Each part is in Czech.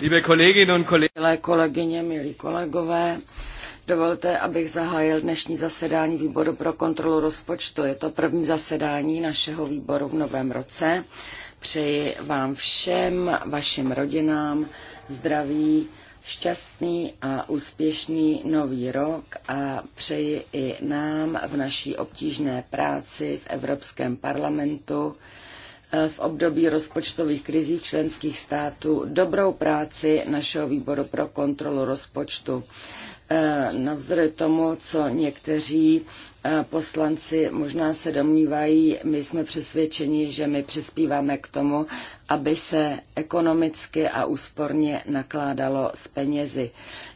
Liebe Kolleginnen und Kollegen. Milé kolegyně, milí kolegové, dovolte, abych zahájil dnešní zasedání výboru pro kontrolu rozpočtu. Je to první zasedání našeho výboru v novém roce. Přeji vám všem, vašim rodinám, zdraví, šťastný a úspěšný nový rok a přeji i nám v naší obtížné práci v Evropském parlamentu Eh, v období rozpočtových krizí členských států dobrou práci našeho výboru pro kontrolu rozpočtu. Eh, navzdory tomu, co někteří eh, poslanci možná se domnívají, my jsme přesvědčeni, že my přispíváme k tomu, aby se ekonomicky a úsporně nakládalo s penězi.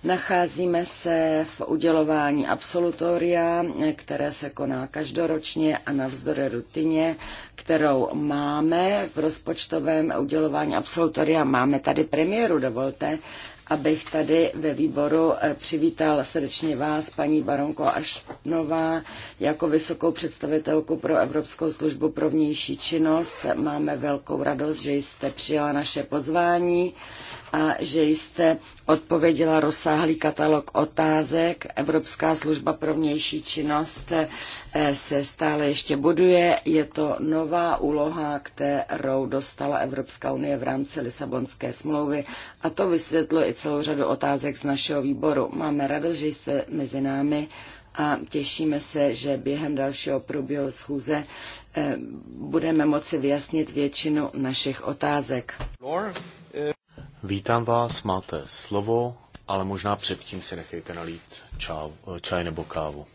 Nacházíme se v udělování absolutoria, eh, které se koná každoročně a navzdory rutině, kterou máme v rozpočtovém udělování absolutoria. Máme tady premiéru, dovolte, abych tady ve výboru eh, přivítal srdečně vás, paní Baronko Aštnová, jako vysokou představitelku pro Evropskou službu pro vnější činnost. Máme velkou radost, že jste přijala naše pozvání a že jste odpověděla rozsáhlý katalog otázek. Evropská služba pro vnější činnost eh, se stále ještě buduje. Je to nová úloha, kterou dostala Evropská unie v rámci Lisabonské smlouvy a to vysvětlo i celou řadu otázek z našeho výboru. Máme radost, že jste mezi námi a těšíme se, že během dalšího průběhu schůze eh, budeme moci vyjasnit většinu našich otázek. Vítám vás, máte slovo, ale možná předtím si nechejte nalít čau, čaj nebo kávu.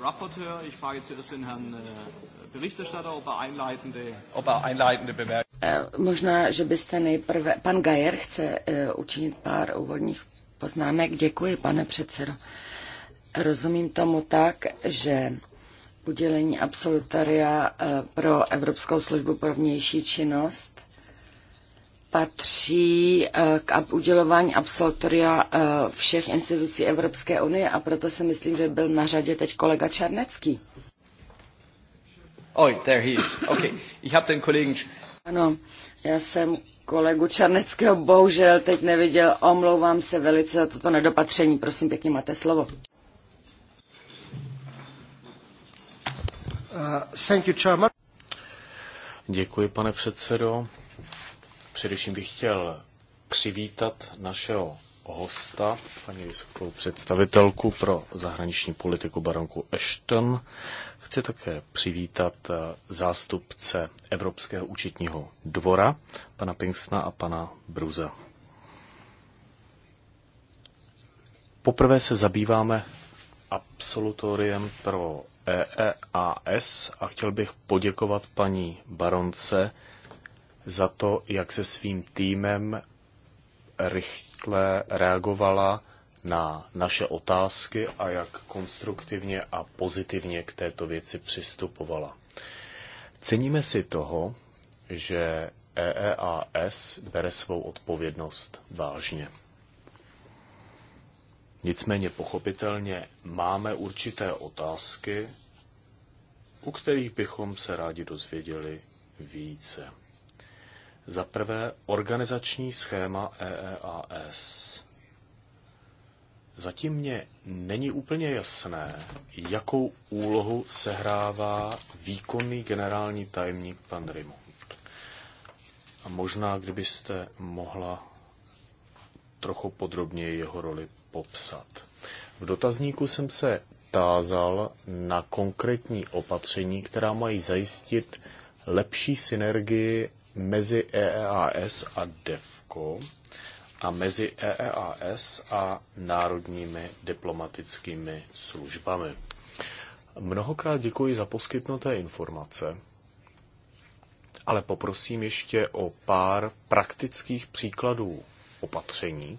Rapporteur, ich frage zuerst den Herrn äh, Berichterstatter, ob er einleitende, ob er einleitende Bemerkungen. Eh, možná, že byste nejprve... Pan Gajer chce eh, učinit pár úvodních poznámek. Děkuji, pane předsedo. Rozumím tomu tak, že udělení absolutaria eh, pro Evropskou službu pro vnější činnost patří k udělování absolutoria všech institucí Evropské unie a proto si myslím, že byl na řadě teď kolega Černecký. Oh, there he is. Okay. Ich habe den Kollegen... Ano, já jsem kolegu Čarneckého bohužel teď neviděl. Omlouvám se velice za toto nedopatření. Prosím, pěkně máte slovo. Uh, thank you, chairman. Děkuji, pane předsedo. Především bych chtěl přivítat našeho hosta, paní vysokou představitelku pro zahraniční politiku baronku Ashton, Chci také přivítat eh, zástupce Evropského účetního dvora, pana Pinksna a pana Bruza. Poprvé se zabýváme absolutoriem pro EEAS a chtěl bych poděkovat paní baronce za to, jak se svým týmem rychle reagovala na naše otázky a jak konstruktivně a pozitivně k této věci přistupovala. Ceníme si toho, že EEAS bere svou odpovědnost vážně. Nicméně pochopitelně máme určité otázky, u kterých bychom se rádi dozvěděli více. Za prvé, organizační schéma EEAS. Zatím mě není úplně jasné, jakou úlohu sehrává výkonný generální tajemník pan Raymond. A možná, kdybyste mohla trochu podrobněji jeho roli popsat. V dotazníku jsem se tázal na konkrétní opatření, která mají zajistit lepší synergii mezi EEAS a DEFCO a mezi EEAS a národními diplomatickými službami. Mnohokrát děkuji za poskytnuté informace, ale poprosím ještě o pár praktických příkladů opatření,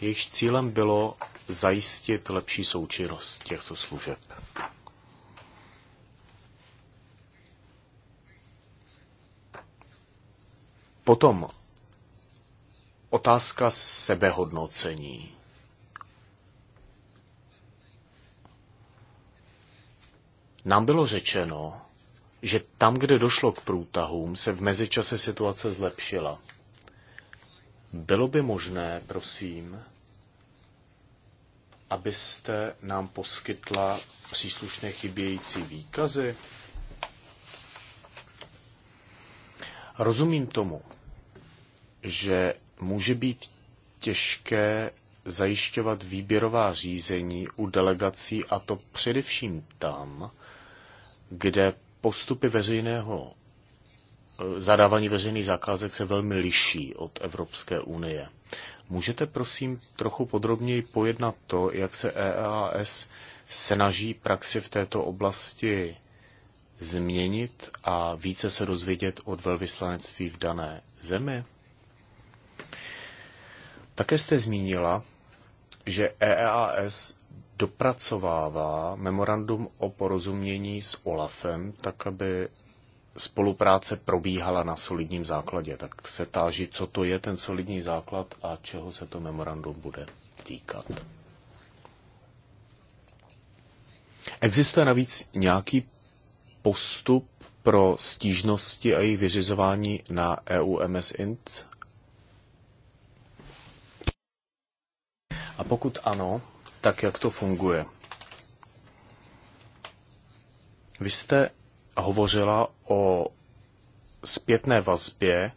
jejichž cílem bylo zajistit lepší součinnost těchto služeb. Potom Otázka sebehodnocení. Nám bylo řečeno, že tam, kde došlo k průtahům, se v mezičase situace zlepšila. Bylo by možné, prosím, abyste nám poskytla příslušné chybějící výkazy? Rozumím tomu, že může být těžké zajišťovat výběrová řízení u delegací, a to především tam, kde postupy veřejného eh, zadávání veřejných zakázek se velmi liší od Evropské unie. Můžete prosím trochu podrobněji pojednat to, jak se EAS snaží praxi v této oblasti změnit a více se dozvědět od velvyslanectví v dané zemi? Také jste zmínila, že EEAS dopracovává memorandum o porozumění s OLAFem, tak aby spolupráce probíhala na solidním základě. Tak se táží, co to je ten solidní základ a čeho se to memorandum bude týkat. Existuje navíc nějaký postup pro stížnosti a jejich vyřizování na EU MS Int? A pokud ano, tak jak to funguje? Vy jste hovořila o zpětné vazbě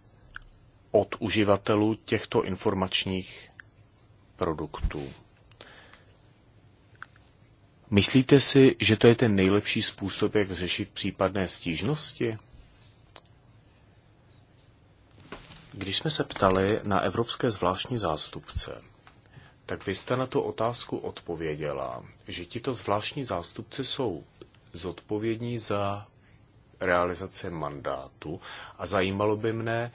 od uživatelů těchto informačních produktů. Myslíte si, že to je ten nejlepší způsob, jak řešit případné stížnosti? Když jsme se ptali na evropské zvláštní zástupce, tak vy jste na tu otázku odpověděla, že tito zvláštní zástupci jsou zodpovědní za realizaci mandátu a zajímalo by mne,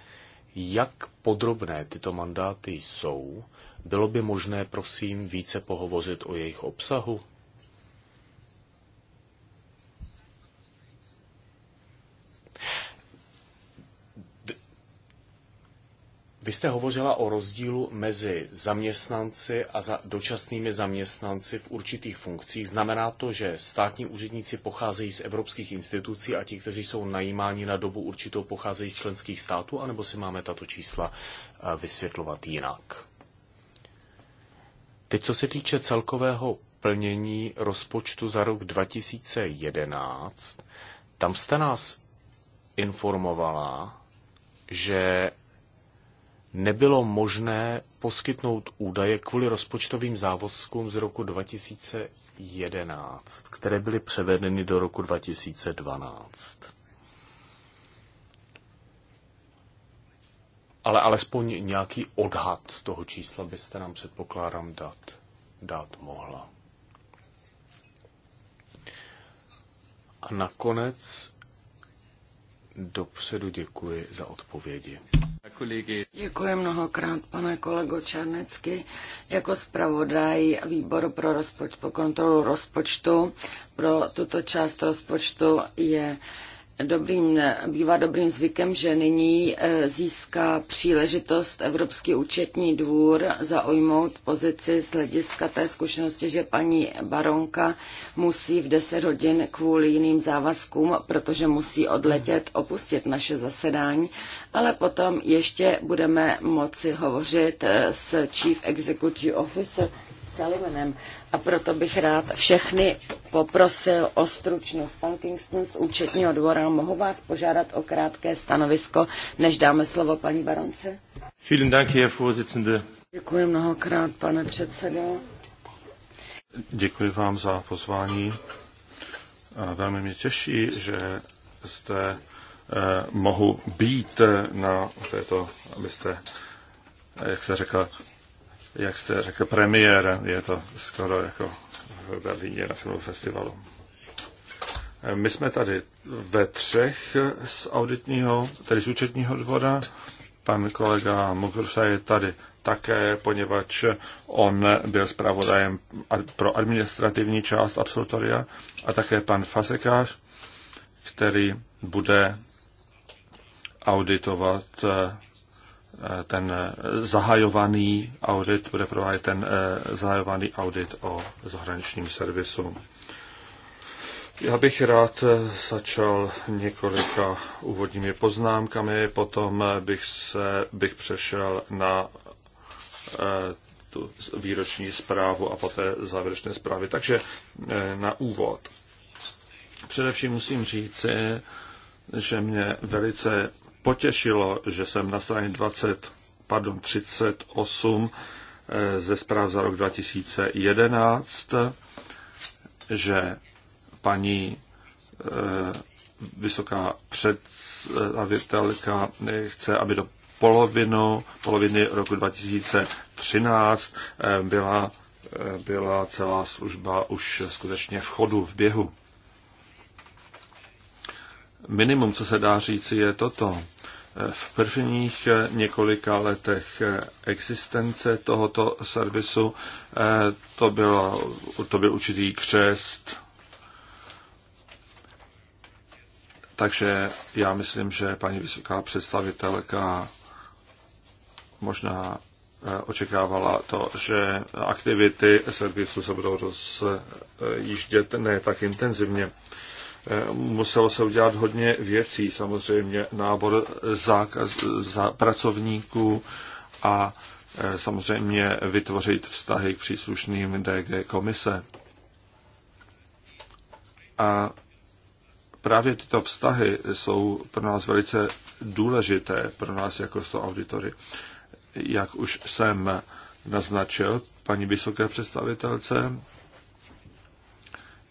jak podrobné tyto mandáty jsou. Bylo by možné, prosím, více pohovořit o jejich obsahu? Vy jste hovořila o rozdílu mezi zaměstnanci a za dočasnými zaměstnanci v určitých funkcích. Znamená to, že státní úředníci pocházejí z evropských institucí a ti, kteří jsou najímáni na dobu určitou, pocházejí z členských států, anebo si máme tato čísla eh, vysvětlovat jinak? Teď, co se týče celkového plnění rozpočtu za rok 2011, tam jste nás informovala, že nebylo možné poskytnout údaje kvůli rozpočtovým závazkům z roku 2011, které byly převedeny do roku 2012. Ale alespoň nějaký odhad toho čísla byste nám předpokládám dát, dát mohla. A nakonec dopředu děkuji za odpovědi kolegy. Děkuji mnohokrát, pane kolego Čarnecky. Jako zpravodaj výboru pro rozpoč- kontrolu rozpočtu pro tuto část rozpočtu je dobrým, bývá dobrým zvykem, že nyní eh, získá příležitost Evropský účetní dvůr zaujmout pozici z hlediska té zkušenosti, že paní baronka musí v 10 hodin kvůli jiným závazkům, protože musí odletět, opustit naše zasedání, ale potom ještě budeme moci hovořit eh, s Chief Executive Officer Sullivanem. a proto bych rád všechny poprosil o stručnost. Pan Kingston z účetního dvora, mohu vás požádat o krátké stanovisko, než dáme slovo paní baronce? Vielen Dank, Herr Vorsitzende. Děkuji mnohokrát, pane předsedo. Děkuji vám za pozvání. velmi mě těší, že jste e, mohu být e, na této, abyste, e, jak se řekla, jak jste řekl, premiér, je to skoro jako v Berlíně na filmovém festivalu. My jsme tady ve třech z auditního, tedy z účetního dvora. Pan kolega Mokrusa je tady také, poněvadž on byl zpravodajem pro administrativní část absolutoria a také pan Fasekář, který bude auditovat eh, Eh, ten eh, zahajovaný audit, bude provádět ten eh, zahajovaný audit o zahraničním servisu. Já bych rád začal několika úvodními poznámkami, potom bych, se, bych přešel na tu výroční zprávu a poté závěrečné zprávy. Takže na úvod. Především musím říct, že mě velice potěšilo, že jsem na straně 20, pardon, 38 eh, ze zpráv za rok 2011, že paní eh, vysoká představitelka eh, chce, aby do polovinu, poloviny roku 2013 byla, byla celá služba už skutečně v chodu, v běhu. Minimum, co se dá říci, je toto. V prvních několika letech existence tohoto servisu eh, to, bylo, to byl určitý křest. Takže já myslím, že paní vysoká představitelka možná eh, očekávala to, že aktivity servisu se budou rozjíždět ne tak intenzivně. Eh, muselo se udělat hodně věcí, samozřejmě nábor zákaz, za pracovníků a eh, samozřejmě vytvořit vztahy k příslušným DG komise. A právě tyto vztahy jsou pro nás velice důležité, pro nás jako to auditory. Jak už jsem naznačil paní vysoké představitelce,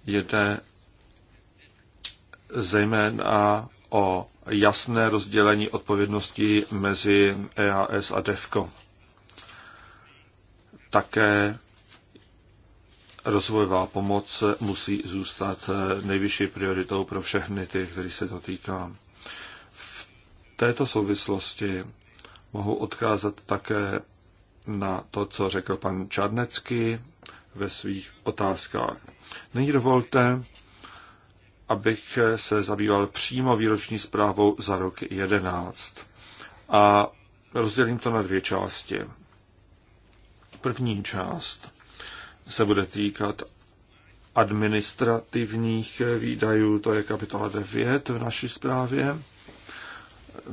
jde zejména o jasné rozdělení odpovědnosti mezi EAS a DEFCO. Také rozvojová pomoc musí zůstat nejvyšší prioritou pro všechny ty, který se to týká. V této souvislosti mohu odkázat také na to, co řekl pan Čarnecký ve svých otázkách. Nyní dovolte, abych se zabýval přímo výroční zprávou za rok 11. A rozdělím to na dvě části. První část se bude týkat administrativních výdajů, to je kapitola 9 v naší zprávě.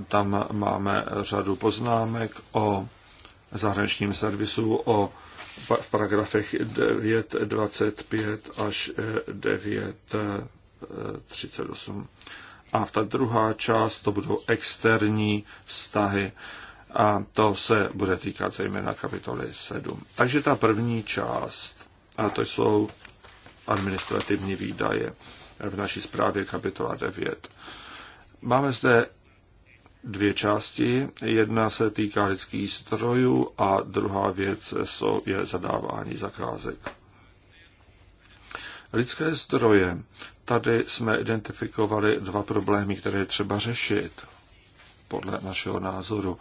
Tam máme řadu poznámek o zahraničním servisu, o v paragrafech 9.25 až eh, eh, 38. A v ta druhá část to budou externí vztahy a to se bude týkat zejména kapitoly 7. Takže ta první část, a to jsou administrativní výdaje v naší zprávě kapitola 9. Máme zde dvě části. Jedna se týká lidských strojů a druhá věc je zadávání zakázek. Lidské zdroje. Tady jsme identifikovali dva problémy, které je třeba řešit podle našeho názoru.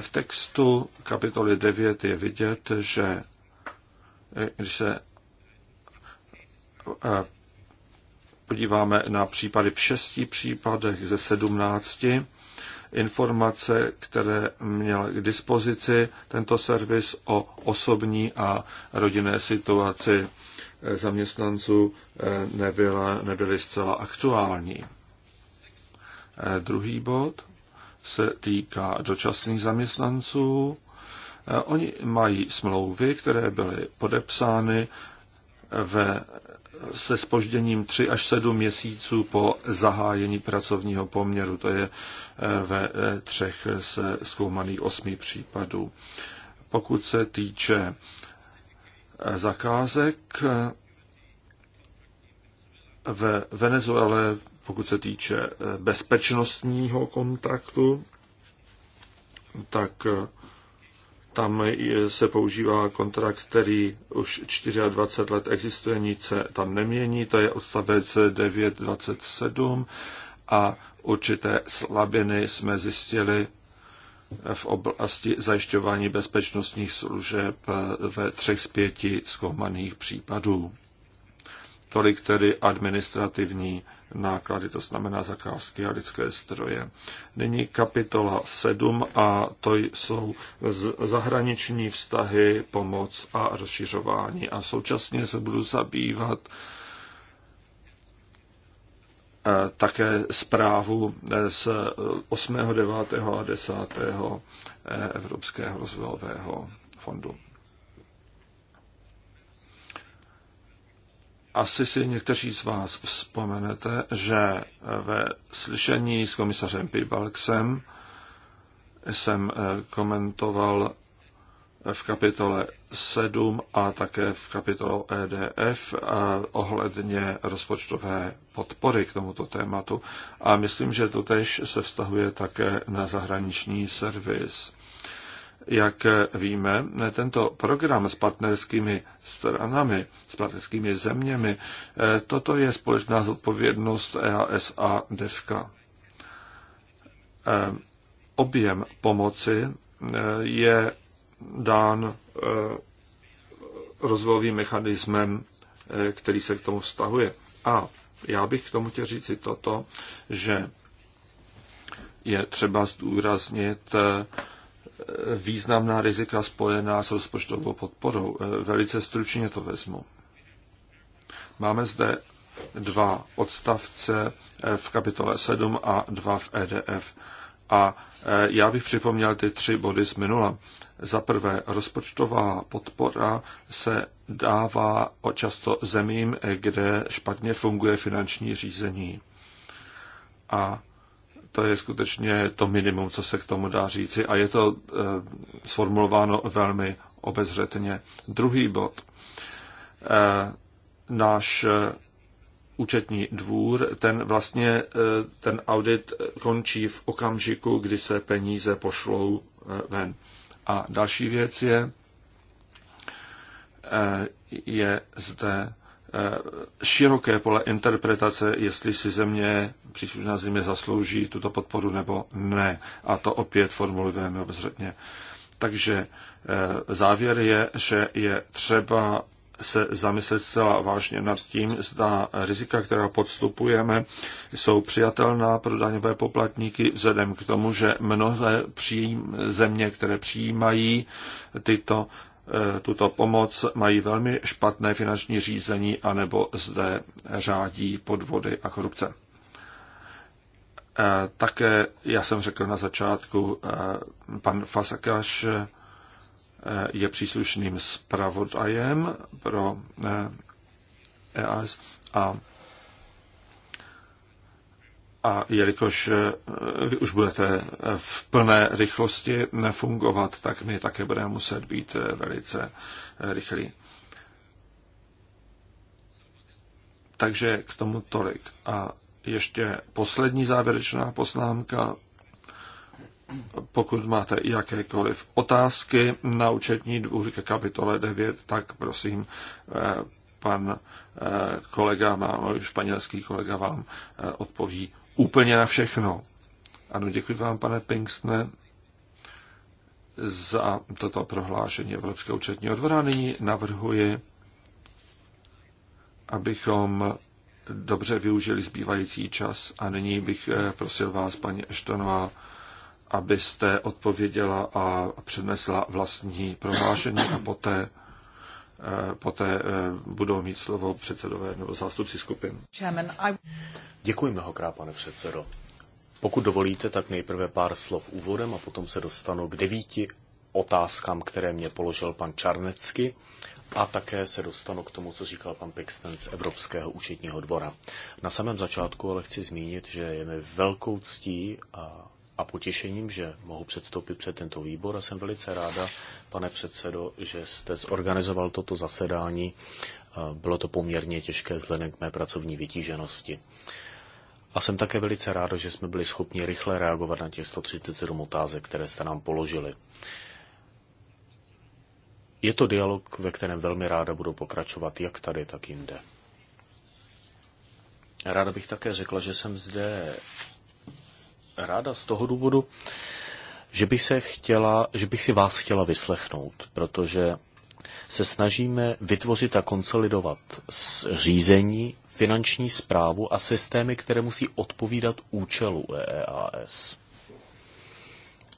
V textu kapitoly 9 je vidět, že eh, když se eh, podíváme na případy v šesti případech ze sedmnácti, informace, které měl k dispozici tento servis o osobní a rodinné situaci zaměstnanců eh, nebyla, nebyly zcela aktuální. Eh, druhý bod se týká dočasných zaměstnanců. Eh, oni mají smlouvy, které byly podepsány ve, se spožděním 3 až 7 měsíců po zahájení pracovního poměru. To je ve třech se zkoumaných osmi případů. Pokud se týče zakázek ve Venezuele, pokud se týče bezpečnostního kontraktu, tak tam se používá kontrakt, který už 24 let existuje, nic se tam nemění, to je odstavec 927 a určité slabiny jsme zjistili v oblasti zajišťování bezpečnostních služeb ve třech z pěti zkoumaných případů. Tolik tedy administrativní náklady, to znamená zakázky a lidské stroje. Nyní kapitola 7 a to jsou zahraniční vztahy, pomoc a rozšiřování. A současně se budu zabývat také zprávu z 8., 9. a 10. Eh, Evropského rozvojového fondu. Asi si někteří z vás vzpomenete, že ve slyšení s komisařem Pibalksem jsem eh, komentoval v kapitole 7 a také v kapitole EDF ohledně rozpočtové podpory k tomuto tématu. A myslím, že to tež se vztahuje také na zahraniční servis. Jak víme, tento program s partnerskými stranami, s partnerskými zeměmi, toto je společná zodpovědnost EAS a DEFKA. Objem pomoci je dán eh, rozvojovým mechanismem, eh, který se k tomu vztahuje. A já bych k tomu chtěl říci toto, že je třeba zdůraznit eh, významná rizika spojená s rozpočtovou podporou. Velice stručně to vezmu. Máme zde dva odstavce v kapitole 7 a dva v EDF. A eh, já bych připomněl ty tři body z minula. Za prvé, rozpočtová podpora se dává často zemím, kde špatně funguje finanční řízení. A to je skutečně to minimum, co se k tomu dá říci. A je to e, sformulováno velmi obezřetně. Druhý bod. E, náš účetní dvůr, ten vlastně eh, ten audit končí v okamžiku, kdy se peníze pošlou eh, ven. A další věc je, eh, je zde široké pole interpretace, jestli si země, příslušná země zaslouží tuto podporu nebo ne. A to opět formulujeme obezřetně. Takže závěr je, že je třeba se zamyslet zcela vážně nad tím, zda rizika, která podstupujeme, jsou přijatelná pro daňové poplatníky vzhledem k tomu, že mnohé přijím, země, které přijímají tyto, eh, tuto pomoc, mají velmi špatné finanční řízení anebo zde řádí podvody a korupce. Eh, také, já jsem řekl na začátku, eh, pan Fasakáš Eh, je příslušným zpravodajem pro EAS eh, e a a jelikož eh, vy už budete v plné rychlosti fungovat, tak my také budeme muset být velice rychlí. Takže k tomu tolik. A ještě poslední závěrečná poznámka pokud máte jakékoliv otázky na účetní dvůr ke kapitole 9, tak prosím, eh, pan eh, kolega, můj španělský kolega vám eh, odpoví úplně na všechno. Ano, děkuji vám, pane Pinkstne, za toto prohlášení Evropského účetního dvora. Nyní navrhuji, abychom dobře využili zbývající čas a nyní bych prosil vás, paní Eštonová, abyste odpověděla a přednesla vlastní prohlášení a poté, eh, poté eh, budou mít slovo předsedové nebo zástupci skupin. Děkuji mnohokrát, pane předsedo. Pokud dovolíte, tak nejprve pár slov úvodem a potom se dostanu k devíti otázkám, které mě položil pan Čarnecky a také se dostanu k tomu, co říkal pan Pixten z Evropského účetního dvora. Na samém začátku ale chci zmínit, že je mi velkou ctí a a potěšením, že mohu předstoupit před tento výbor a jsem velice ráda, pane předsedo, že jste zorganizoval toto zasedání. Eh, bylo to poměrně těžké vzhledem k mé pracovní vytíženosti. A jsem také velice ráda, že jsme byli schopni rychle reagovat na těch 137 otázek, které jste nám položili. Je to dialog, ve kterém velmi ráda budu pokračovat jak tady, tak jinde. Ráda bych také řekla, že jsem zde ráda z toho důvodu, že bych, se chtěla, že bych si vás chtěla vyslechnout, protože se snažíme vytvořit a konsolidovat řízení, finanční zprávu a systémy, které musí odpovídat účelu EEAS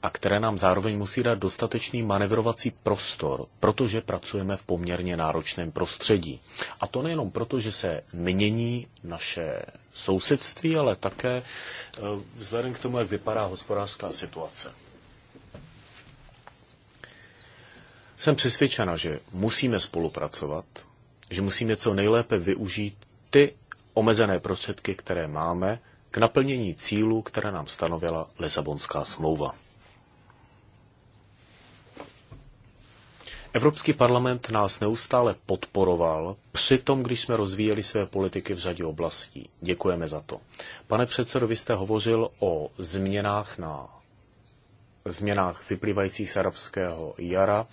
a které nám zároveň musí dát dostatečný manevrovací prostor, protože pracujeme v poměrně náročném prostředí. A to nejenom proto, že se mění naše sousedství, ale také eh, vzhledem k tomu, jak vypadá hospodářská situace. Jsem přesvědčena, že musíme spolupracovat, že musíme co nejlépe využít ty omezené prostředky, které máme, k naplnění cílů, které nám stanovila Lisabonská smlouva. Evropský parlament nás neustále podporoval, přitom když jsme rozvíjeli své politiky v řadě oblastí. Děkujeme za to. Pane předsedo, vy jste hovořil o změnách na změnách vyplývajících z arabského jara,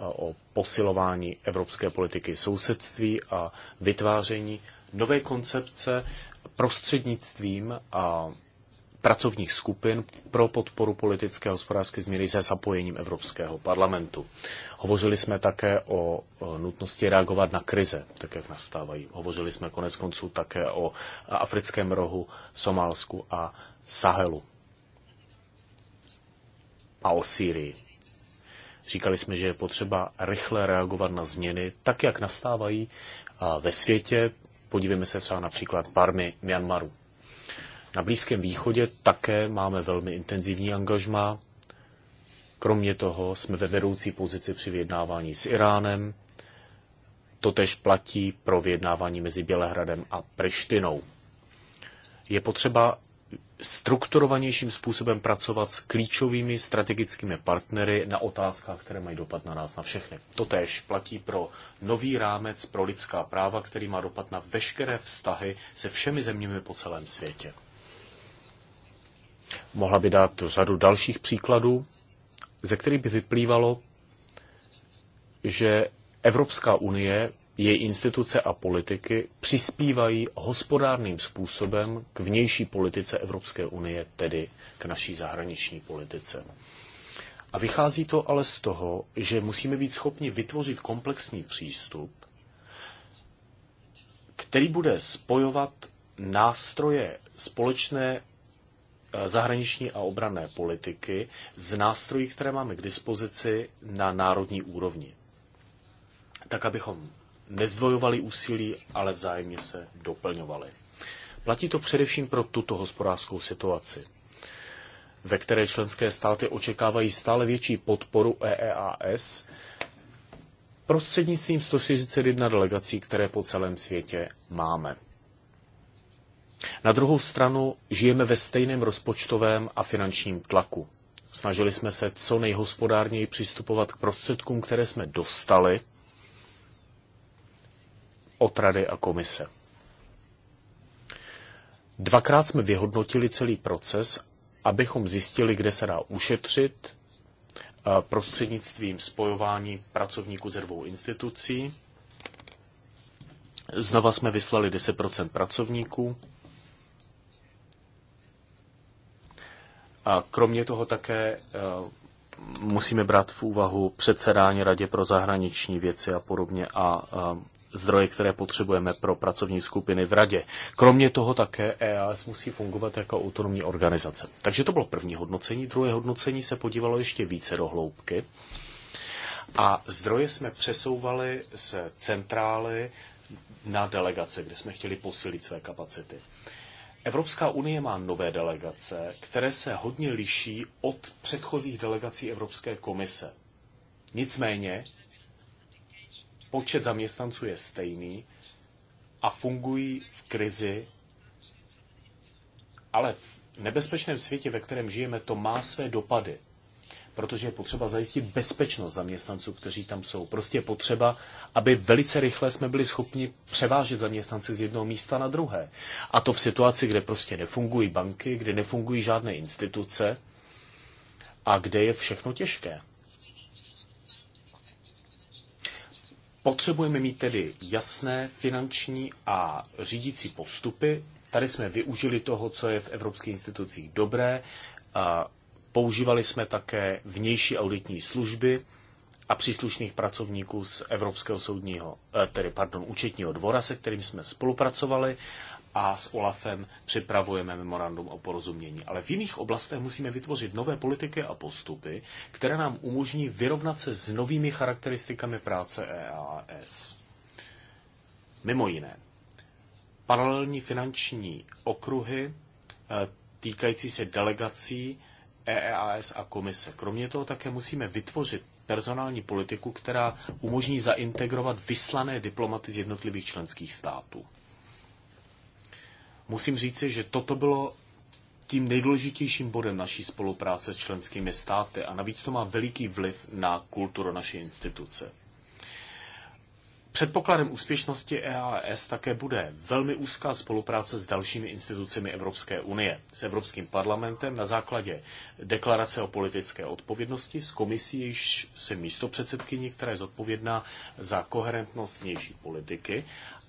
o posilování evropské politiky sousedství a vytváření nové koncepce prostřednictvím a pracovních skupin pro podporu politické a hospodářské změny se zapojením Evropského parlamentu. Hovořili jsme také o nutnosti reagovat na krize, tak jak nastávají. Hovořili jsme konec konců také o africkém rohu, Somálsku a Sahelu a o Sýrii. Říkali jsme, že je potřeba rychle reagovat na změny, tak jak nastávají ve světě. Podívejme se třeba například parmy Myanmaru. Na Blízkém východě také máme velmi intenzivní angažma. Kromě toho jsme ve vedoucí pozici při vyjednávání s Iránem. Totež platí pro vyjednávání mezi Bělehradem a Prištinou. Je potřeba strukturovanějším způsobem pracovat s klíčovými strategickými partnery na otázkách, které mají dopad na nás, na všechny. Totéž platí pro nový rámec pro lidská práva, který má dopad na veškeré vztahy se všemi zeměmi po celém světě. Mohla by dát řadu dalších příkladů, ze kterých by vyplývalo, že Evropská unie, její instituce a politiky přispívají hospodárným způsobem k vnější politice Evropské unie, tedy k naší zahraniční politice. A vychází to ale z toho, že musíme být schopni vytvořit komplexní přístup, který bude spojovat nástroje společné zahraniční a obrané politiky z nástrojů, které máme k dispozici na národní úrovni. Tak, abychom nezdvojovali úsilí, ale vzájemně se doplňovali. Platí to především pro tuto hospodářskou situaci, ve které členské státy očekávají stále větší podporu EEAS prostřednictvím 141 delegací, které po celém světě máme. Na druhou stranu žijeme ve stejném rozpočtovém a finančním tlaku. Snažili jsme se co nejhospodárněji přistupovat k prostředkům, které jsme dostali od Rady a komise. Dvakrát jsme vyhodnotili celý proces, abychom zjistili, kde se dá ušetřit eh, prostřednictvím spojování pracovníků ze dvou institucí. Znova jsme vyslali 10 pracovníků A kromě toho také eh, musíme brát v úvahu předsedání Radě pro zahraniční věci a podobně a eh, zdroje, které potřebujeme pro pracovní skupiny v Radě. Kromě toho také EAS musí fungovat jako autonomní organizace. Takže to bylo první hodnocení. Druhé hodnocení se podívalo ještě více do hloubky. A zdroje jsme přesouvali z centrály na delegace, kde jsme chtěli posílit své kapacity. Evropská unie má nové delegace, které se hodně liší od předchozích delegací Evropské komise. Nicméně počet zaměstnanců je stejný a fungují v krizi, ale v nebezpečném světě, ve kterém žijeme, to má své dopady protože je potřeba zajistit bezpečnost zaměstnanců, kteří tam jsou. Prostě je potřeba, aby velice rychle jsme byli schopni převážet zaměstnance z jednoho místa na druhé. A to v situaci, kde prostě nefungují banky, kde nefungují žádné instituce a kde je všechno těžké. Potřebujeme mít tedy jasné finanční a řídící postupy. Tady jsme využili toho, co je v evropských institucích dobré. Používali jsme také vnější auditní služby a příslušných pracovníků z Evropského soudního, eh, tedy pardon, účetního dvora, se kterým jsme spolupracovali a s OLAFem připravujeme memorandum o porozumění. Ale v jiných oblastech musíme vytvořit nové politiky a postupy, které nám umožní vyrovnat se s novými charakteristikami práce EAS. Mimo jiné, paralelní finanční okruhy eh, týkající se delegací EEAS a komise. Kromě toho také musíme vytvořit personální politiku, která umožní zaintegrovat vyslané diplomaty z jednotlivých členských států. Musím říci, že toto bylo tím nejdůležitějším bodem naší spolupráce s členskými státy a navíc to má veliký vliv na kulturu naší instituce. Předpokladem úspěšnosti EAS také bude velmi úzká spolupráce s dalšími institucemi Evropské unie, s Evropským parlamentem na základě deklarace o politické odpovědnosti, s komisí, již se místo předsedkyní, která je zodpovědná za koherentnost vnější politiky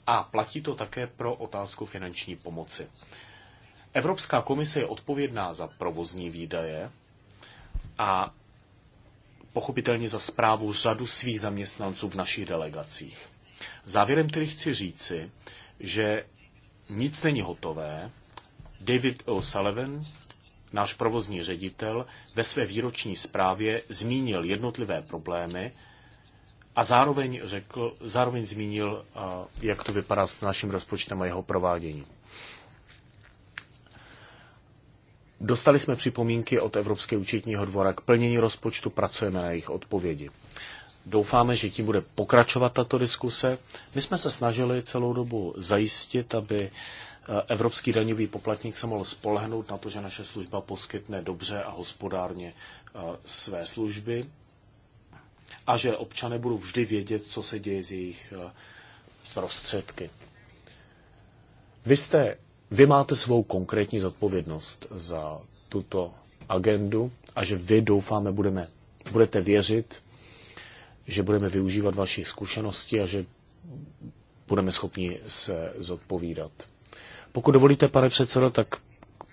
a platí to také pro otázku finanční pomoci. Evropská komise je odpovědná za provozní výdaje a pochopitelně za zprávu řadu svých zaměstnanců v našich delegacích. Závěrem tedy chci říci, že nic není hotové. David O'Sullivan, náš provozní ředitel, ve své výroční zprávě zmínil jednotlivé problémy a zároveň, řekl, zároveň zmínil, jak to vypadá s naším rozpočtem a jeho prováděním. Dostali jsme připomínky od Evropské účetního dvora k plnění rozpočtu, pracujeme na jejich odpovědi. Doufáme, že tím bude pokračovat tato diskuse. My jsme se snažili celou dobu zajistit, aby eh, evropský daňový poplatník se mohl spolehnout na to, že naše služba poskytne dobře a hospodárně eh, své služby a že občané budou vždy vědět, co se děje z jejich eh, prostředky. Vy, jste, vy máte svou konkrétní zodpovědnost za tuto agendu a že vy, doufáme, budeme, budete věřit, že budeme využívat vašich zkušeností a že budeme schopni se zodpovídat. Pokud dovolíte, pane předsedo, tak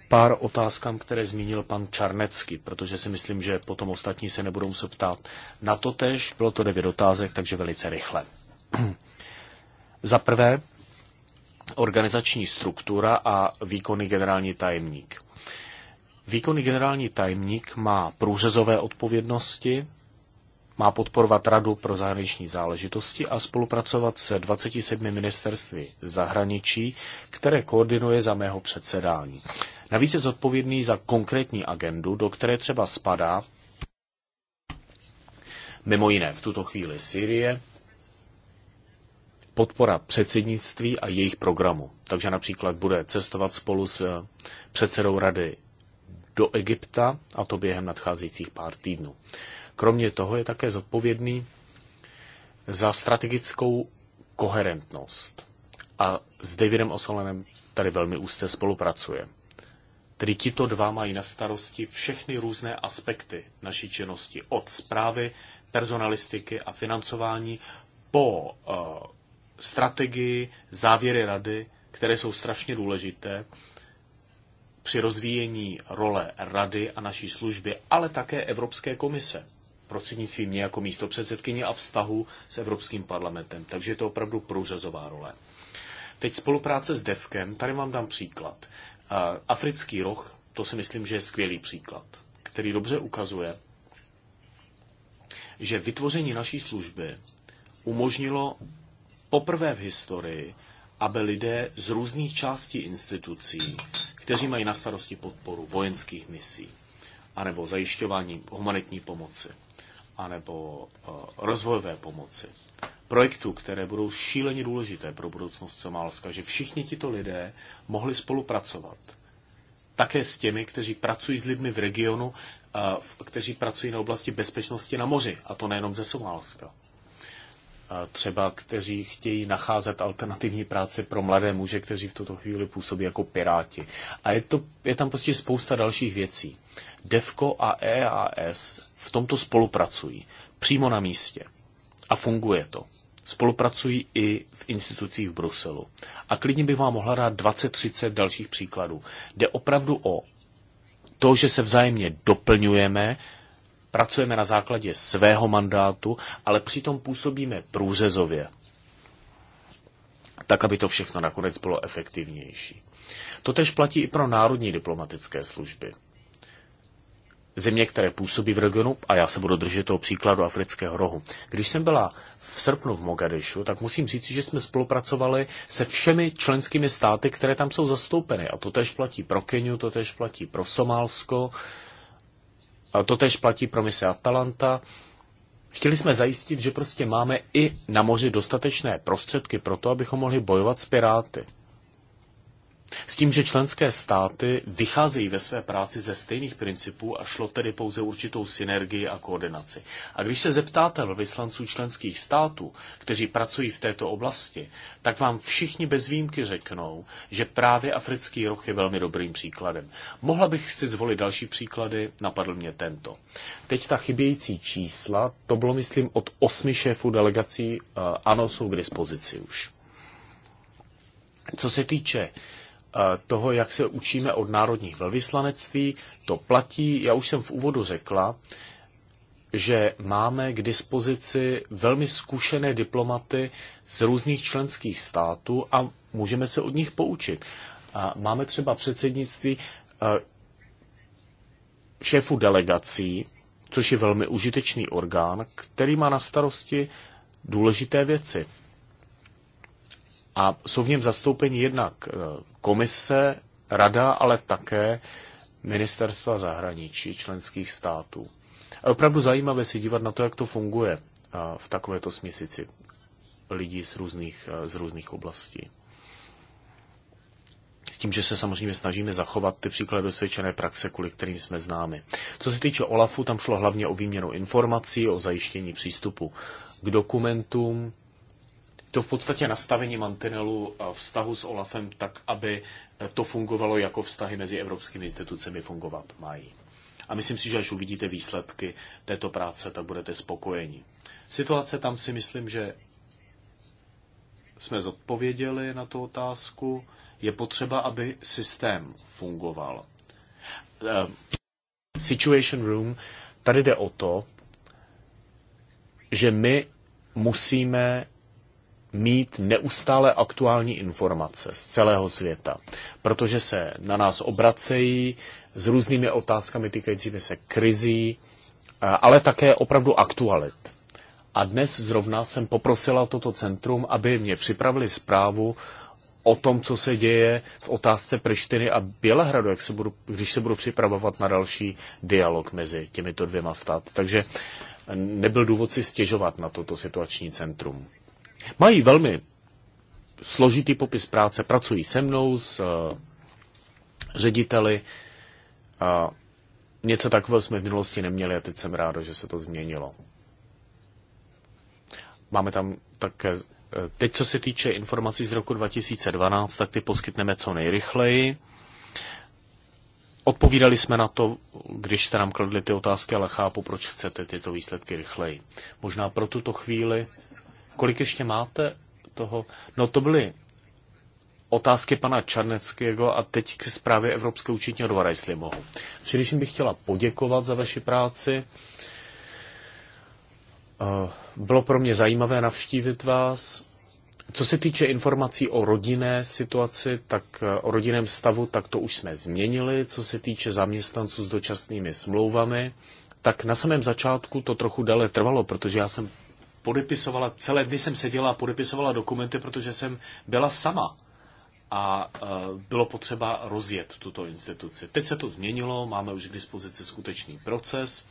pár otázkám, které zmínil pan Čarnecký, protože si myslím, že potom ostatní se nebudou se ptát na to tež. Bylo to devět otázek, takže velice rychle. Za prvé, organizační struktura a výkonný generální tajemník. Výkonný generální tajemník má průřezové odpovědnosti, má podporovat Radu pro zahraniční záležitosti a spolupracovat se 27 ministerství zahraničí, které koordinuje za mého předsedání. Navíc je zodpovědný za konkrétní agendu, do které třeba spadá mimo jiné v tuto chvíli Syrie, podpora předsednictví a jejich programu. Takže například bude cestovat spolu s eh, předsedou rady do Egypta a to během nadcházejících pár týdnů. Kromě toho je také zodpovědný za strategickou koherentnost. A s Davidem Osolenem tady velmi úzce spolupracuje. Tedy tito dva mají na starosti všechny různé aspekty naší činnosti, od zprávy, personalistiky a financování po uh, strategii, závěry rady, které jsou strašně důležité při rozvíjení role rady a naší služby, ale také Evropské komise prostřednictvím mě jako místo předsedkyně a vztahu s Evropským parlamentem. Takže je to opravdu průřezová role. Teď spolupráce s Devkem, tady vám dám příklad. Africký roh, to si myslím, že je skvělý příklad, který dobře ukazuje, že vytvoření naší služby umožnilo poprvé v historii, aby lidé z různých částí institucí, kteří mají na starosti podporu vojenských misí anebo zajišťování humanitní pomoci, anebo eh, rozvojové pomoci, projektů, které budou šíleně důležité pro budoucnost Somálska, že všichni tito lidé mohli spolupracovat. Také s těmi, kteří pracují s lidmi v regionu, eh, kteří pracují na oblasti bezpečnosti na moři, a to nejenom ze Somálska. Eh, třeba kteří chtějí nacházet alternativní práce pro mladé muže, kteří v tuto chvíli působí jako piráti. A je, to, je tam prostě spousta dalších věcí. DEVKO a EAS v tomto spolupracují přímo na místě. A funguje to. Spolupracují i v institucích v Bruselu. A klidně bych vám mohla dát 20-30 dalších příkladů. Jde opravdu o to, že se vzájemně doplňujeme, pracujeme na základě svého mandátu, ale přitom působíme průřezově, tak aby to všechno nakonec bylo efektivnější. To tež platí i pro národní diplomatické služby země, které působí v regionu, a já se budu držet toho příkladu afrického rohu. Když jsem byla v srpnu v Mogadešu, tak musím říct, že jsme spolupracovali se všemi členskými státy, které tam jsou zastoupeny. A to tež platí pro Keniu, to tež platí pro Somálsko, a to tež platí pro mise Atalanta. Chtěli jsme zajistit, že prostě máme i na moři dostatečné prostředky pro to, abychom mohli bojovat s piráty. S tím, že členské státy vycházejí ve své práci ze stejných principů a šlo tedy pouze určitou synergii a koordinaci. A když se zeptáte vyslanců členských států, kteří pracují v této oblasti, tak vám všichni bez výjimky řeknou, že právě africký roh je velmi dobrým příkladem. Mohla bych si zvolit další příklady, napadl mě tento. Teď ta chybějící čísla, to bylo myslím od osmi šéfů delegací, eh, ano, jsou k dispozici už. Co se týče Eh, toho, jak se učíme od národních velvyslanectví. To platí, já už jsem v úvodu řekla, že máme k dispozici velmi zkušené diplomaty z různých členských států a můžeme se od nich poučit. máme třeba předsednictví eh, šéfu delegací, což je velmi užitečný orgán, který má na starosti důležité věci a jsou v něm zastoupeni jednak e, komise, rada, ale také ministerstva zahraničí členských států. A opravdu zajímavé si dívat na to, jak to funguje e, v takovéto směsici lidí z různých, e, z různých oblastí. S tím, že se samozřejmě snažíme zachovat ty příklady dosvědčené praxe, kvůli kterým jsme známi. Co se týče OLAFu, tam šlo hlavně o výměnu informací, o zajištění přístupu k dokumentům, to v podstatě nastavení mantinelu vztahu s Olafem tak, aby to fungovalo jako vztahy mezi evropskými institucemi fungovat mají. A myslím si, že až uvidíte výsledky této práce, tak budete spokojeni. Situace tam si myslím, že jsme zodpověděli na tu otázku. Je potřeba, aby systém fungoval. Eh, situation Room, tady jde o to, že my musíme mít neustále aktuální informace z celého světa, protože se na nás obracejí s různými otázkami týkajícími se krizí, ale také opravdu aktualit. A dnes zrovna jsem poprosila toto centrum, aby mě připravili zprávu o tom, co se děje v otázce Prištiny a Bělehradu, jak se budu, když se budu připravovat na další dialog mezi těmito dvěma státy. Takže nebyl důvod si stěžovat na toto situační centrum. Mají velmi složitý popis práce, pracují se mnou, s uh, řediteli. Uh, něco takového jsme v minulosti neměli a teď jsem rád, že se to změnilo. Máme tam také eh, Teď, co se týče informací z roku 2012, tak ty poskytneme co nejrychleji. Odpovídali jsme na to, když jste nám kladli ty otázky, ale chápu, proč chcete tyto výsledky rychleji. Možná pro tuto chvíli Kolik ještě máte toho? No to byly otázky pana Čarneckého a teď k zprávě Evropské účetního dvora, jestli mohu. Především bych chtěla poděkovat za vaši práci. Eh, bylo pro mě zajímavé navštívit vás. Co se týče informací o rodinné situaci, tak eh, o rodinném stavu, tak to už jsme změnili. Co se týče zaměstnanců s dočasnými smlouvami, tak na samém začátku to trochu déle trvalo, protože já jsem podepisovala, celé dny jsem seděla a podepisovala dokumenty, protože jsem byla sama a e, bylo potřeba rozjet tuto instituci. Teď se to změnilo, máme už k dispozici skutečný proces,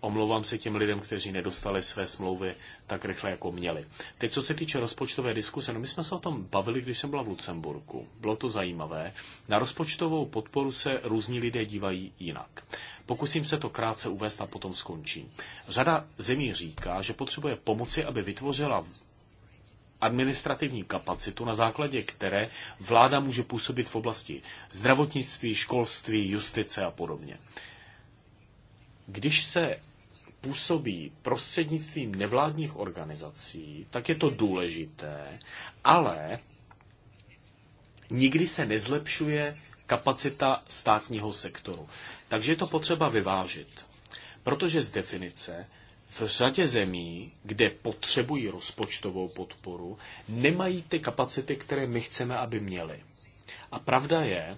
Omlouvám se těm lidem, kteří nedostali své smlouvy tak rychle, jako měli. Teď, co se týče rozpočtové diskuse, no my jsme se o tom bavili, když jsem byla v Lucemburku. Bylo to zajímavé. Na rozpočtovou podporu se různí lidé dívají jinak. Pokusím se to krátce uvést a potom skončím. Řada zemí říká, že potřebuje pomoci, aby vytvořila administrativní kapacitu, na základě které vláda může působit v oblasti zdravotnictví, školství, justice a podobně. Když se působí prostřednictvím nevládních organizací, tak je to důležité, ale nikdy se nezlepšuje kapacita státního sektoru. Takže je to potřeba vyvážit. Protože z definice v řadě zemí, kde potřebují rozpočtovou podporu, nemají ty kapacity, které my chceme, aby měli. A pravda je,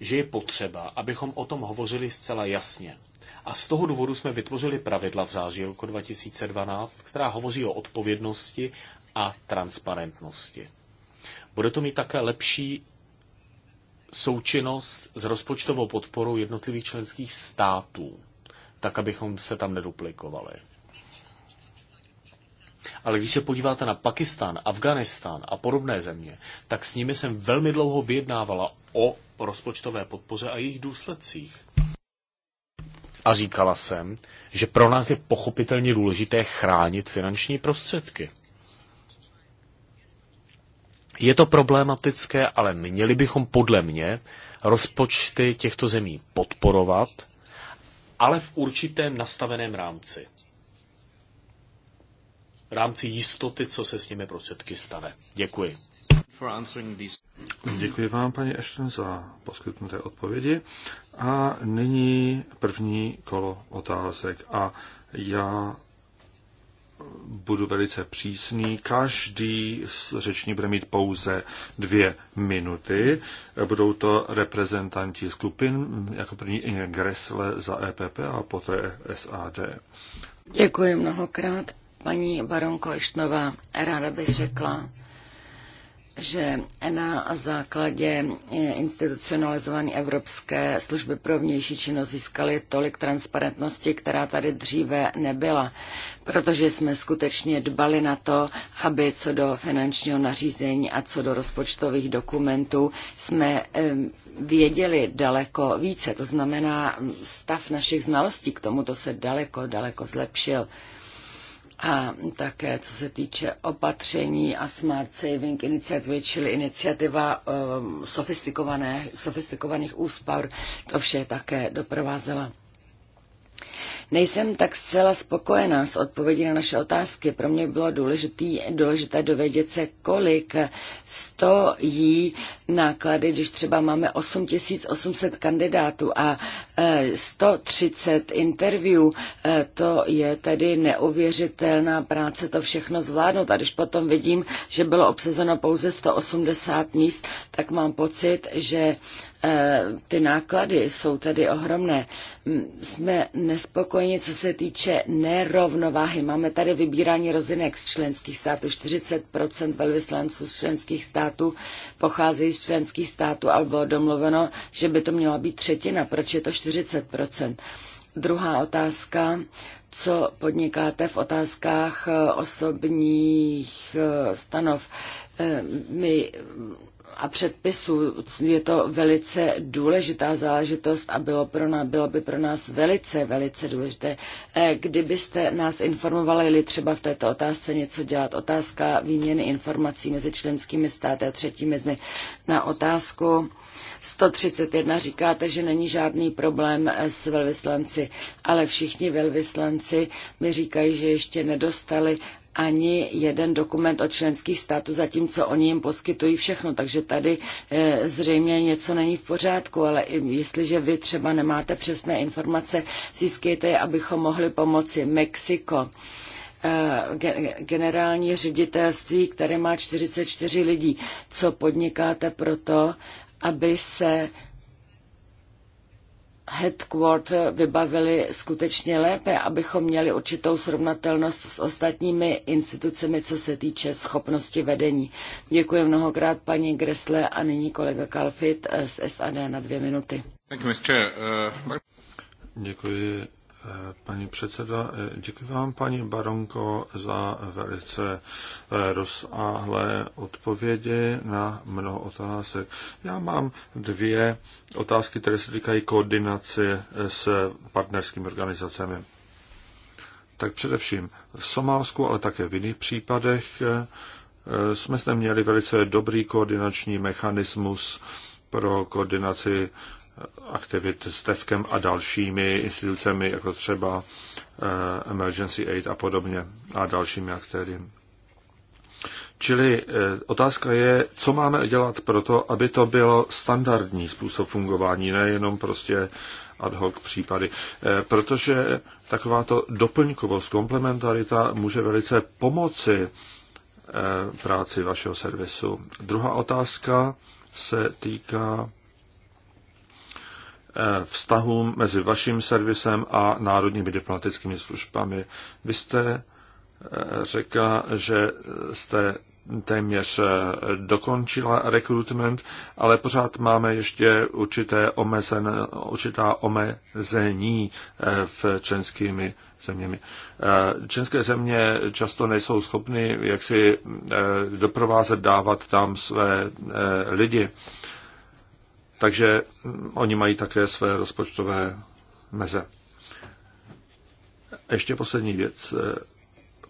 že je potřeba, abychom o tom hovořili zcela jasně. A z toho důvodu jsme vytvořili pravidla v září roku 2012, která hovoří o odpovědnosti a transparentnosti. Bude to mít také lepší součinnost s rozpočtovou podporou jednotlivých členských států, tak abychom se tam neduplikovali. Ale když se podíváte na Pakistan, Afganistán a podobné země, tak s nimi jsem velmi dlouho vyjednávala o rozpočtové podpoře a jejich důsledcích a říkala jsem, že pro nás je pochopitelně důležité chránit finanční prostředky. Je to problematické, ale měli bychom podle mě rozpočty těchto zemí podporovat, ale v určitém nastaveném rámci. V rámci jistoty, co se s nimi prostředky stane. Děkuji for answering these. Děkuji vám, paní Ashton, za poskytnuté odpovědi. A nyní první kolo otázek. A já budu velice přísný. Každý z řeční bude mít pouze dvě minuty. Budou to reprezentanti skupin, jako první Inge Gressle za EPP a poté SAD. Děkuji mnohokrát. Paní baronko Eštnová, ráda bych řekla, že na základě institucionalizované Evropské služby pro vnější činnost získali tolik transparentnosti, která tady dříve nebyla, protože jsme skutečně dbali na to, aby co do finančního nařízení a co do rozpočtových dokumentů jsme věděli daleko více. To znamená, stav našich znalostí k tomuto se daleko, daleko zlepšil. A také, co se týče opatření a smart saving iniciativy, čili iniciativa um, sofistikovaných úspor, to vše také doprovázela Nejsem tak zcela spokojená s odpovědí na naše otázky. Pro mě bylo důležitý, důležité dovědět se, kolik stojí náklady, když třeba máme 8800 kandidátů a 130 e, interview. E, to je tedy neuvěřitelná práce to všechno zvládnout. A když potom vidím, že bylo obsazeno pouze 180 míst, tak mám pocit, že Eh, ty náklady jsou tedy ohromné. Jsme nespokojeni, co se týče nerovnováhy. Máme tady vybírání rozinek z členských států. 40% velvyslanců z členských států pocházejí z členských států, ale bylo domluveno, že by to měla být třetina. Proč je to 40%? Druhá otázka, co podnikáte v otázkách eh, osobních eh, stanov. My a předpisů. Je to velice důležitá záležitost a bylo, pro nás, bylo by pro nás velice, velice důležité, e, kdybyste nás informovali, ili třeba v této otázce něco dělat. Otázka výměny informací mezi členskými státy a třetími zmi. Na otázku 131 říkáte, že není žádný problém e, s velvyslanci, ale všichni velvyslanci mi říkají, že ještě nedostali ani jeden dokument od členských států, zatímco oni jim poskytují všechno. Takže tady eh, zřejmě něco není v pořádku, ale jestliže vy třeba nemáte přesné informace, získejte je, abychom mohli pomoci. Mexiko eh, generální ředitelství, které má 44 lidí. Co podnikáte proto, aby se headquarter vybavili skutečně lépe, abychom měli určitou srovnatelnost s ostatními institucemi, co se týče schopnosti vedení. Děkuji mnohokrát paní Gresle a nyní kolega Kalfit z SAD na dvě minuty. Uh, Děkuji. Pani předseda, děkuji vám, paní Baronko, za velice eh, rozsáhlé odpovědi na mnoho otázek. Já mám dvě otázky, které se týkají koordinace eh, s partnerskými organizacemi. Tak především v Somálsku, ale také v jiných případech eh, jsme zde měli velice dobrý koordinační mechanismus pro koordinaci aktivit s TEFkem a dalšími institucemi, jako třeba eh, Emergency Aid a podobně a dalšími aktéry. Čili eh, otázka je, co máme dělat pro to, aby to bylo standardní způsob fungování, nejenom prostě ad hoc případy. Eh, protože takováto doplňkovost, komplementarita může velice pomoci práci vašeho servisu. Druhá otázka se týká Eh, vztahům mezi vaším servisem a národními diplomatickými službami. Vy jste eh, řekla, že jste téměř eh, dokončila rekrutment, ale pořád máme ještě určité omezen, určitá omezení v členskými zeměmi. České země často nejsou schopny jak si doprovázet dávat tam své lidi. Takže oni mají také své rozpočtové meze. Ještě poslední věc.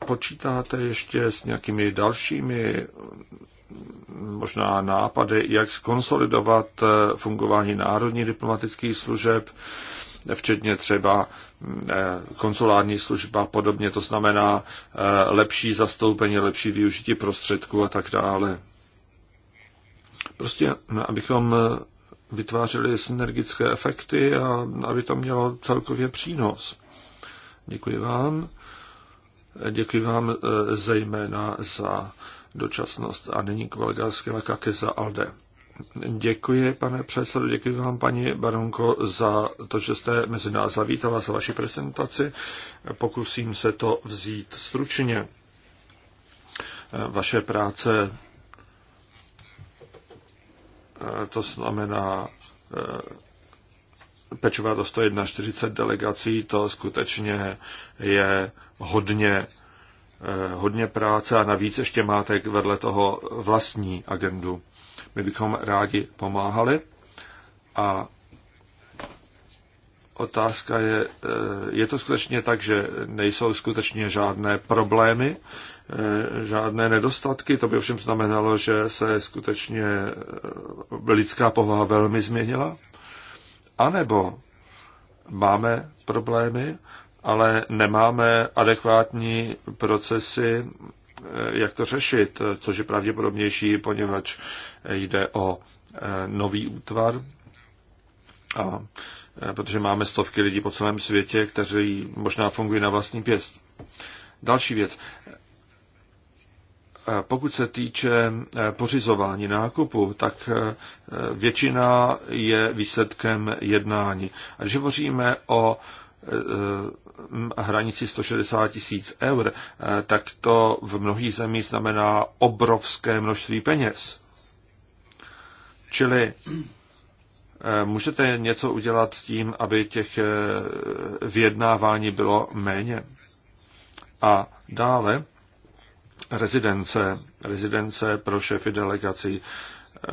Počítáte ještě s nějakými dalšími možná nápady, jak skonsolidovat eh, fungování národní diplomatických služeb, včetně třeba eh, konsulární služba a podobně, to znamená eh, lepší zastoupení, lepší využití prostředků a tak dále. Prostě, abychom vytvářely synergické efekty a aby to mělo celkově přínos. Děkuji vám. Děkuji vám eh, zejména za dočasnost a nyní kolega Skilakake za ALDE. Děkuji, pane předsedo, děkuji vám, paní Baronko, za to, že jste mezi nás zavítala, za vaši prezentaci. Pokusím se to vzít stručně. Eh, vaše práce Eh, to znamená pečovat o 141 delegací, to skutečně je hodně, eh, hodně práce a navíc ještě máte vedle toho vlastní agendu. My bychom rádi pomáhali a otázka je, eh, je to skutečně tak, že nejsou skutečně žádné problémy Eh, žádné nedostatky. To by ovšem znamenalo, že se skutečně eh, lidská povaha velmi změnila. A nebo máme problémy, ale nemáme adekvátní procesy, eh, jak to řešit, což je pravděpodobnější, poněvadž jde o nový útvar. A protože máme stovky lidí po celém světě, kteří možná fungují na vlastní pěst. Další věc. Pokud se týče e, pořizování nákupu, tak e, většina je výsledkem jednání. A když hovoříme o e, hranici 160 tisíc eur, tak to v mnohých zemích znamená obrovské množství peněz. Čili můžete něco udělat s tím, aby těch vyjednávání bylo méně. A dále rezidence, rezidence pro šéfy delegací. Eh,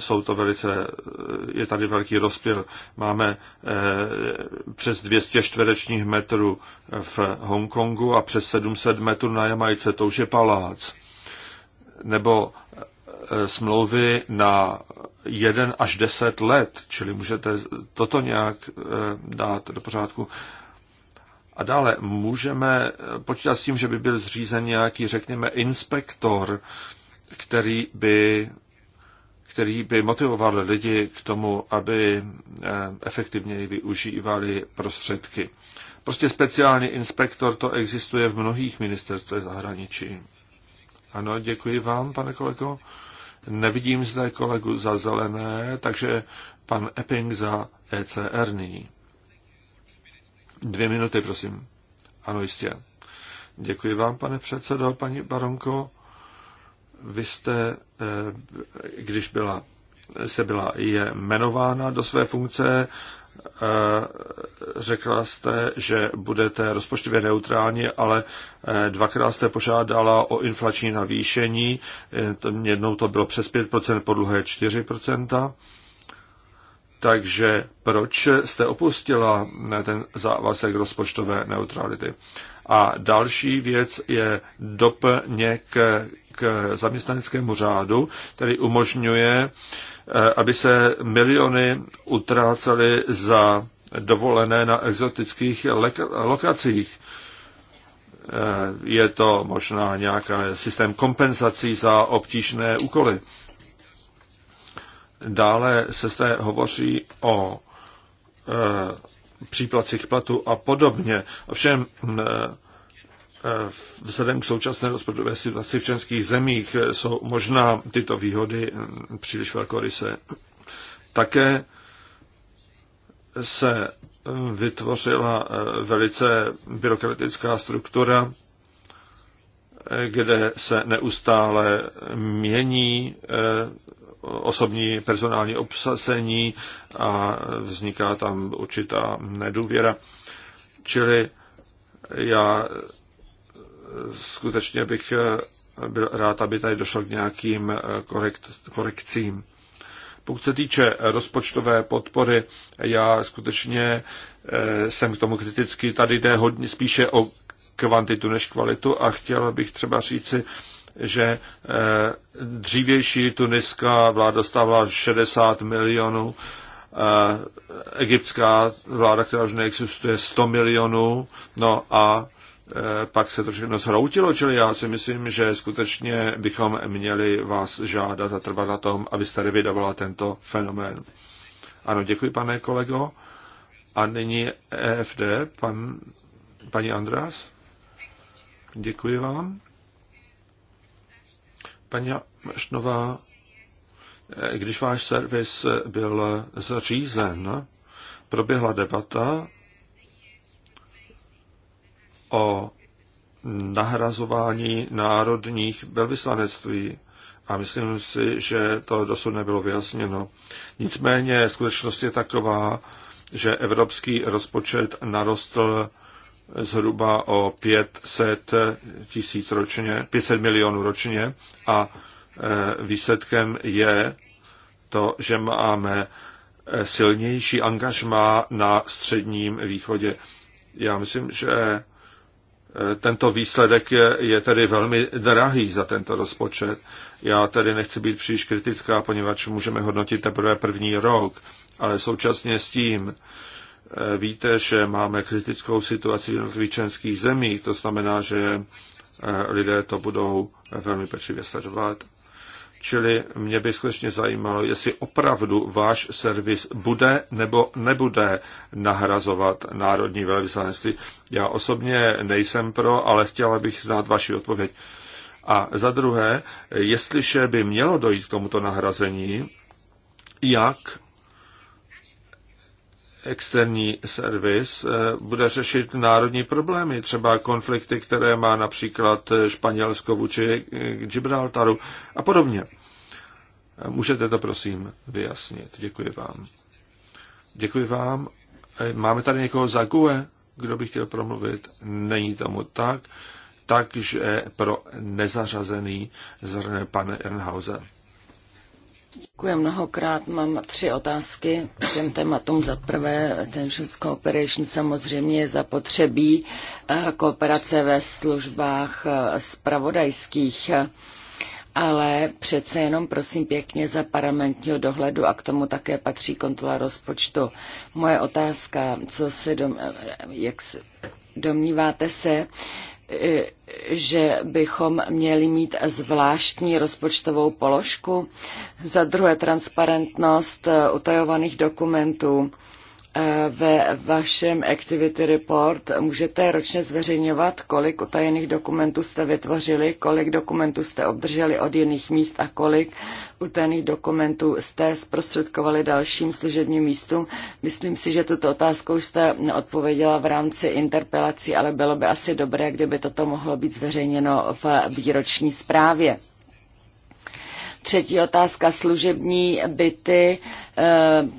jsou to velice, eh, je tady velký rozpěl. Máme eh, přes 200 čtverečních metrů v Hongkongu a přes 700 metrů na Jamajce, to už je palác. Nebo smlouvy na 1 až 10 let, čili můžete toto nějak dát do pořádku. A dále můžeme počítat s tím, že by byl zřízen nějaký, řekněme, inspektor, který by, který by motivoval lidi k tomu, aby eh, efektivněji využívali prostředky. Prostě speciální inspektor to existuje v mnohých ministerstvech zahraničí. Ano, děkuji vám, pane kolego. Nevidím zde kolegu za zelené, takže pan Epping za ECR nyní. Dvě minuty, prosím. Ano, jistě. Děkuji vám, pane předsedo, paní Baronko. Vy jste, eh, když byla, se byla je jmenována do své funkce, eh, řekla jste, že budete rozpočtově neutrální, ale eh, dvakrát jste požádala o inflační navýšení, jednou to bylo přes 5%, po druhé 4%. Takže proč jste opustila ten závazek rozpočtové neutrality? A další věc je doplněk k zaměstnaneckému řádu, který umožňuje, eh, aby se miliony utrácely za dovolené na exotických lokacích. Eh, je to možná nějaký systém kompenzací za obtížné úkoly. Dále se zde hovoří o e, příplacích platu a podobně. Ovšem, e, e, vzhledem k současné rozpočtové situaci v členských zemích e, jsou možná tyto výhody příliš velkoryse. Také se vytvořila e, velice byrokratická struktura, kde se neustále mění osobní personální obsazení a vzniká tam určitá nedůvěra. Čili já skutečně bych byl rád, aby tady došlo k nějakým korekt, korekcím. Pokud se týče rozpočtové podpory, já skutečně eh, jsem k tomu kritický. Tady jde hodně spíše o kvantitu než kvalitu a chtěl bych třeba říci, že eh, dřívější tuniská vláda stávala 60 milionů, eh, egyptská vláda, která už neexistuje, 100 milionů, no a eh, pak se to všechno zhroutilo, čili já si myslím, že skutečně bychom měli vás žádat a trvat na tom, abyste revidovala tento fenomén. Ano, děkuji, pane kolego. A nyní EFD, pan, paní Andras, Děkuji vám. Paní Mašnová, když váš servis byl zřízen, proběhla debata o nahrazování národních velvyslanectví. A myslím si, že to dosud nebylo vyjasněno. Nicméně skutečnost je taková, že evropský rozpočet narostl zhruba o 500 tisíc ročně, 500 milionů ročně a e, výsledkem je to, že máme e, silnější angažma na středním východě. Já myslím, že e, tento výsledek je, je tedy velmi drahý za tento rozpočet. Já tedy nechci být příliš kritická, poněvadž můžeme hodnotit teprve první rok, ale současně s tím Eh, víte, že máme kritickou situaci v jednotlivých členských zemích, to znamená, že eh, lidé to budou velmi pečlivě sledovat. Čili mě by skutečně zajímalo, jestli opravdu váš servis bude nebo nebude nahrazovat národní velvyslanectví. Já osobně nejsem pro, ale chtěla bych znát vaši odpověď. A za druhé, jestliže by mělo dojít k tomuto nahrazení, jak externí servis eh, bude řešit národní problémy, třeba konflikty, které má například eh, Španělsko vůči eh, Gibraltaru a podobně. Můžete to prosím vyjasnit. Děkuji vám. Děkuji vám. Máme tady někoho za GUE, kdo by chtěl promluvit? Není tomu tak. Takže pro nezařazený zhrne pan Ernhauser. Děkuji mnohokrát. Mám tři otázky k těm tématům. Za prvé, ten cooperation samozřejmě je zapotřebí eh, kooperace ve službách eh, spravodajských ale přece jenom prosím pěkně za parlamentního dohledu a k tomu také patří kontrola rozpočtu. Moje otázka, co se dom, eh, jak se, domníváte se, že bychom měli mít zvláštní rozpočtovou položku, za druhé transparentnost e, utajovaných dokumentů. Eh, ve vašem Activity Report můžete ročně zveřejňovat, kolik utajených dokumentů jste vytvořili, kolik dokumentů jste obdrželi od jiných míst a kolik utajených dokumentů jste zprostředkovali dalším služebním místům. Myslím si, že tuto otázku už jste odpověděla v rámci interpelací, ale bylo by asi dobré, kdyby toto mohlo být zveřejněno v výroční zprávě. Třetí otázka, služební byty eh,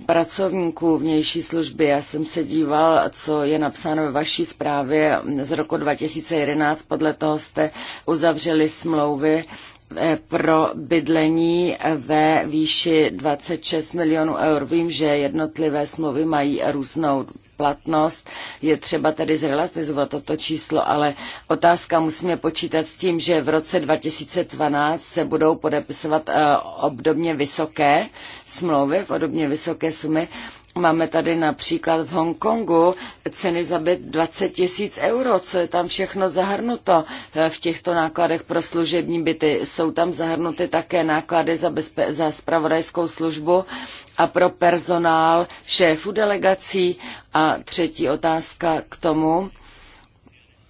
pracovníků vnější služby. Já jsem se díval, co je napsáno ve vaší zprávě z roku 2011. Podle toho jste uzavřeli smlouvy eh, pro bydlení ve výši 26 milionů eur. Vím, že jednotlivé smlouvy mají různou platnost. Je třeba tedy zrelativizovat toto číslo, ale otázka musíme počítat s tím, že v roce 2012 se budou podepisovat eh, obdobně vysoké smlouvy v obdobně vysoké sumy. Máme tady například v Hongkongu ceny za byt 20 tisíc euro, co je tam všechno zahrnuto eh, v těchto nákladech pro služební byty. Jsou tam zahrnuty také náklady za, bezpe- za spravodajskou službu a pro personál šéfu delegací? A třetí otázka k tomu.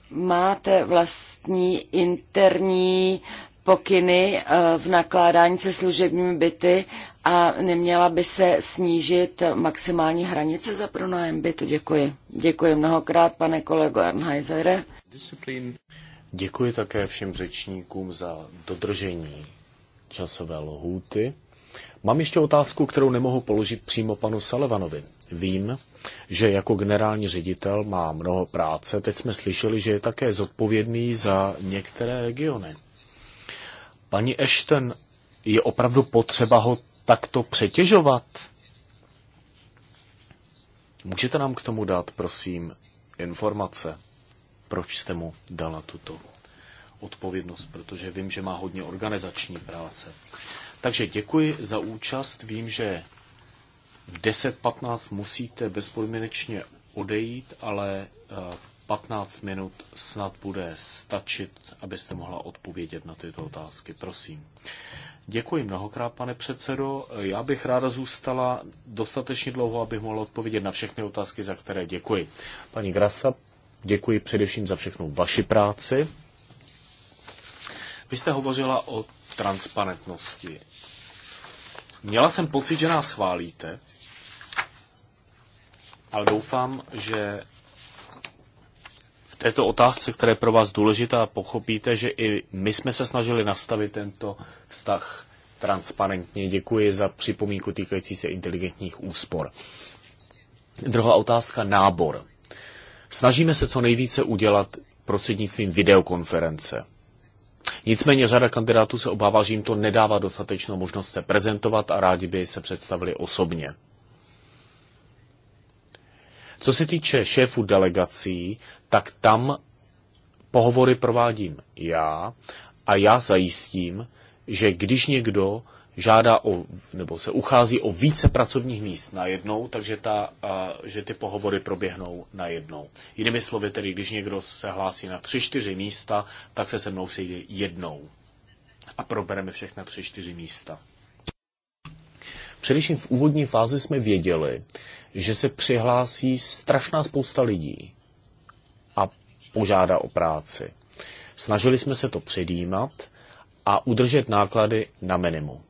Máte vlastní interní pokyny eh, v nakládání se služebními byty a neměla by se snížit maximální hranice za pronájem bytu. Děkuji. Děkuji mnohokrát, pane kolego Arnheisere. Děkuji také všem řečníkům za dodržení časové lhůty. Mám ještě otázku, kterou nemohu položit přímo panu Salevanovi. Vím, že jako generální ředitel má mnoho práce. Teď jsme slyšeli, že je také zodpovědný za některé regiony. Paní Ashton, je opravdu potřeba ho takto přetěžovat? Můžete nám k tomu dát, prosím, informace, proč jste mu dala tuto odpovědnost, protože vím, že má hodně organizační práce. Takže děkuji za účast. Vím, že v 10.15 musíte bezpodmínečně odejít, ale 15 eh, minut snad bude stačit, abyste mohla odpovědět na tyto otázky. Prosím. Děkuji mnohokrát, pane předsedo. Já bych ráda zůstala dostatečně dlouho, abych mohla odpovědět na všechny otázky, za které děkuji. Paní Grasa, děkuji především za všechnu vaši práci. Vy jste hovořila o transparentnosti. Měla jsem pocit, že nás chválíte, ale doufám, že v této otázce, která je pro vás důležitá, pochopíte, že i my jsme se snažili nastavit tento vztah transparentně. Děkuji za připomínku týkající se inteligentních úspor. Druhá otázka, nábor. Snažíme se co nejvíce udělat prostřednictvím videokonference. Nicméně řada kandidátů se obává, že jim to nedává dostatečnou možnost se prezentovat a rádi by se představili osobně. Co se týče šéfů delegací, tak tam pohovory provádím já a já zajistím, že když někdo žádá o, nebo se uchází o více pracovních míst na jednou, takže ta, a, že ty pohovory proběhnou na jednou. Jinými slovy, tedy když někdo se hlásí na tři, čtyři místa, tak se se mnou sejde jednou a probereme všechna tři, čtyři místa. Především v úvodní fázi jsme věděli, že se přihlásí strašná spousta lidí a požádá o práci. Snažili jsme se to předjímat a udržet náklady na minimum.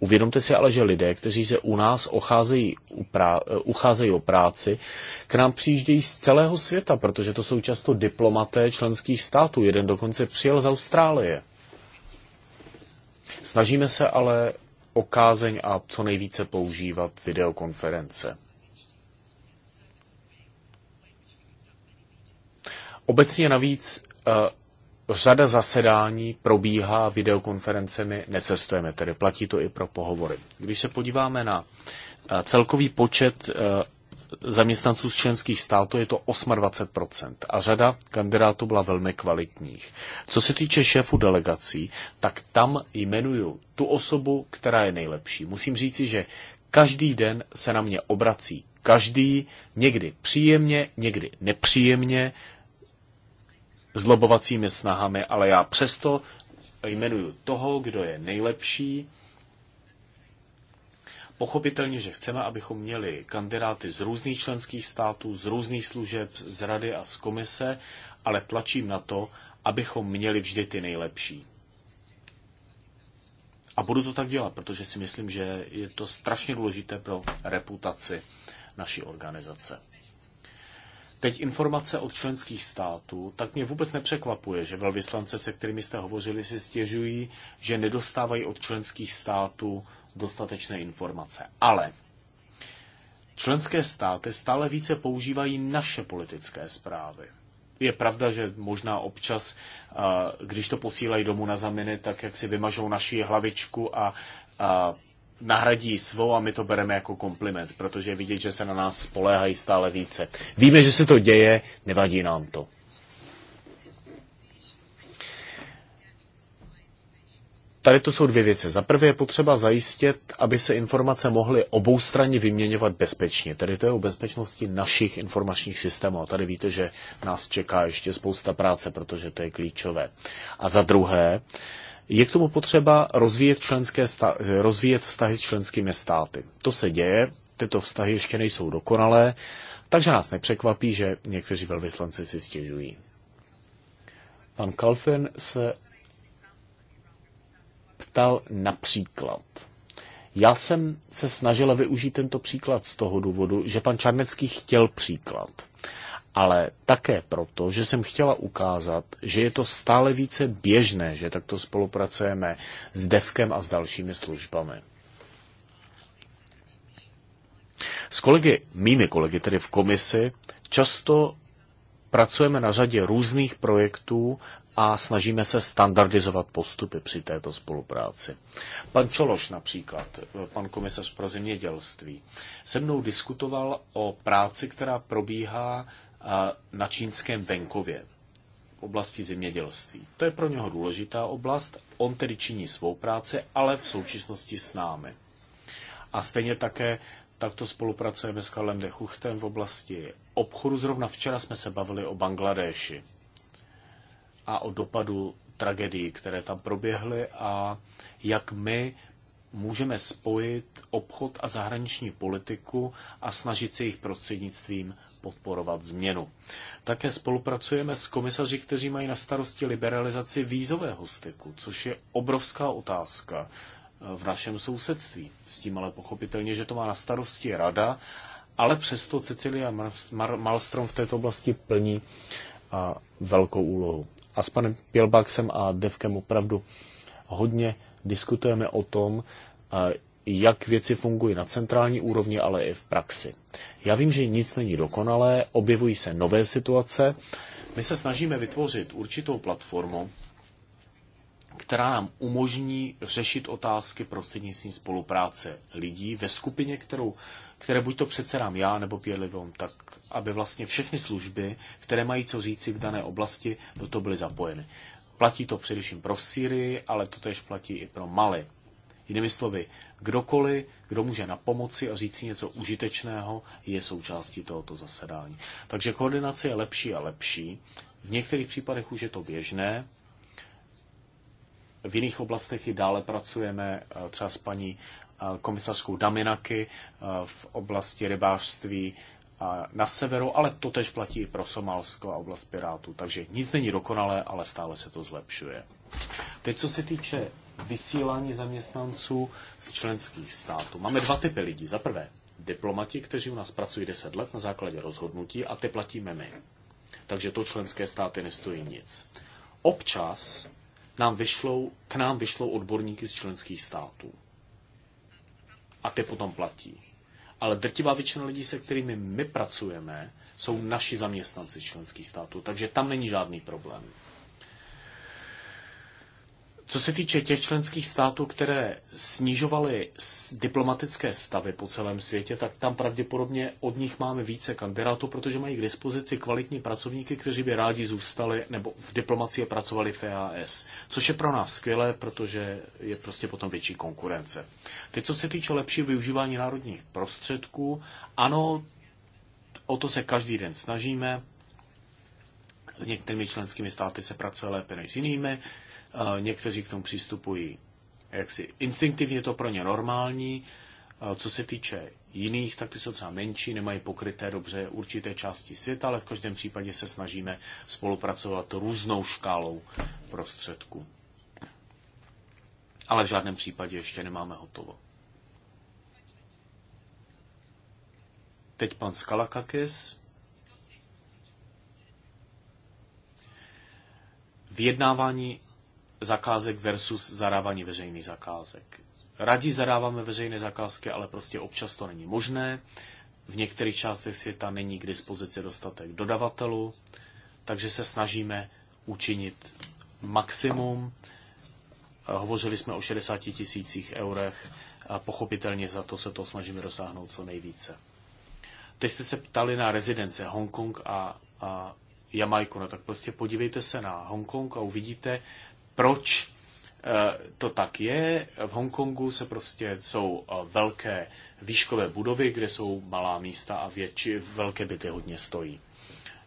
Uvědomte si ale, že lidé, kteří se u nás ocházejí, uprá, eh, ucházejí o práci, k nám přijíždějí z celého světa, protože to jsou často diplomaté členských států. Jeden dokonce přijel z Austrálie. Snažíme se ale o kázeň a co nejvíce používat videokonference. Obecně navíc eh, řada zasedání probíhá videokonferencemi, necestujeme, tedy platí to i pro pohovory. Když se podíváme na eh, celkový počet eh, zaměstnanců z členských států je to 28% a řada kandidátů byla velmi kvalitních. Co se týče šéfů delegací, tak tam jmenuju tu osobu, která je nejlepší. Musím říci, že každý den se na mě obrací každý, někdy příjemně, někdy nepříjemně, zlobovacími snahami, ale já přesto jmenuju toho, kdo je nejlepší. Pochopitelně, že chceme, abychom měli kandidáty z různých členských států, z různých služeb, z rady a z komise, ale tlačím na to, abychom měli vždy ty nejlepší. A budu to tak dělat, protože si myslím, že je to strašně důležité pro reputaci naší organizace. Teď informace od členských států, tak mě vůbec nepřekvapuje, že velvyslance, se kterými jste hovořili, si stěžují, že nedostávají od členských států dostatečné informace. Ale členské státy stále více používají naše politické zprávy. Je pravda, že možná občas, když to posílají domů na zaminy, tak jak si vymažou naši hlavičku a nahradí svou a my to bereme jako kompliment, protože vidět, že se na nás spoléhají stále více. Víme, že se to děje, nevadí nám to. Tady to jsou dvě věci. Za prvé je potřeba zajistit, aby se informace mohly oboustranně vyměňovat bezpečně. Tedy to je o bezpečnosti našich informačních systémů. A tady víte, že nás čeká ještě spousta práce, protože to je klíčové. A za druhé, uh, je k tomu potřeba rozvíjet, členské sta- rozvíjet vztahy s členskými státy. To se děje, tyto vztahy ještě nejsou dokonalé, takže nás nepřekvapí, že někteří velvyslanci si stěžují. Pan Kalfin se ptal na příklad. Já jsem se snažila využít tento příklad z toho důvodu, že pan Čarnecký chtěl příklad ale také proto, že jsem chtěla ukázat, že je to stále více běžné, že takto spolupracujeme s Devkem a s dalšími službami. S kolegy, mými kolegy tedy v komisi, často pracujeme na řadě různých projektů a snažíme se standardizovat postupy při této spolupráci. Pan Čološ například, pan komisař pro zemědělství, se mnou diskutoval o práci, která probíhá na čínském venkově v oblasti zemědělství. To je pro něho důležitá oblast, on tedy činí svou práci, ale v současnosti s námi. A stejně také takto spolupracujeme s Karlem Dechuchtem v oblasti obchodu. Zrovna včera jsme se bavili o Bangladeši a o dopadu tragédií, které tam proběhly a jak my můžeme spojit obchod a zahraniční politiku a snažit se jich prostřednictvím podporovat změnu. Také spolupracujeme s komisaři, kteří mají na starosti liberalizaci vízového styku, což je obrovská otázka eh, v našem sousedství. S tím ale pochopitelně, že to má na starosti rada, ale přesto Cecilia Malstrom v této oblasti plní a velkou úlohu. A s panem Pělbaksem a Devkem opravdu hodně diskutujeme o tom, jak věci fungují na centrální úrovni, ale i v praxi. Já vím, že nic není dokonalé, objevují se nové situace. My se snažíme vytvořit určitou platformu, která nám umožní řešit otázky prostřednictvím spolupráce lidí ve skupině, kterou, které buď to předsedám já nebo Pěrlivom, tak aby vlastně všechny služby, které mají co říci v dané oblasti, do toho byly zapojeny. Platí to především pro Syrii, ale to tež platí i pro Mali. Jinými slovy, kdokoliv, kdo může na pomoci a říct si něco užitečného, je součástí tohoto zasedání. Takže koordinace je lepší a lepší. V některých případech už je to běžné. V jiných oblastech i dále pracujeme eh, třeba s paní eh, komisařskou Daminaky eh, v oblasti rybářství na severu, ale to tež platí i pro Somálsko a oblast Pirátů. Takže nic není dokonalé, ale stále se to zlepšuje. Teď, co se týče vysílání zaměstnanců z členských států. Máme dva typy lidí. Za prvé, diplomati, kteří u nás pracují 10 let na základě rozhodnutí a ty platíme my. Takže to členské státy nestojí nic. Občas nám vyšlou, k nám vyšlou odborníky z členských států. A ty potom platí. Ale drtivá většina lidí, se kterými my pracujeme, jsou naši zaměstnanci členských států, takže tam není žádný problém. Co se týče těch členských států, které snižovaly diplomatické stavy po celém světě, tak tam pravděpodobně od nich máme více kandidátů, protože mají k dispozici kvalitní pracovníky, kteří by rádi zůstali nebo v diplomacii pracovali v EAS, což je pro nás skvělé, protože je prostě potom větší konkurence. Teď, co se týče lepší využívání národních prostředků, ano, o to se každý den snažíme. S některými členskými státy se pracuje lépe než s jinými Někteří k tomu přistupují jaksi instinktivně to pro ně normální. Co se týče jiných, tak ty jsou třeba menší, nemají pokryté dobře určité části světa, ale v každém případě se snažíme spolupracovat různou škálou prostředků. Ale v žádném případě ještě nemáme hotovo. Teď pan Skalakakis. Vyjednávání zakázek versus zadávání veřejných zakázek. Radí zadáváme veřejné zakázky, ale prostě občas to není možné. V některých částech světa není k dispozici dostatek dodavatelů, takže se snažíme učinit maximum. Hovořili jsme o 60 tisících eurech a pochopitelně za to se to snažíme dosáhnout co nejvíce. Teď jste se ptali na rezidence Hongkong a, a Jamajku. No tak prostě podívejte se na Hongkong a uvidíte, proč eh, to tak je. V Hongkongu se prostě jsou eh, velké výškové budovy, kde jsou malá místa a větši, velké byty hodně stojí.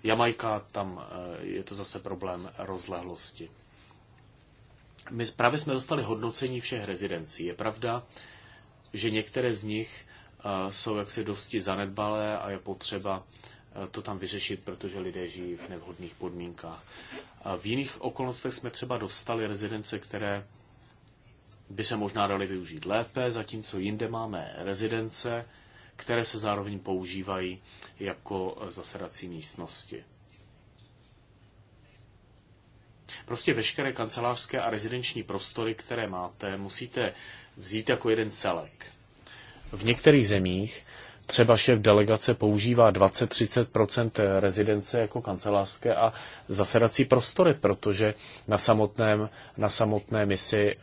Jamajka, tam eh, je to zase problém rozlehlosti. My právě jsme dostali hodnocení všech rezidencí. Je pravda, že některé z nich jsou jaksi dosti zanedbalé a je potřeba Eh, to tam vyřešit, protože lidé žijí v nevhodných podmínkách. A v jiných okolnostech jsme třeba dostali rezidence, které by se možná daly využít lépe, zatímco jinde máme rezidence, které se zároveň používají jako eh, zasedací místnosti. Prostě veškeré kancelářské a rezidenční prostory, které máte, musíte vzít jako jeden celek. V některých zemích třeba šéf delegace používá 20-30 rezidence jako kancelářské a zasedací prostory, protože na, samotném, na samotné misi eh,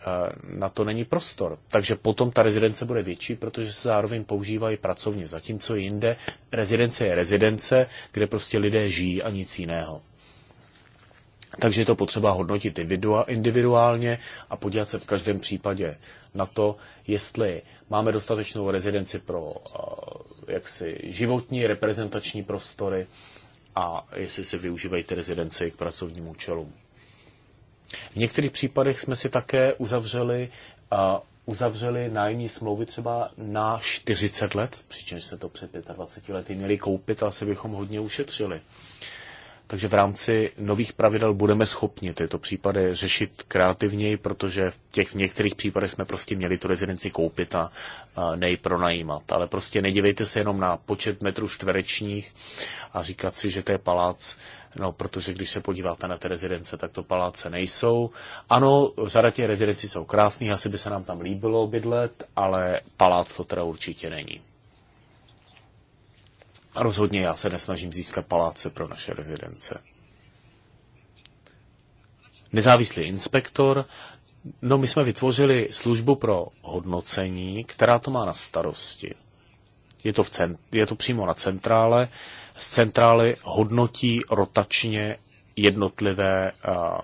na to není prostor. Takže potom ta rezidence bude větší, protože se zároveň používají pracovně. Zatímco jinde rezidence je rezidence, kde prostě lidé žijí a nic jiného. Takže je to potřeba hodnotit individuálně a podívat se v každém případě na to, jestli máme dostatečnou rezidenci pro eh, jaksi životní reprezentační prostory a jestli se využívají ty rezidence k pracovním účelům. V některých případech jsme si také uzavřeli, uh, uzavřeli nájemní smlouvy třeba na 40 let, přičemž jsme to před 25 lety měli koupit a asi bychom hodně ušetřili. Takže v rámci nových pravidel budeme schopni tyto případy řešit kreativněji, protože v těch v některých případech jsme prostě měli tu rezidenci koupit a, a pronajímat. Ale prostě nedívejte se jenom na počet metrů čtverečních a říkat si, že to je palác, no protože když se podíváte na ty rezidence, tak to paláce nejsou. Ano, řada těch rezidencí jsou krásných, asi by se nám tam líbilo bydlet, ale palác to teda určitě není. A rozhodně já se nesnažím získat paláce pro naše rezidence. Nezávislý inspektor, no my jsme vytvořili službu pro hodnocení, která to má na starosti. Je to, v cent, je to přímo na centrále. Z centrály hodnotí rotačně jednotlivé a,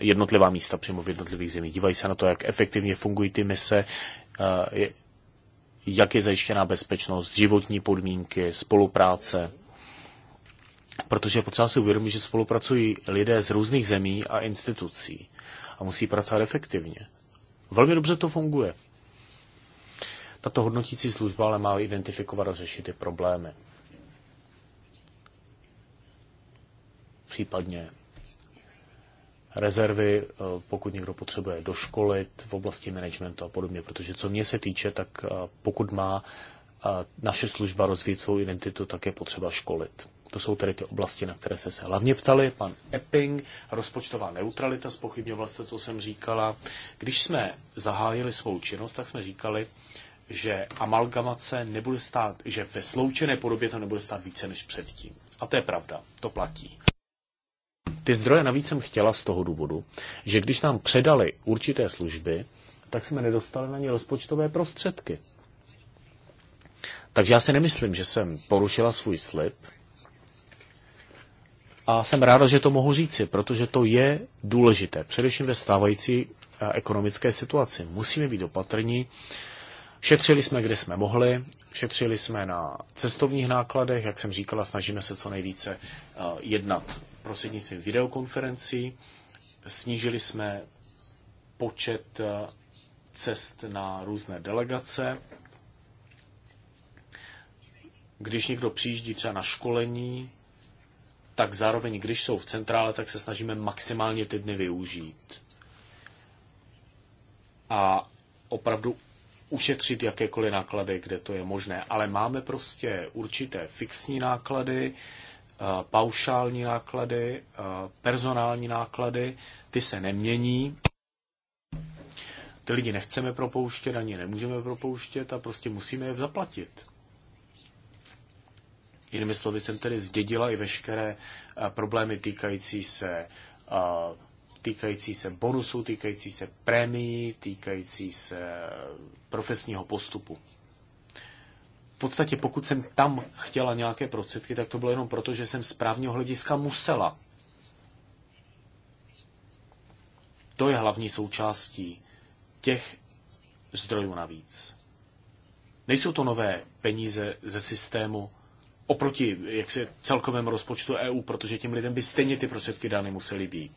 jednotlivá místa přímo v jednotlivých zemích. Dívají se na to, jak efektivně fungují ty mise, jak je zajištěna bezpečnost, životní podmínky, spolupráce. Protože je potřeba si uvědomit, že spolupracují lidé z různých zemí a institucí a musí pracovat efektivně. Velmi dobře to funguje. Tato hodnotící služba ale má identifikovat a řešit ty problémy. Případně rezervy, eh, pokud někdo potřebuje doškolit v oblasti managementu a podobně, protože co mě se týče, tak eh, pokud má eh, naše služba rozvíjet svou identitu, tak je potřeba školit. To jsou tedy ty oblasti, na které jste se hlavně ptali. Pan Epping, rozpočtová neutralita, spochybňoval jste, co jsem říkala. Když jsme zahájili svou činnost, tak jsme říkali, že amalgamace nebude stát, že ve sloučené podobě to nebude stát více než předtím. A to je pravda, to platí. Ty zdroje navíc jsem chtěla z toho důvodu, že když nám předali určité služby, tak jsme nedostali na ně rozpočtové prostředky. Takže já si nemyslím, že jsem porušila svůj slib. A jsem ráda, že to mohu říci, protože to je důležité, především ve stávající eh, ekonomické situaci. Musíme být opatrní. Šetřili jsme, kde jsme mohli, šetřili jsme na cestovních nákladech, jak jsem říkala, snažíme se co nejvíce eh, jednat prostřednictvím videokonferencí. Snížili jsme počet eh, cest na různé delegace. Když někdo přijíždí třeba na školení, tak zároveň, když jsou v centrále, tak se snažíme maximálně ty dny využít. A opravdu ušetřit jakékoliv náklady, kde to je možné. Ale máme prostě určité fixní náklady, Eh, paušální náklady, eh, personální náklady, ty se nemění. Ty lidi nechceme propouštět, ani nemůžeme propouštět a prostě musíme je zaplatit. Jinými slovy jsem tedy zdědila i veškeré eh, problémy týkající se týkající se bonusu, týkající se prémií, týkající se profesního postupu v podstatě pokud jsem tam chtěla nějaké prostředky, tak to bylo jenom proto, že jsem z právního hlediska musela. To je hlavní součástí těch zdrojů navíc. Nejsou to nové peníze ze systému oproti se celkovému rozpočtu EU, protože těm lidem by stejně ty prostředky dány musely být.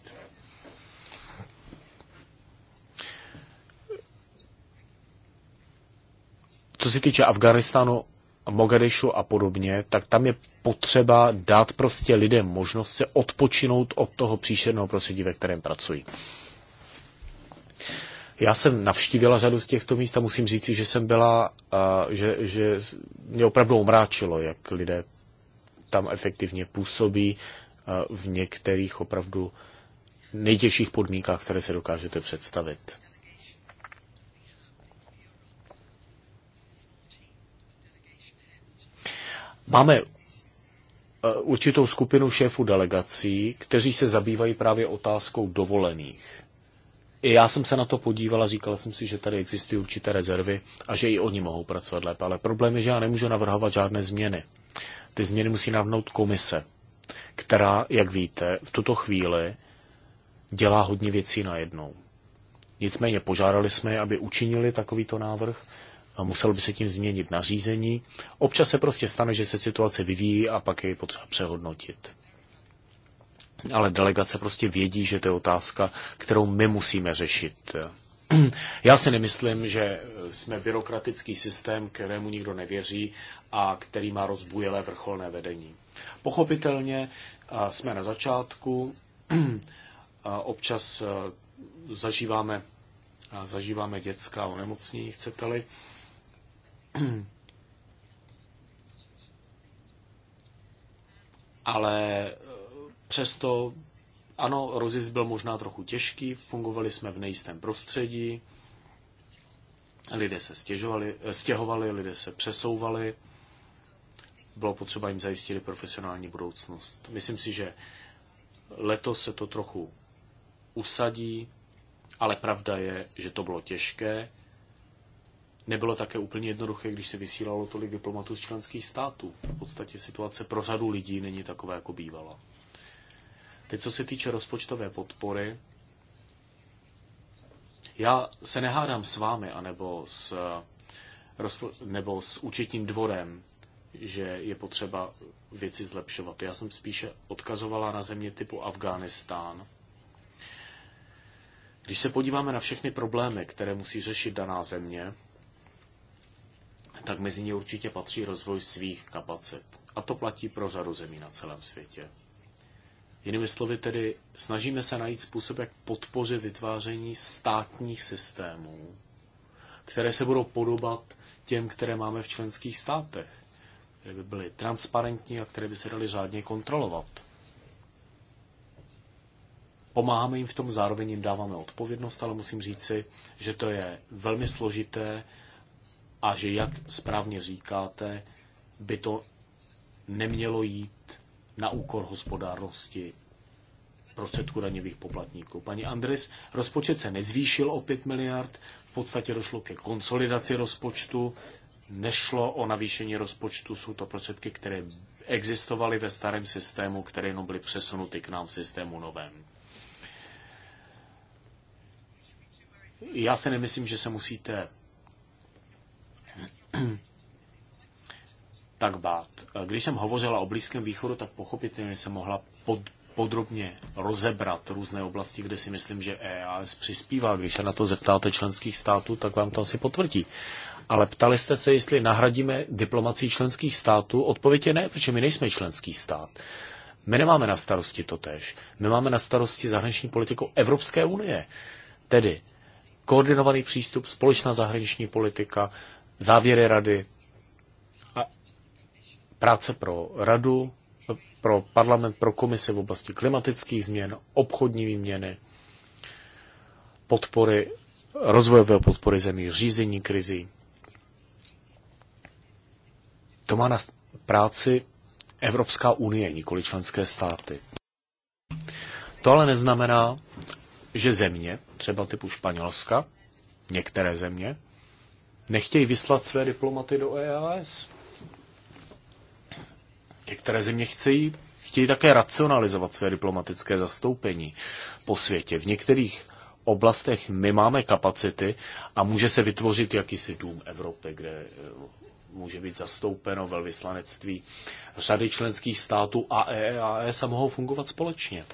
co se týče Afganistánu, Mogadešu a podobně, tak tam je potřeba dát prostě lidem možnost se odpočinout od toho příšerného prostředí, ve kterém pracují. Já jsem navštívila řadu z těchto míst a musím říct, že jsem byla, že, že mě opravdu omráčilo, jak lidé tam efektivně působí v některých opravdu nejtěžších podmínkách, které se dokážete představit. Máme eh, určitou skupinu šéfů delegací, kteří se zabývají právě otázkou dovolených. I já jsem se na to podívala, říkala jsem si, že tady existují určité rezervy a že i oni mohou pracovat lépe. Ale problém je, že já nemůžu navrhovat žádné změny. Ty změny musí navrhnout komise, která, jak víte, v tuto chvíli dělá hodně věcí najednou. Nicméně požádali jsme je, aby učinili takovýto návrh a muselo by se tím změnit nařízení. Občas se prostě stane, že se situace vyvíjí a pak je potřeba přehodnotit. Ale delegace prostě vědí, že to je otázka, kterou my musíme řešit. Já si nemyslím, že jsme byrokratický systém, kterému nikdo nevěří a který má rozbujelé vrcholné vedení. Pochopitelně eh, jsme na začátku, eh, občas eh, zažíváme, zažíváme dětská onemocnění, chcete-li, Ale eh, přesto, ano, rozjezd byl možná trochu těžký, fungovali jsme v nejistém prostředí, lidé se stěžovali, eh, stěhovali, lidé se přesouvali, bylo potřeba jim zajistit profesionální budoucnost. Myslím si, že letos se to trochu usadí, ale pravda je, že to bylo těžké Nebylo také úplně jednoduché, když se vysílalo tolik diplomatů z členských států. V podstatě situace pro řadu lidí není taková, jako bývala. Teď, co se týče rozpočtové podpory, já se nehádám s vámi, anebo s, nebo s účetním dvorem, že je potřeba věci zlepšovat. Já jsem spíše odkazovala na země typu Afghánistán. Když se podíváme na všechny problémy, které musí řešit daná země, tak mezi ně určitě patří rozvoj svých kapacit. A to platí pro řadu zemí na celém světě. Jinými slovy tedy, snažíme se najít způsob, jak podpořit vytváření státních systémů, které se budou podobat těm, které máme v členských státech, které by byly transparentní a které by se daly řádně kontrolovat. Pomáháme jim v tom, zároveň jim dáváme odpovědnost, ale musím říci, že to je velmi složité, a že, jak správně říkáte, by to nemělo jít na úkor hospodárnosti prostředků daněvých poplatníků. Paní Andres, rozpočet se nezvýšil o 5 miliard, v podstatě došlo ke konsolidaci rozpočtu, nešlo o navýšení rozpočtu, jsou to prostředky, které existovaly ve starém systému, které jenom byly přesunuty k nám v systému novém. Já se nemyslím, že se musíte tak bát. Když jsem hovořila o Blízkém východu, tak pochopitelně jsem mohla pod, podrobně rozebrat různé oblasti, kde si myslím, že EAS přispívá. Když se na to zeptáte členských států, tak vám to asi potvrdí. Ale ptali jste se, jestli nahradíme diplomací členských států? Odpověď je ne, protože my nejsme členský stát. My nemáme na starosti to tež. My máme na starosti zahraniční politiku Evropské unie. Tedy koordinovaný přístup, společná zahraniční politika, závěry rady a práce pro radu, pro parlament, pro komisi v oblasti klimatických změn, obchodní výměny, podpory, rozvojové podpory zemí, řízení krizí. To má na práci Evropská unie, nikoli členské státy. To ale neznamená, že země, třeba typu Španělska, některé země, nechtějí vyslat své diplomaty do EAS. Některé země chcejí, chtějí také racionalizovat své diplomatické zastoupení po světě. V některých oblastech my máme kapacity a může se vytvořit jakýsi dům Evropy, kde eh, může být zastoupeno velvyslanectví řady členských států a EEAS a mohou fungovat společně.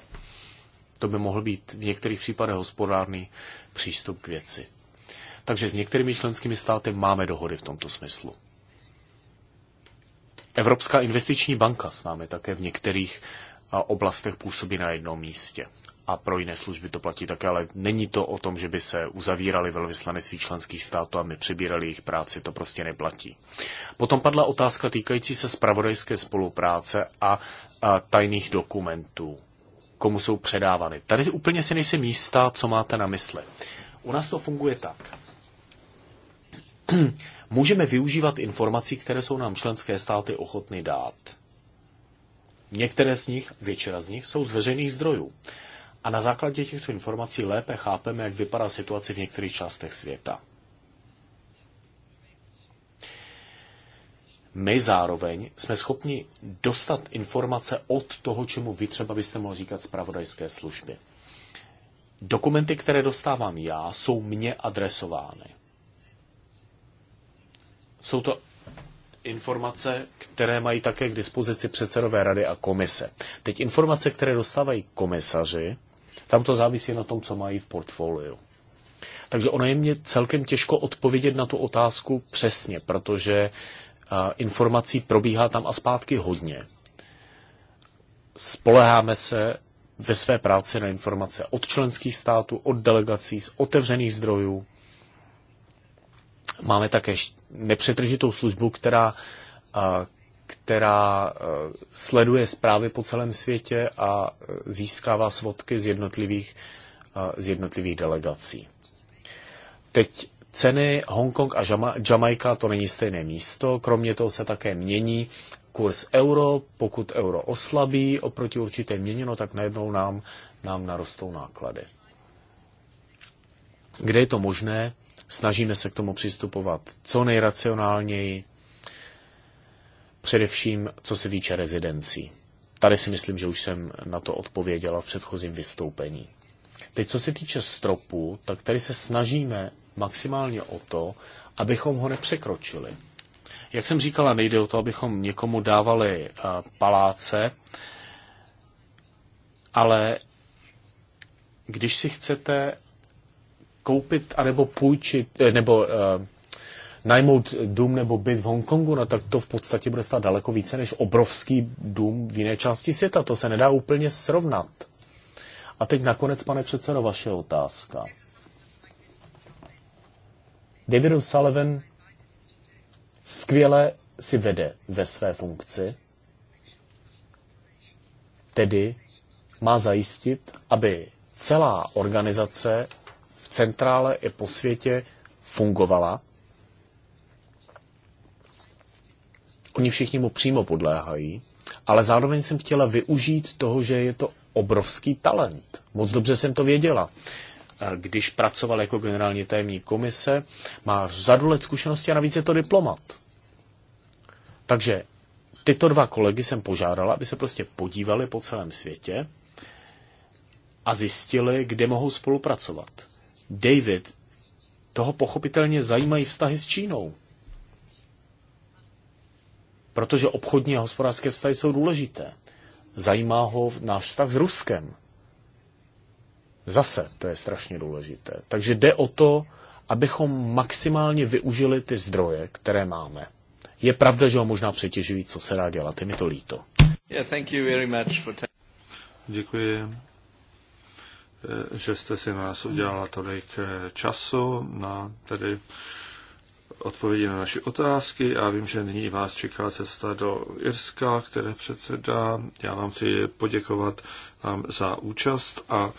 To by mohl být v některých případech hospodárný přístup k věci. Takže s některými členskými státy máme dohody v tomto smyslu. Evropská investiční banka s námi také v některých oblastech působí na jednom místě. A pro jiné služby to platí také, ale není to o tom, že by se uzavírali velvyslanectví členských států a my přebírali jejich práci, to prostě neplatí. Potom padla otázka týkající se spravodajské spolupráce a, a tajných dokumentů, komu jsou předávány. Tady úplně si nejsem jistá, co máte na mysli. U nás to funguje tak. můžeme využívat informací, které jsou nám členské státy ochotny dát. Některé z nich, většina z nich, jsou z veřejných zdrojů. A na základě těchto informací lépe chápeme, jak vypadá situace v některých částech světa. My zároveň jsme schopni dostat informace od toho, čemu vy třeba byste mohli říkat zpravodajské služby. Dokumenty, které dostávám já, jsou mně adresovány. Jsou to informace, které mají také k dispozici předsedové rady a komise. Teď informace, které dostávají komisaři, tam to závisí na tom, co mají v portfoliu. Takže ono je mě celkem těžko odpovědět na tu otázku přesně, protože informací probíhá tam a zpátky hodně. Spoleháme se ve své práci na informace od členských států, od delegací, z otevřených zdrojů. Máme také nepřetržitou službu, která, která sleduje zprávy po celém světě a e, získává svodky z jednotlivých, z jednotlivých delegací. Teď ceny Hongkong a Jamaika to není stejné místo, kromě toho se také mění kurz euro, pokud euro oslabí oproti určité měně, no tak najednou nám, nám narostou náklady. Kde je to možné? Snažíme se k tomu přistupovat co nejracionálněji, především co se týče rezidencí. Tady si myslím, že už jsem na to odpověděla v předchozím vystoupení. Teď co se týče stropu, tak tady se snažíme maximálně o to, abychom ho nepřekročili. Jak jsem říkala, nejde o to, abychom někomu dávali eh, paláce, ale když si chcete koupit anebo půjčit, eh, nebo uh, najmout dům nebo byt v Hongkongu, no tak to v podstatě bude stát daleko více než obrovský dům v jiné části světa. To se nedá úplně srovnat. A teď nakonec, pane předsedo, vaše otázka. David Sullivan skvěle si vede ve své funkci, tedy má zajistit, aby celá organizace v centrále i po světě fungovala. Oni všichni mu přímo podléhají, ale zároveň jsem chtěla využít toho, že je to obrovský talent. Moc dobře jsem to věděla. Když pracoval jako generální tajemník komise, má řadu let zkušenosti a navíc je to diplomat. Takže tyto dva kolegy jsem požádala, aby se prostě podívali po celém světě a zjistili, kde mohou spolupracovat. David, toho pochopitelně zajímají vztahy s Čínou. Protože obchodní a hospodářské vztahy jsou důležité. Zajímá ho náš vztah s Ruskem. Zase to je strašně důležité. Takže jde o to, abychom maximálně využili ty zdroje, které máme. Je pravda, že ho možná přetěžují, co se dá dělat, je mi to líto. Yeah, thank you very much for Děkuji Eh, že jste si nás udělala tolik eh, času na tedy odpovědi na naše otázky a vím, že nyní vás čeká cesta do Irska, které předsedá. Já vám chci poděkovat vám za účast a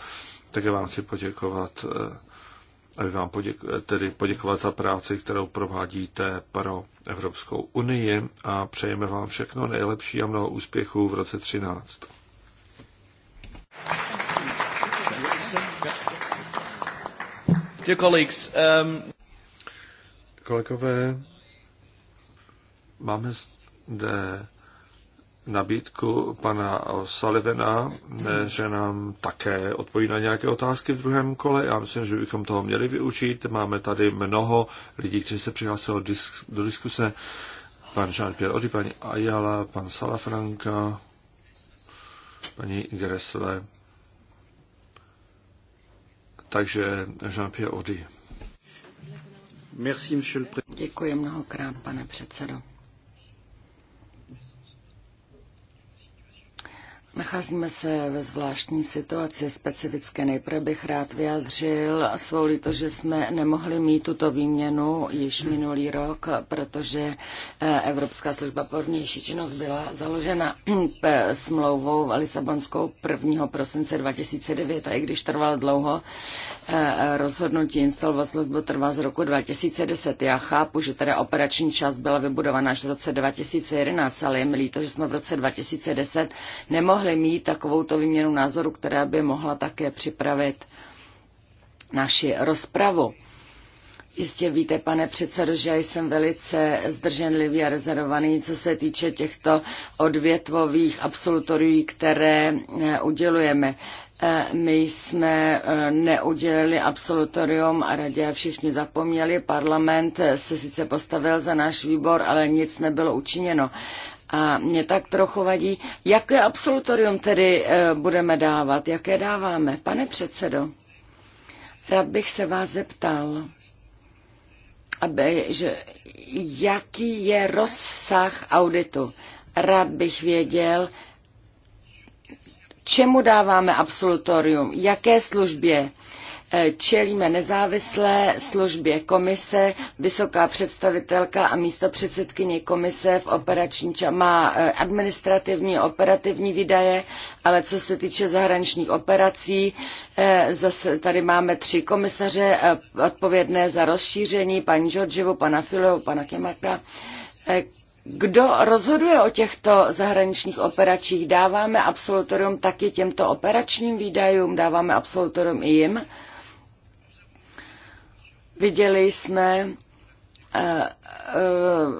také vám chci poděkovat eh, aby vám poděk- tedy poděkovat za práci, kterou provádíte pro Evropskou unii a přejeme vám všechno nejlepší a mnoho úspěchů v roce 13. Dear colleagues, um... Kolegové, máme zde nabídku pana Salivena, že nám také odpoví na nějaké otázky v druhém kole. Já myslím, že bychom toho měli vyučit. Máme tady mnoho lidí, kteří se přihlásili do diskuse. Pan Jean-Pierre Ody, paní Ayala, pan Salafranka, paní Gresle. Takže Jean-Pierre Audi. Děkuji mnohokrát, pane předsedo. Nacházíme se ve zvláštní situaci specifické. Nejprve bych rád vyjadřil svou líto, že jsme nemohli mít tuto výměnu již minulý rok, protože eh, Evropská služba pro činnost byla založena hm, smlouvou Lisabonskou 1. prosince 2009 a i když trvalo dlouho, eh, rozhodnutí instalovat službu trvá z roku 2010. Já chápu, že teda operační část byla vybudovaná až v roce 2011, ale je mi líto, že jsme v roce 2010 nemohli mohli mít takovouto výměnu názoru, která by mohla také připravit naši rozpravu. Jistě víte, pane předsedo, že jsem velice zdrženlivý a rezervovaný, co se týče těchto odvětvových absolutorií, které eh, udělujeme. Eh, my jsme eh, neudělili absolutorium a radě a všichni zapomněli. Parlament se sice postavil za náš výbor, ale nic nebylo učiněno. A mě tak trochu vadí, jaké absolutorium tedy eh, budeme dávat, jaké dáváme. Pane předsedo, rád bych se vás zeptal, aby, že, jaký je rozsah auditu. Rád bych věděl, čemu dáváme absolutorium, jaké službě, Eh, čelíme nezávislé službě komise, vysoká představitelka a místo předsedkyně komise v operační ča- má eh, administrativní a operativní výdaje, ale co se týče zahraničních operací, eh, zase tady máme tři komisaře odpovědné za rozšíření, paní Georgievu, pana Filovu, pana Kemaka. Kdo rozhoduje o těchto zahraničních operačích? Dáváme absolutorium taky těmto operačním výdajům, dáváme absolutorium i jim? Viděli jsme eh, eh,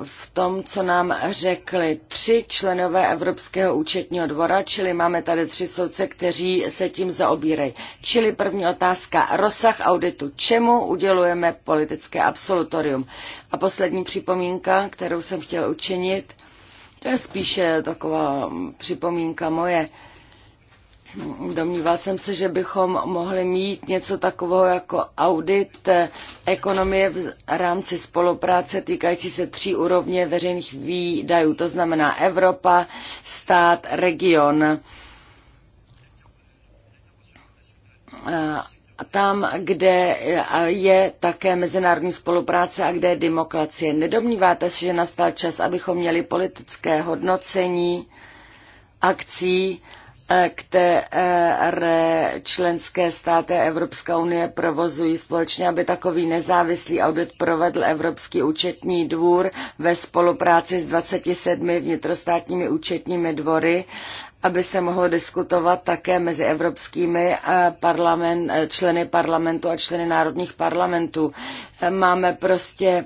v tom, co nám řekli tři členové Evropského účetního dvora, čili máme tady tři soudce, kteří se tím zaobírají. Čili první otázka, rozsah auditu, čemu udělujeme politické absolutorium. A poslední připomínka, kterou jsem chtěl učinit, to je spíše taková připomínka moje. Uh, Domníval jsem se, že bychom mohli mít něco takového jako audit eh, ekonomie v rámci spolupráce týkající se tří úrovně veřejných výdajů, to znamená Evropa, stát, region. A tam, kde je také mezinárodní spolupráce a kde je demokracie. Nedomníváte se, že nastal čas, abychom měli politické hodnocení akcí, které členské státy Evropské unie provozují společně, aby takový nezávislý audit provedl Evropský účetní dvůr ve spolupráci s 27 vnitrostátními účetními dvory aby se mohlo diskutovat také mezi evropskými eh, parlament, eh, členy parlamentu a členy národních parlamentů. Máme prostě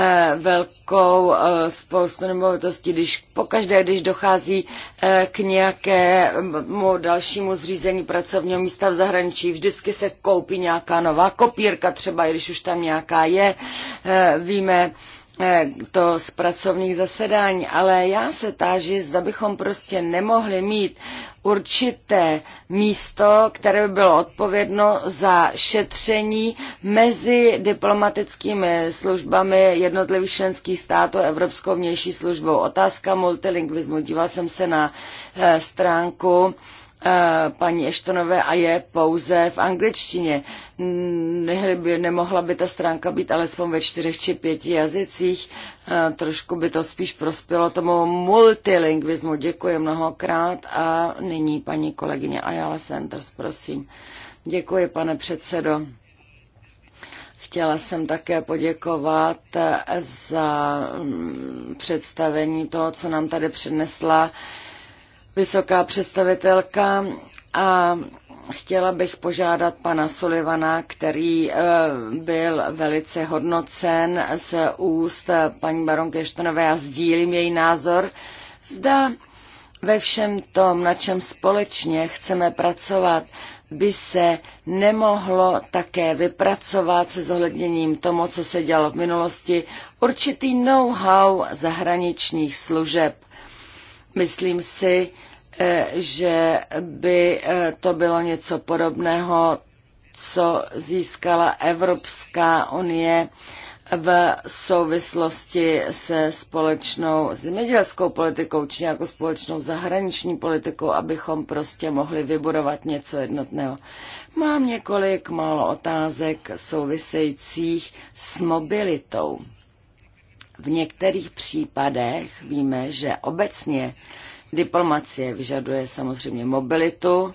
Eh, velkou eh, spoustu nemovitostí, když pokaždé, když dochází eh, k nějakému dalšímu zřízení pracovního místa v zahraničí, vždycky se koupí nějaká nová kopírka, třeba i když už tam nějaká je, víme, Eh, to z pracovních zasedání, ale já se táži, zda bychom prostě nemohli mít určité místo, které by bylo odpovědno za šetření mezi diplomatickými službami jednotlivých členských států Evropskou vnější službou. Otázka multilingvismu. Díval jsem se na eh, stránku Eh, paní Eštonové a je pouze v angličtině. By, nemohla by ta stránka být alespoň ve čtyřech či pěti jazycích. Eh, trošku by to spíš prospělo tomu multilingvismu. Děkuji mnohokrát a nyní paní kolegyně Ayala Sanders, prosím. Děkuji, pane předsedo. Chtěla jsem také poděkovat eh, za mm, představení toho, co nám tady přinesla uh, vysoká představitelka a chtěla bych požádat pana Sullivana, který eh, byl velice hodnocen z úst paní baronky Štonové a sdílím její názor, zda ve všem tom, na čem společně chceme pracovat, by se nemohlo také vypracovat se zohledněním tomu, co se dělo v minulosti, určitý know-how zahraničních služeb. Myslím si, Eh, že by eh, to bylo něco podobného, co získala Evropská unie v souvislosti se společnou zemědělskou politikou či jako společnou zahraniční politikou, abychom prostě mohli vybudovat něco jednotného. Mám několik málo otázek souvisejících s mobilitou. V některých případech víme, že obecně Diplomacie vyžaduje samozřejmě mobilitu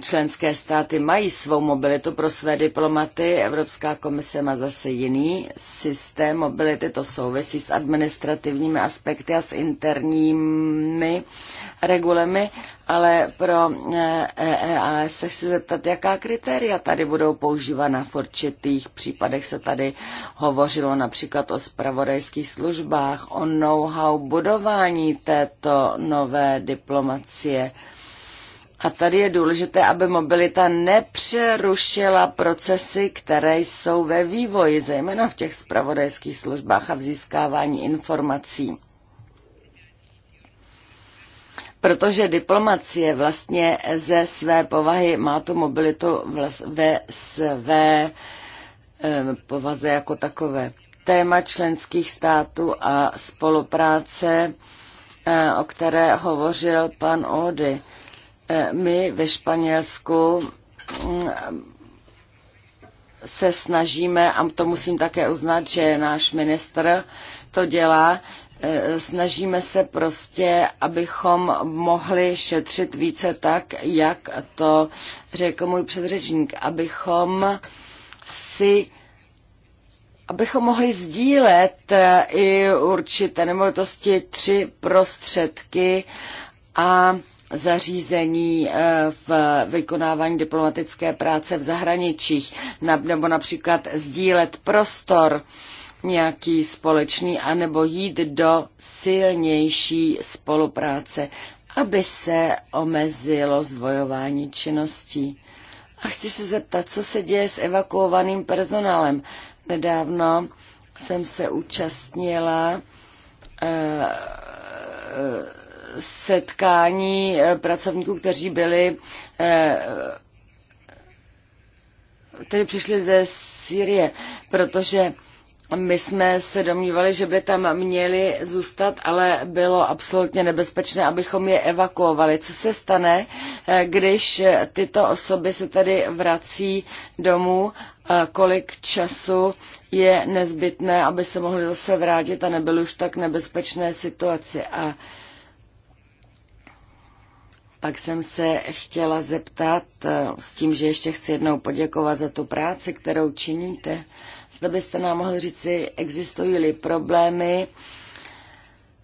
členské státy mají svou mobilitu pro své diplomaty, Evropská komise má zase jiný systém mobility, to souvisí s administrativními aspekty a s interními regulemi, ale pro EEA eh, e se chci zeptat, jaká kritéria tady budou používána v určitých případech. Se tady hovořilo například o spravodajských službách, o know-how budování této nové diplomacie. A tady je důležité, aby mobilita nepřerušila procesy, které jsou ve vývoji, zejména v těch spravodajských službách a v získávání informací. Protože diplomacie vlastně ze své povahy má tu mobilitu ve své eh, povaze jako takové. Téma členských států a spolupráce, eh, o které hovořil pan Ody Eh, my ve Španělsku mm, se snažíme, a to musím také uznat, že náš ministr to dělá, eh, snažíme se prostě, abychom mohli šetřit více tak, jak to řekl můj předřečník, abychom si abychom mohli sdílet eh, i určité nemovitosti, tři prostředky a zařízení eh, v vykonávání diplomatické práce v zahraničích, nebo například sdílet prostor nějaký společný, anebo jít do silnější spolupráce, aby se omezilo zdvojování činností. A chci se zeptat, co se děje s evakuovaným personálem. Nedávno jsem se účastnila eh, eh, setkání eh, pracovníků, kteří byli kteří eh, přišli ze Syrie, protože my jsme se domnívali, že by tam měli zůstat, ale bylo absolutně nebezpečné, abychom je evakuovali. Co se stane, eh, když tyto osoby se tady vrací domů, kolik času je nezbytné, aby se mohli zase vrátit a nebyly už tak nebezpečné situaci. A pak jsem se chtěla zeptat, eh, s tím, že ještě chci jednou poděkovat za tu práci, kterou činíte, zda byste nám mohli říci, existují-li problémy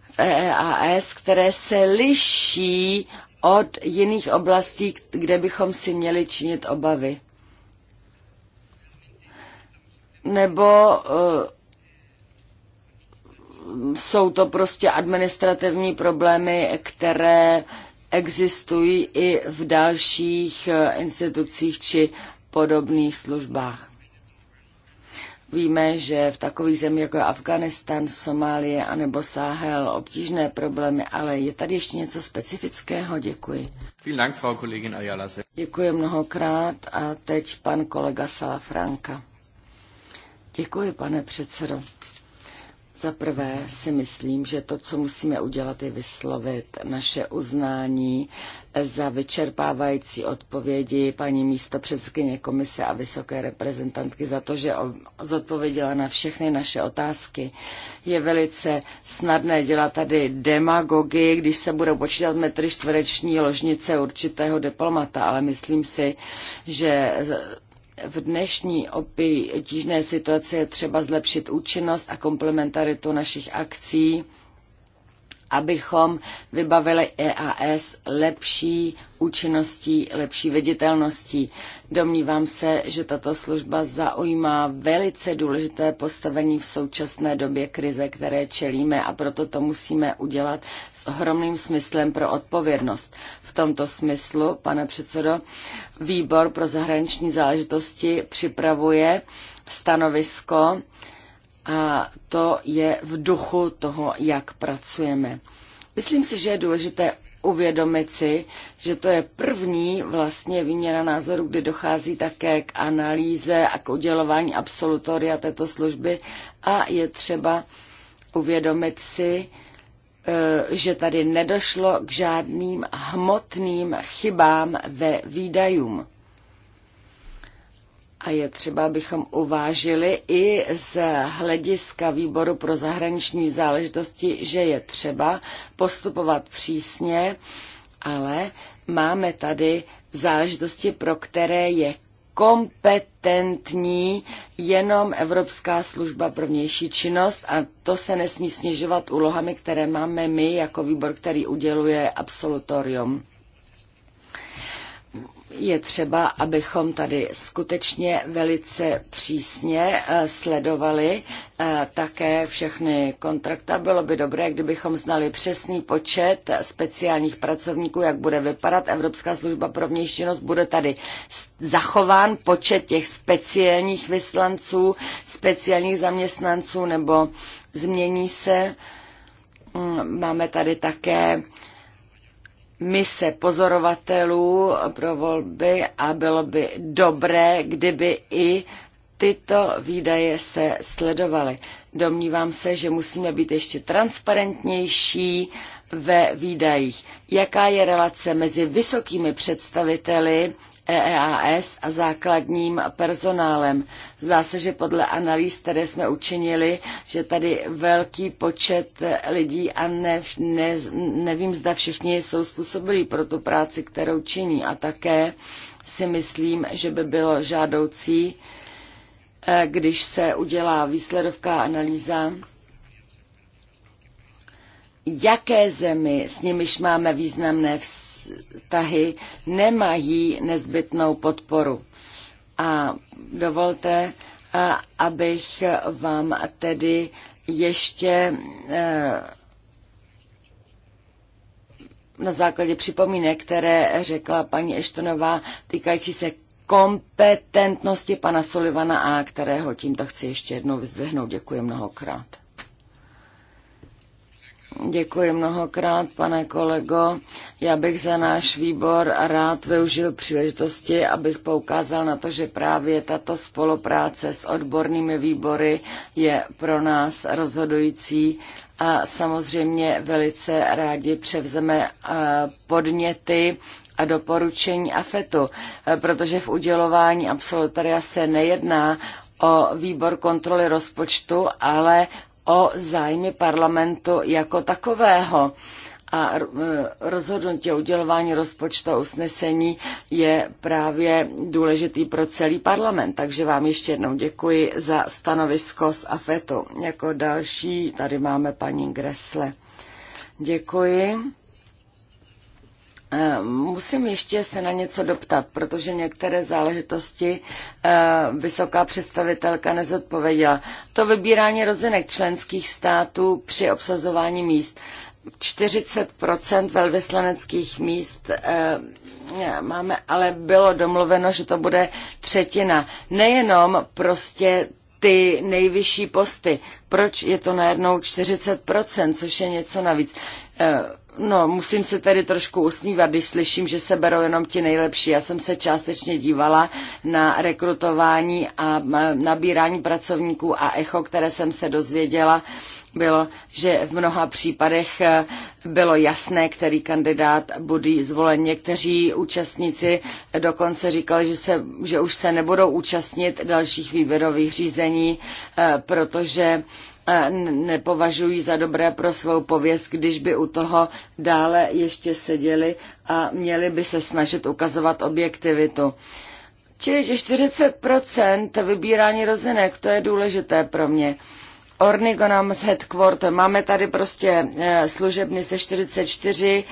v EEAS, které se liší od jiných oblastí, kde bychom si měli činit obavy. Nebo eh, jsou to prostě administrativní problémy, které existují i v dalších eh, institucích či podobných službách. Víme, že v takových zemích jako je Afganistan, Somálie nebo Sahel obtížné problémy, ale je tady ještě něco specifického? Děkuji. Děkuji mnohokrát a teď pan kolega Salafranka. Děkuji, pane předsedo. Za prvé si myslím, že to, co musíme udělat, je vyslovit naše uznání za vyčerpávající odpovědi paní místo předsedkyně komise a vysoké reprezentantky za to, že zodpověděla na všechny naše otázky. Je velice snadné dělat tady demagogii, když se budou počítat metry čtvereční ložnice určitého diplomata, ale myslím si, že v dnešní obtížné situaci je třeba zlepšit účinnost a komplementaritu našich akcí, abychom vybavili EAS lepší účinností, lepší viditelností. Domnívám se, že tato služba zaujímá velice důležité postavení v současné době krize, které čelíme a proto to musíme udělat s ohromným smyslem pro odpovědnost. V tomto smyslu, pane předsedo, výbor pro zahraniční záležitosti připravuje stanovisko a to je v duchu toho, jak pracujeme. Myslím si, že je důležité uvědomit si, že to je první vlastně výměna názoru, kdy dochází také k analýze a k udělování absolutoria této služby a je třeba uvědomit si, e, že tady nedošlo k žádným hmotným chybám ve výdajům. A je třeba, abychom uvážili i z hlediska výboru pro zahraniční záležitosti, že je třeba postupovat přísně, ale máme tady záležitosti, pro které je kompetentní jenom Evropská služba pro vnější činnost a to se nesmí snižovat úlohami, které máme my jako výbor, který uděluje absolutorium je třeba, abychom tady skutečně velice přísně eh, sledovali eh, také všechny kontrakty. Bylo by dobré, kdybychom znali přesný počet speciálních pracovníků, jak bude vypadat Evropská služba pro vnější činnost. Bude tady zachován počet těch speciálních vyslanců, speciálních zaměstnanců nebo změní se. Mm, máme tady také mise pozorovatelů pro volby a bylo by dobré, kdyby i tyto výdaje se sledovaly. Domnívám se, že musíme být ještě transparentnější ve výdajích. Jaká je relace mezi vysokými představiteli EEAS a základním personálem. Zdá se, že podle analýz, které jsme učinili, že tady velký počet lidí a ne, ne, nevím, zda všichni jsou způsobilí pro tu práci, kterou činí. A také si myslím, že by bylo žádoucí, e, když se udělá výsledovká analýza, jaké zemi, s nimiž máme významné vztahy, vztahy nemají nezbytnou podporu. A dovolte, abych vám tedy ještě e, na základě připomínek, které řekla paní Eštonová, týkající se kompetentnosti pana Sullivana a kterého tímto chci ještě jednou vyzdvihnout. Děkuji mnohokrát. Děkuji mnohokrát, pane kolego. Já bych za náš výbor rád využil příležitosti, abych poukázal na to, že právě tato spolupráce s odbornými výbory je pro nás rozhodující a samozřejmě velice rádi převzeme eh, podněty a doporučení AFETu, eh, protože v udělování absolutaria se nejedná o výbor kontroly rozpočtu, ale o zájmy parlamentu jako takového a e, rozhodnutí o udělování rozpočtu usnesení je právě důležitý pro celý parlament. Takže vám ještě jednou děkuji za stanovisko z AFETu. Jako další tady máme paní Gresle. Děkuji. Eh, musím ještě se na něco doptat, protože některé záležitosti eh, vysoká představitelka nezodpověděla. To vybírání rozenek členských států při obsazování míst. 40 velvyslaneckých míst eh, máme, ale bylo domluveno, že to bude třetina. Nejenom prostě ty nejvyšší posty. Proč je to najednou 40%, což je něco navíc? No, musím se tedy trošku usmívat, když slyším, že se berou jenom ti nejlepší. Já jsem se částečně dívala na rekrutování a nabírání pracovníků a echo, které jsem se dozvěděla, bylo, že v mnoha případech eh, bylo jasné, který kandidát bude zvolen. Někteří účastníci dokonce říkali, že, se, že už se nebudou účastnit dalších výběrových řízení, eh, protože nepovažují za dobré pro svou pověst, když by u toho dále ještě seděli a měli by se snažit ukazovat objektivitu. Čili 40% vybírání rozinek, to je důležité pro mě. Ornigonams Headquarter, máme tady prostě e, služebny se 44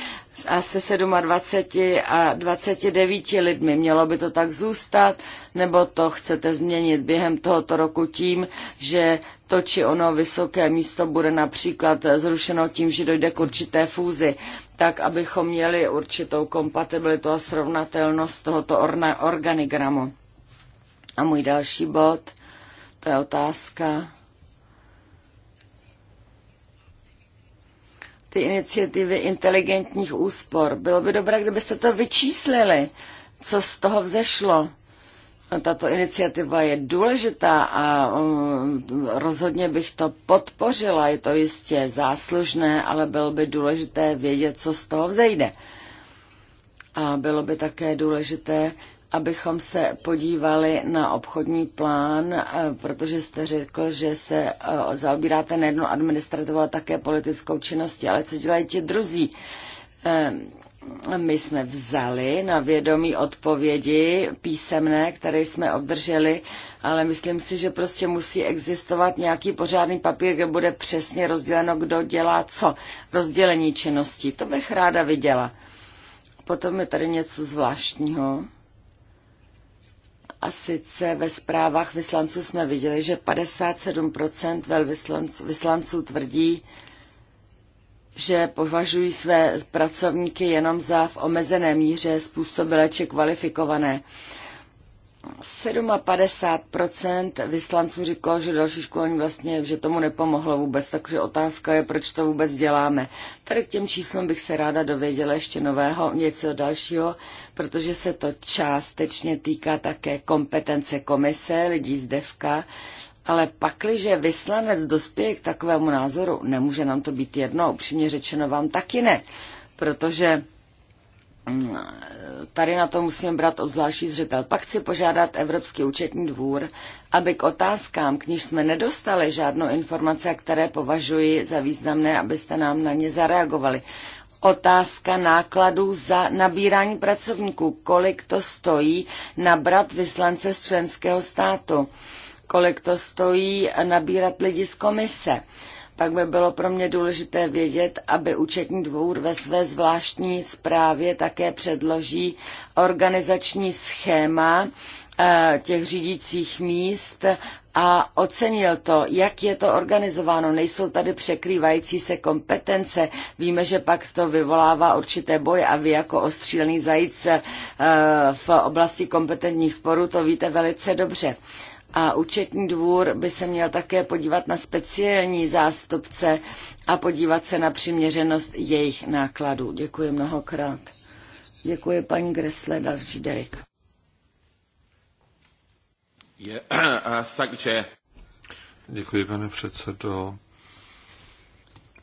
a se 27 a 29 lidmi. Mělo by to tak zůstat, nebo to chcete změnit během tohoto roku tím, že to či ono vysoké místo bude například zrušeno tím, že dojde k určité fúzi, tak abychom měli určitou kompatibilitu a srovnatelnost tohoto organigramu. A můj další bod, to je otázka. Ty iniciativy inteligentních úspor. Bylo by dobré, kdybyste to vyčíslili, co z toho vzešlo tato iniciativa je důležitá a um, rozhodně bych to podpořila. Je to jistě záslužné, ale bylo by důležité vědět, co z toho vzejde. A bylo by také důležité, abychom se podívali na obchodní plán, eh, protože jste řekl, že se eh, zaobíráte nejednou administrativou ale také politickou činností, ale co dělají ti druzí? Eh, my jsme vzali na vědomí odpovědi písemné, které jsme obdrželi, ale myslím si, že prostě musí existovat nějaký pořádný papír, kde bude přesně rozděleno, kdo dělá co. Rozdělení činností. To bych ráda viděla. Potom je tady něco zvláštního. A sice ve zprávách vyslanců jsme viděli, že 57% velvyslanců tvrdí, že považují své pracovníky jenom za v omezené míře způsobile či kvalifikované. 57% vyslanců říkalo, že další školení vlastně, že tomu nepomohlo vůbec, takže otázka je, proč to vůbec děláme. Tady k těm číslům bych se ráda dověděla ještě nového, něco dalšího, protože se to částečně týká také kompetence komise, lidí z DEVKA, ale pakliže vyslanec dospěje k takovému názoru, nemůže nám to být jedno, upřímně řečeno vám taky ne, protože mm, tady na to musíme brát obzvláštní zřetel. Pak chci požádat Evropský účetní dvůr, aby k otázkám, k níž jsme nedostali žádnou informaci, a které považuji za významné, abyste nám na ně zareagovali. Otázka nákladů za nabírání pracovníků. Kolik to stojí nabrat vyslance z členského státu? kolik to stojí nabírat lidi z komise. Pak by bylo pro mě důležité vědět, aby účetní dvůr ve své zvláštní zprávě také předloží organizační schéma eh, těch řídících míst a ocenil to, jak je to organizováno. Nejsou tady překrývající se kompetence. Víme, že pak to vyvolává určité boje a vy jako ostřílený zajíc eh, v oblasti kompetentních sporů to víte velice dobře. A účetní dvůr by se měl také podívat na speciální zástupce a podívat se na přiměřenost jejich nákladů. Děkuji mnohokrát. Děkuji paní Gressle, další Derek. Uh, Děkuji, pane předsedo.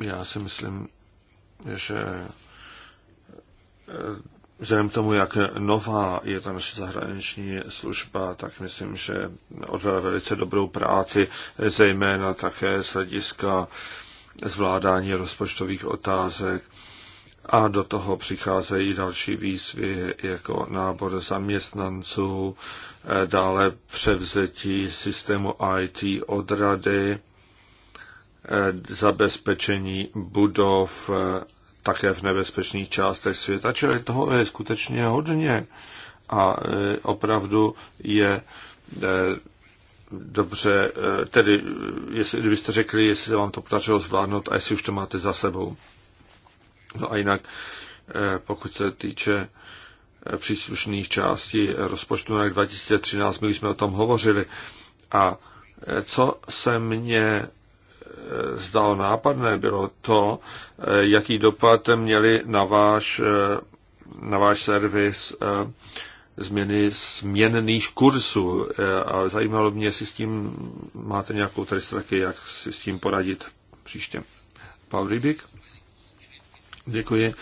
Já si myslím, že eh, Vzhledem k tomu, jak nová je ta naše zahraniční služba, tak myslím, že odvedla velice dobrou práci, zejména také z hlediska zvládání rozpočtových otázek. A do toho přicházejí další výzvy, jako nábor zaměstnanců, dále převzetí systému IT od rady, zabezpečení budov také v nebezpečných částech světa, čili toho je skutečně hodně a e, opravdu je e, dobře, e, tedy jestli, kdybyste řekli, jestli se vám to podařilo zvládnout a jestli už to máte za sebou. No a jinak, pokud se týče příslušných částí rozpočtu na 2013, my už jsme o tom hovořili. A co se mě zdalo nápadné, bylo to, eh, jaký dopad měly na váš, eh, na váš servis eh, změny směnných kurzů. A zajímalo mě, jestli s tím máte nějakou tristraky, jak si s tím poradit příště. Paul Rybik. Děkuji.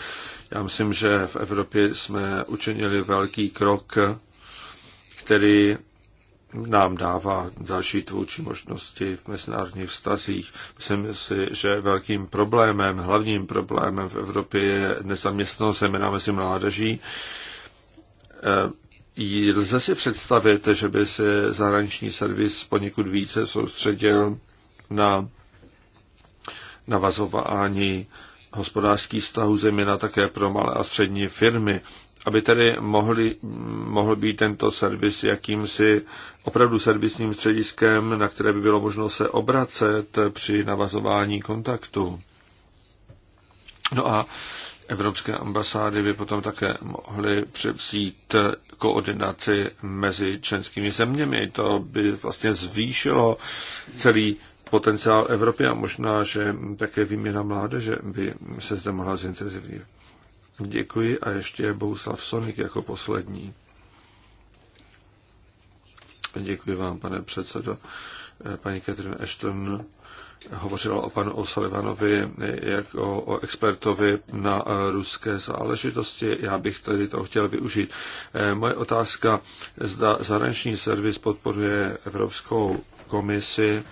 Já myslím, že v Evropě jsme učinili velký krok, který nám dává další tvůrčí možnosti v mezinárodních vztazích. Myslím si, že velkým problémem, hlavním problémem v Evropě je nezaměstnanost zejména mezi mládeží. Eh, lze si představit, že by se zahraniční servis poněkud více soustředil na navazování hospodářských vztahů zejména také pro malé a střední firmy, aby tedy mohli, mohl být tento servis jakýmsi opravdu servisním střediskem, na které by bylo možno se obracet při navazování kontaktu. No a evropské ambasády by potom také mohly převzít koordinaci mezi členskými zeměmi. To by vlastně zvýšilo celý potenciál Evropy a možná, že také výměna mládeže by se zde mohla zintenzivnit. Děkuji a ještě Bouslav Sonik jako poslední. Děkuji vám, pane předsedo. Paní Catherine Ashton hovořila o panu O'Sullivanovi jako o expertovi na ruské záležitosti. Já bych tady to chtěl využít. Moje otázka, zda zahraniční servis podporuje Evropskou komisi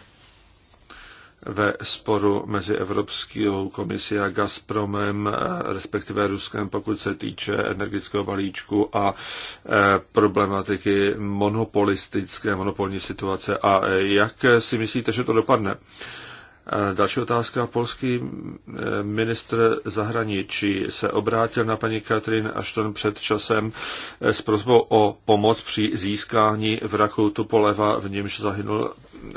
ve sporu mezi Evropskou komisí a Gazpromem, eh, respektive Ruskem, pokud se týče energetického balíčku a eh, problematiky monopolistické, monopolní situace. A eh, jak si myslíte, že to dopadne? Další otázka. Polský eh, ministr zahraničí se obrátil na paní Katrin Ashton před časem eh, s prozbou o pomoc při získání vraku Tupoleva, v němž zahynul eh,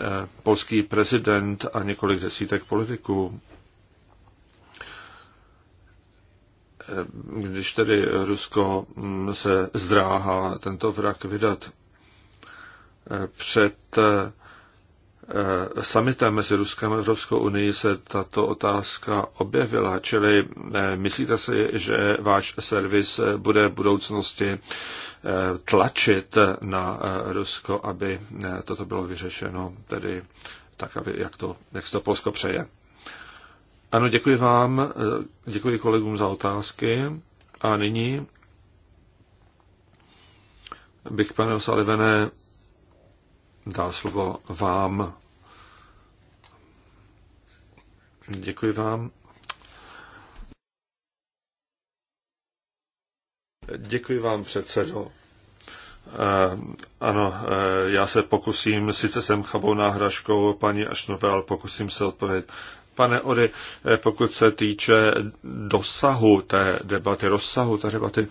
polský prezident a několik desítek politiků. Když tedy Rusko hm, se zdráhá tento vrak vydat před Eh, summitem mezi Ruskem a Evropskou unii se tato otázka objevila, čili eh, myslíte si, že váš servis bude v budoucnosti eh, tlačit na Rusko, aby toto bylo vyřešeno, tedy tak, aby, jak, to, jak to Polsko přeje. Ano, děkuji vám, děkuji kolegům za otázky. A nyní bych, pane Salivené, dá slovo vám. Děkuji vám. Děkuji vám, předsedo. Eh, ano, eh, já se pokusím, sice jsem chabou náhražkou paní Ašnové, ale pokusím se odpovědět pane Ory, eh, pokud se týče dosahu té debaty, rozsahu té debaty,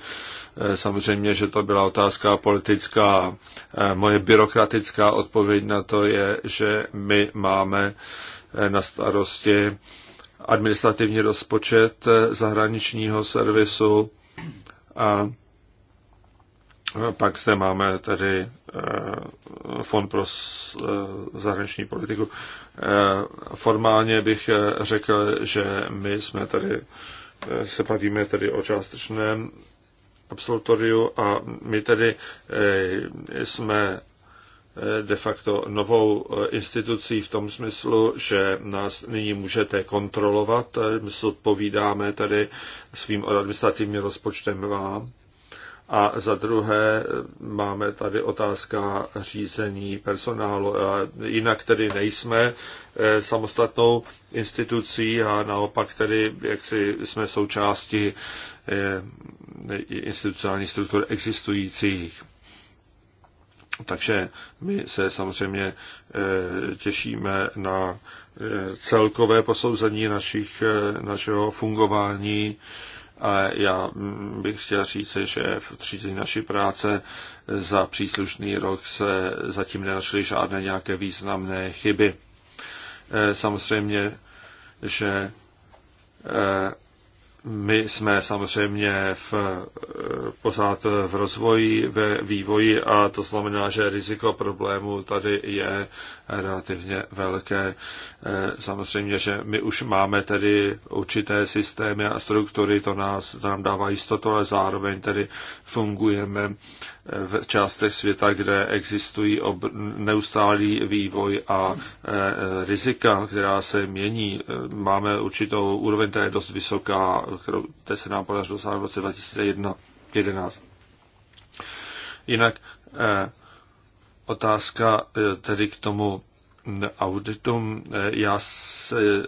eh, samozřejmě, že to byla otázka politická. Eh, moje byrokratická odpověď na to je, že my máme na starosti administrativní rozpočet zahraničního servisu a pak zde máme tedy Eh, Fond pro eh, zahraniční politiku. Eh, formálně bych řekl, že my jsme tady, se bavíme tady o částečném absolutoriu a my tedy jsme de facto novou institucí v tom smyslu, že nás nyní můžete kontrolovat, my se odpovídáme tady svým administrativním rozpočtem vám. A za druhé máme tady otázka řízení personálu. A jinak tedy nejsme eh, samostatnou institucí a naopak tedy, jak si jsme součástí eh, institucionální struktur existujících. Takže my se samozřejmě eh, těšíme na celkové posouzení našich, našeho fungování ale já mm, bych chtěl říct, že v třízení naší práce za příslušný rok se zatím nenašly žádné nějaké významné chyby. E, samozřejmě, že e, my jsme samozřejmě v, e, pořád v rozvoji, ve vývoji a to znamená, že riziko problému tady je relativně velké. Eh, samozřejmě, že my už máme tedy určité systémy a struktury, to, nás, to nám dává jistotu, ale zároveň tedy fungujeme eh, v částech světa, kde existují ob, neustálý vývoj a eh, rizika, která se mění. Máme určitou úroveň, která je dost vysoká, kterou se nám podařilo dosáhnout v roce 2011. Jinak otázka eh, tedy k tomu eh, auditu. Eh, já se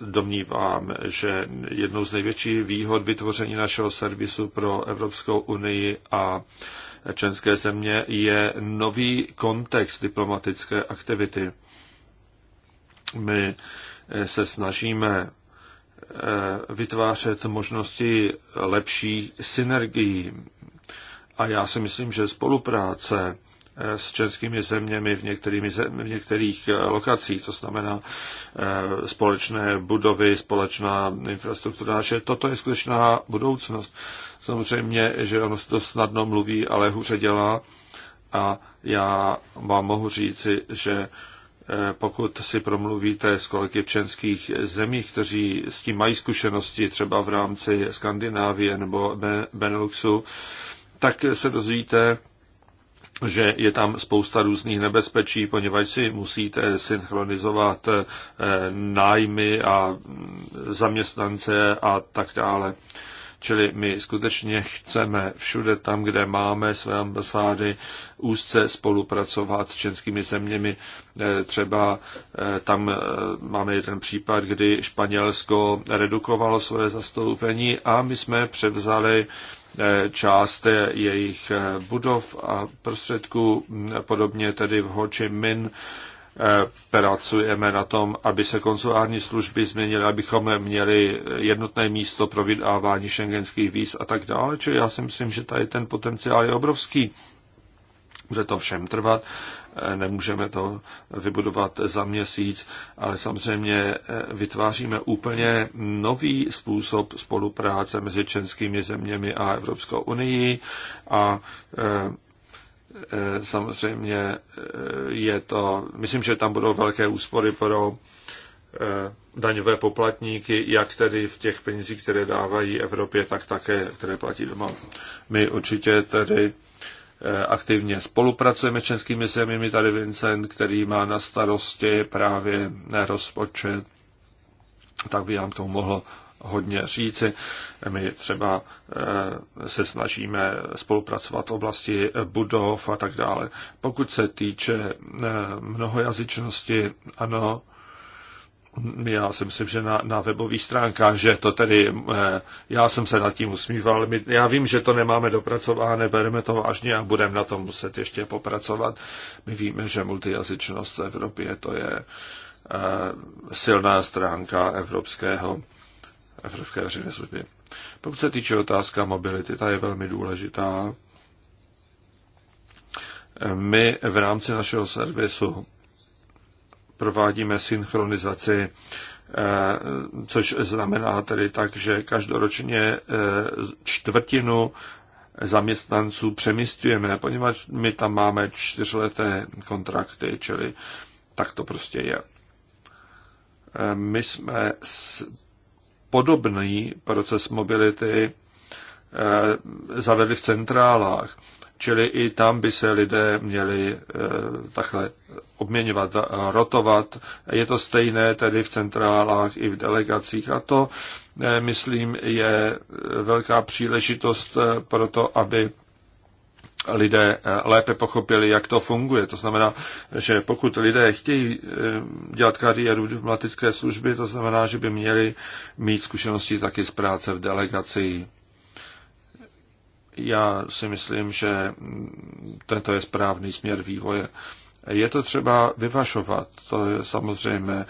domnívám, že jednou z největších výhod vytvoření našeho servisu pro Evropskou unii a členské země je nový kontext diplomatické aktivity. My se snažíme vytvářet možnosti lepší synergii. A já si myslím, že spolupráce s členskými zeměmi v, zem, v některých eh, lokacích, to znamená eh, společné budovy, společná infrastruktura, že toto je skutečná budoucnost. Samozřejmě, že ono se to snadno mluví, ale hůře dělá a já vám mohu říci, že eh, pokud si promluvíte s kolegy v českých zemích, kteří s tím mají zkušenosti třeba v rámci Skandinávie nebo Beneluxu, tak se dozvíte, že je tam spousta různých nebezpečí, poněvadž si musíte synchronizovat eh, nájmy a mm, zaměstnance a tak dále. Čili my skutečně chceme všude tam, kde máme své ambasády, úzce spolupracovat s českými zeměmi. Eh, třeba eh, tam máme jeden případ, kdy Španělsko redukovalo své zastoupení a my jsme převzali Eh, část jejich eh, budov a prostředků. Podobně tedy v Ho Chi Minh eh, pracujeme na tom, aby se konzulární služby změnily, abychom měli jednotné místo pro vydávání šengenských víz a tak dále. Čili já si myslím, že tady ten potenciál je obrovský. Může to všem trvat nemůžeme to vybudovat za měsíc, ale samozřejmě eh, vytváříme úplně nový způsob spolupráce mezi českými zeměmi a Evropskou unii a eh, eh, samozřejmě je to, myslím, že tam budou velké úspory pro daňové poplatníky, jak tedy v těch penězích, které dávají Evropě, tak také, které platí doma. My určitě tedy Eh, aktivně spolupracujeme s českými zeměmi, tady Vincent, který má na starosti právě rozpočet, tak by nám to mohl hodně říci. My třeba eh, se snažíme spolupracovat v oblasti budov a tak dále. Pokud se týče eh, mnohojazyčnosti, ano, já si myslím, že na, na webových stránkách, že to tedy, eh, já jsem se nad tím usmíval, my, já vím, že to nemáme dopracováno, bereme to vážně a budeme na tom muset ještě popracovat. My víme, že multijazyčnost v Evropě to je eh, silná stránka evropského, evropské veřejné služby. Pokud se týče otázka mobility, ta je velmi důležitá. Eh, my v rámci našeho servisu provádíme synchronizaci, eh, což znamená tedy tak, že každoročně eh, čtvrtinu zaměstnanců přemístujeme, poněvadž my tam máme čtyřleté kontrakty, čili tak to prostě je. Eh, my jsme podobný proces mobility zavedli v centrálách Čili i tam by se lidé měli eh, takhle obměňovat, rotovat. Je to stejné tedy v centrálách i v delegacích a to, eh, myslím, je eh, velká příležitost pro to, aby lidé lépe pochopili, jak to funguje. To znamená, že pokud lidé chtějí dělat kariéru v diplomatické služby, to znamená, že by měli mít zkušenosti taky z práce v delegaci. Já si myslím, že tento je správný směr vývoje. Je to třeba vyvašovat, to je samozřejmě.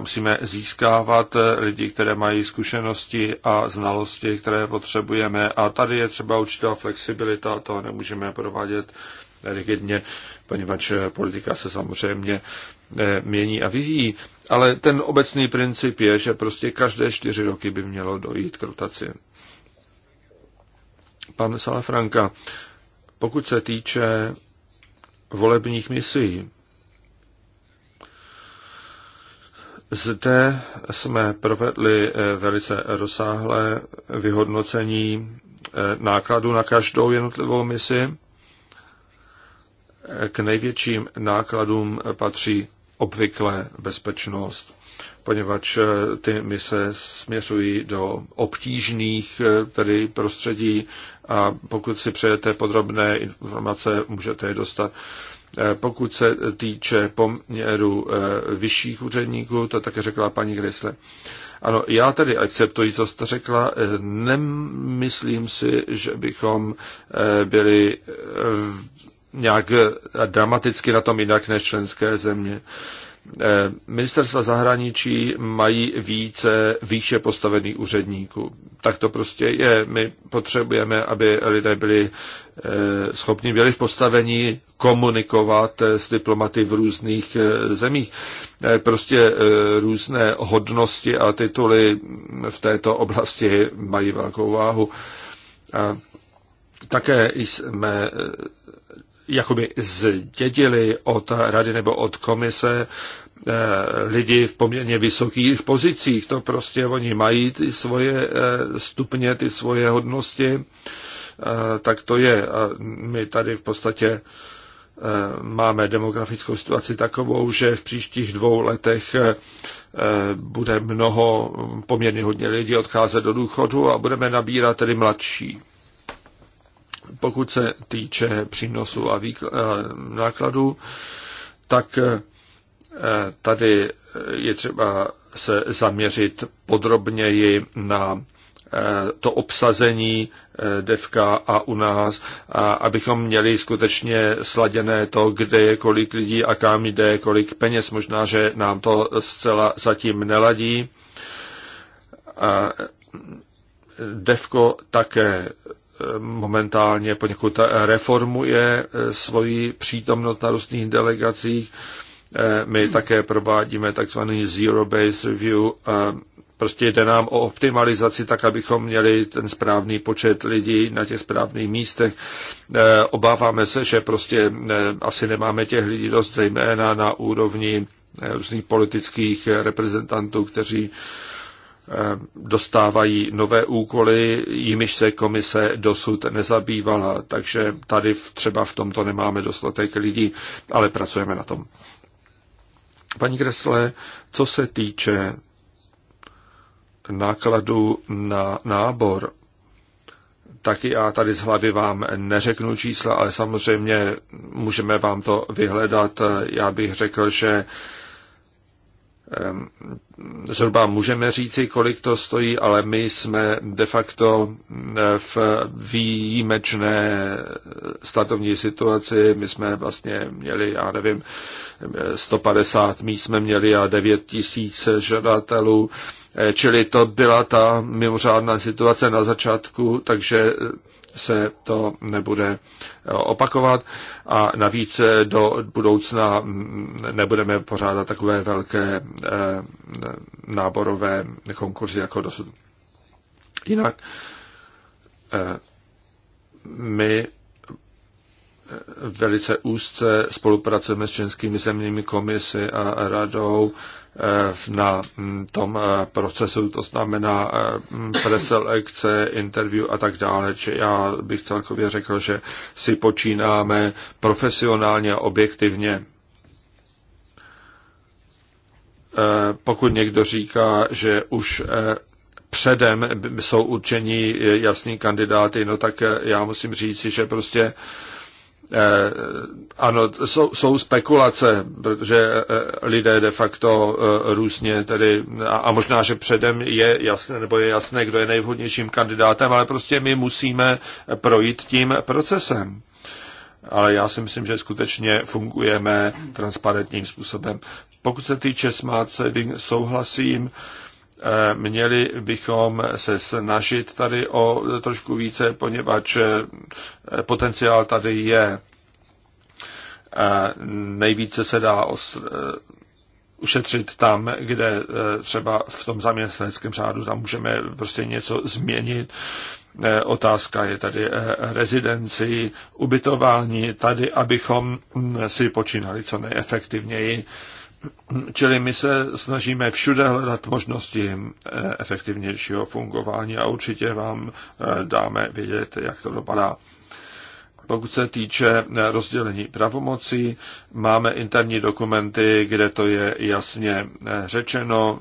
Musíme získávat lidi, které mají zkušenosti a znalosti, které potřebujeme. A tady je třeba určitá flexibilita, to nemůžeme provádět rigidně, poněvadž politika se samozřejmě eh, mění a vyvíjí. Ale ten obecný princip je, že prostě každé čtyři roky by mělo dojít k rotaci pan Salafranka, pokud se týče volebních misí, zde jsme provedli eh, velice rozsáhlé vyhodnocení eh, nákladu na každou jednotlivou misi. Eh, k největším nákladům patří obvykle bezpečnost poněvadž eh, ty mise směřují do obtížných eh, tedy prostředí a pokud si přejete podrobné informace, můžete je dostat. Eh, pokud se týče poměru vyšších úředníků, to také řekla paní Grisle. Ano, já tedy akceptuji, co jste řekla. Nemyslím si, že bychom byli nějak dramaticky na tom jinak než členské země. Eh, ministerstva zahraničí mají více výše postavených úředníků. Tak to prostě je. My potřebujeme, aby lidé byli eh, schopni, byli v postavení komunikovat eh, s diplomaty v různých zemích. Prostě různé hodnosti a tituly v této oblasti mají velkou váhu. A také jsme jakoby zdědili od rady nebo od komise eh, lidi v poměrně vysokých pozicích. To prostě oni mají ty svoje eh, stupně, ty svoje hodnosti, eh, tak to je. A my tady v podstatě máme demografickou situaci takovou, že v příštích dvou letech bude mnoho, poměrně hodně lidí odcházet do důchodu a budeme nabírat tedy mladší. Pokud se týče přínosu a nákladů, tak eh, tady je třeba se zaměřit podrobněji na eh, to obsazení eh, devka a u nás, a abychom měli skutečně sladěné to, kde je kolik lidí a kam jde kolik peněz. Možná, že nám to zcela zatím neladí. A devko také momentálně poněkud reformuje eh, svoji přítomnost na různých delegacích. Eh, my také provádíme takzvaný zero-based review. Prostě jde nám o optimalizaci tak, abychom měli ten správný počet lidí na těch správných místech. Eh, obáváme se, že prostě asi nemáme těch lidí dost, zejména na úrovni různých politických reprezentantů, kteří dostávají nové úkoly, jimiž se komise dosud nezabývala, takže tady třeba v tomto nemáme dostatek lidí, ale pracujeme na tom. Paní Kresle, co se týče nákladu na nábor, taky já tady z hlavy vám neřeknu čísla, ale samozřejmě můžeme vám to vyhledat. Já bych řekl, že Ehm, zhruba můžeme říci, kolik to stojí, ale my jsme de facto eh, v výjimečné eh, startovní situaci. My jsme vlastně měli, já nevím, 150 eh, míst jsme měli a 9 tisíc žadatelů. Čili to byla ta mimořádná situace na začátku, takže se to nebude eh, opakovat a navíc eh, do budoucna mm, nebudeme pořádat takové velké eh, náborové konkurzy jako dosud. Jinak my velice úzce spolupracujeme s českými zemními komisy a radou eh, na mm, tom eh, procesu, to znamená eh, mm, preselekce, interview a tak dále. Či já bych celkově řekl, že si počínáme profesionálně a objektivně. Pokud někdo říká, že už předem jsou určení jasní kandidáty, no tak já musím říci, že prostě Eh, ano, jsou, jsou spekulace, protože eh, lidé de facto eh, různě tedy, a, a možná, že předem je jasné, nebo je jasné, kdo je nejvhodnějším kandidátem, ale prostě my musíme projít tím procesem. Ale já si myslím, že skutečně fungujeme transparentním způsobem. Pokud se týče smart saving, souhlasím. Eh, Eh, měli bychom se snažit tady o trošku více, poněvadž eh, potenciál tady je. Eh, nejvíce se dá ušetřit tam, kde třeba v tom zaměstnaneckém řádu tam můžeme prostě něco změnit. Otázka je tady rezidenci, ubytování tady, abychom hm, si počínali co nejefektivněji. Čili my se snažíme všude hledat možnosti eh, efektivnějšího fungování a určitě vám eh, dáme vědět, jak to dopadá. Pokud se týče eh, rozdělení pravomocí, máme interní dokumenty, kde to je jasně řečeno.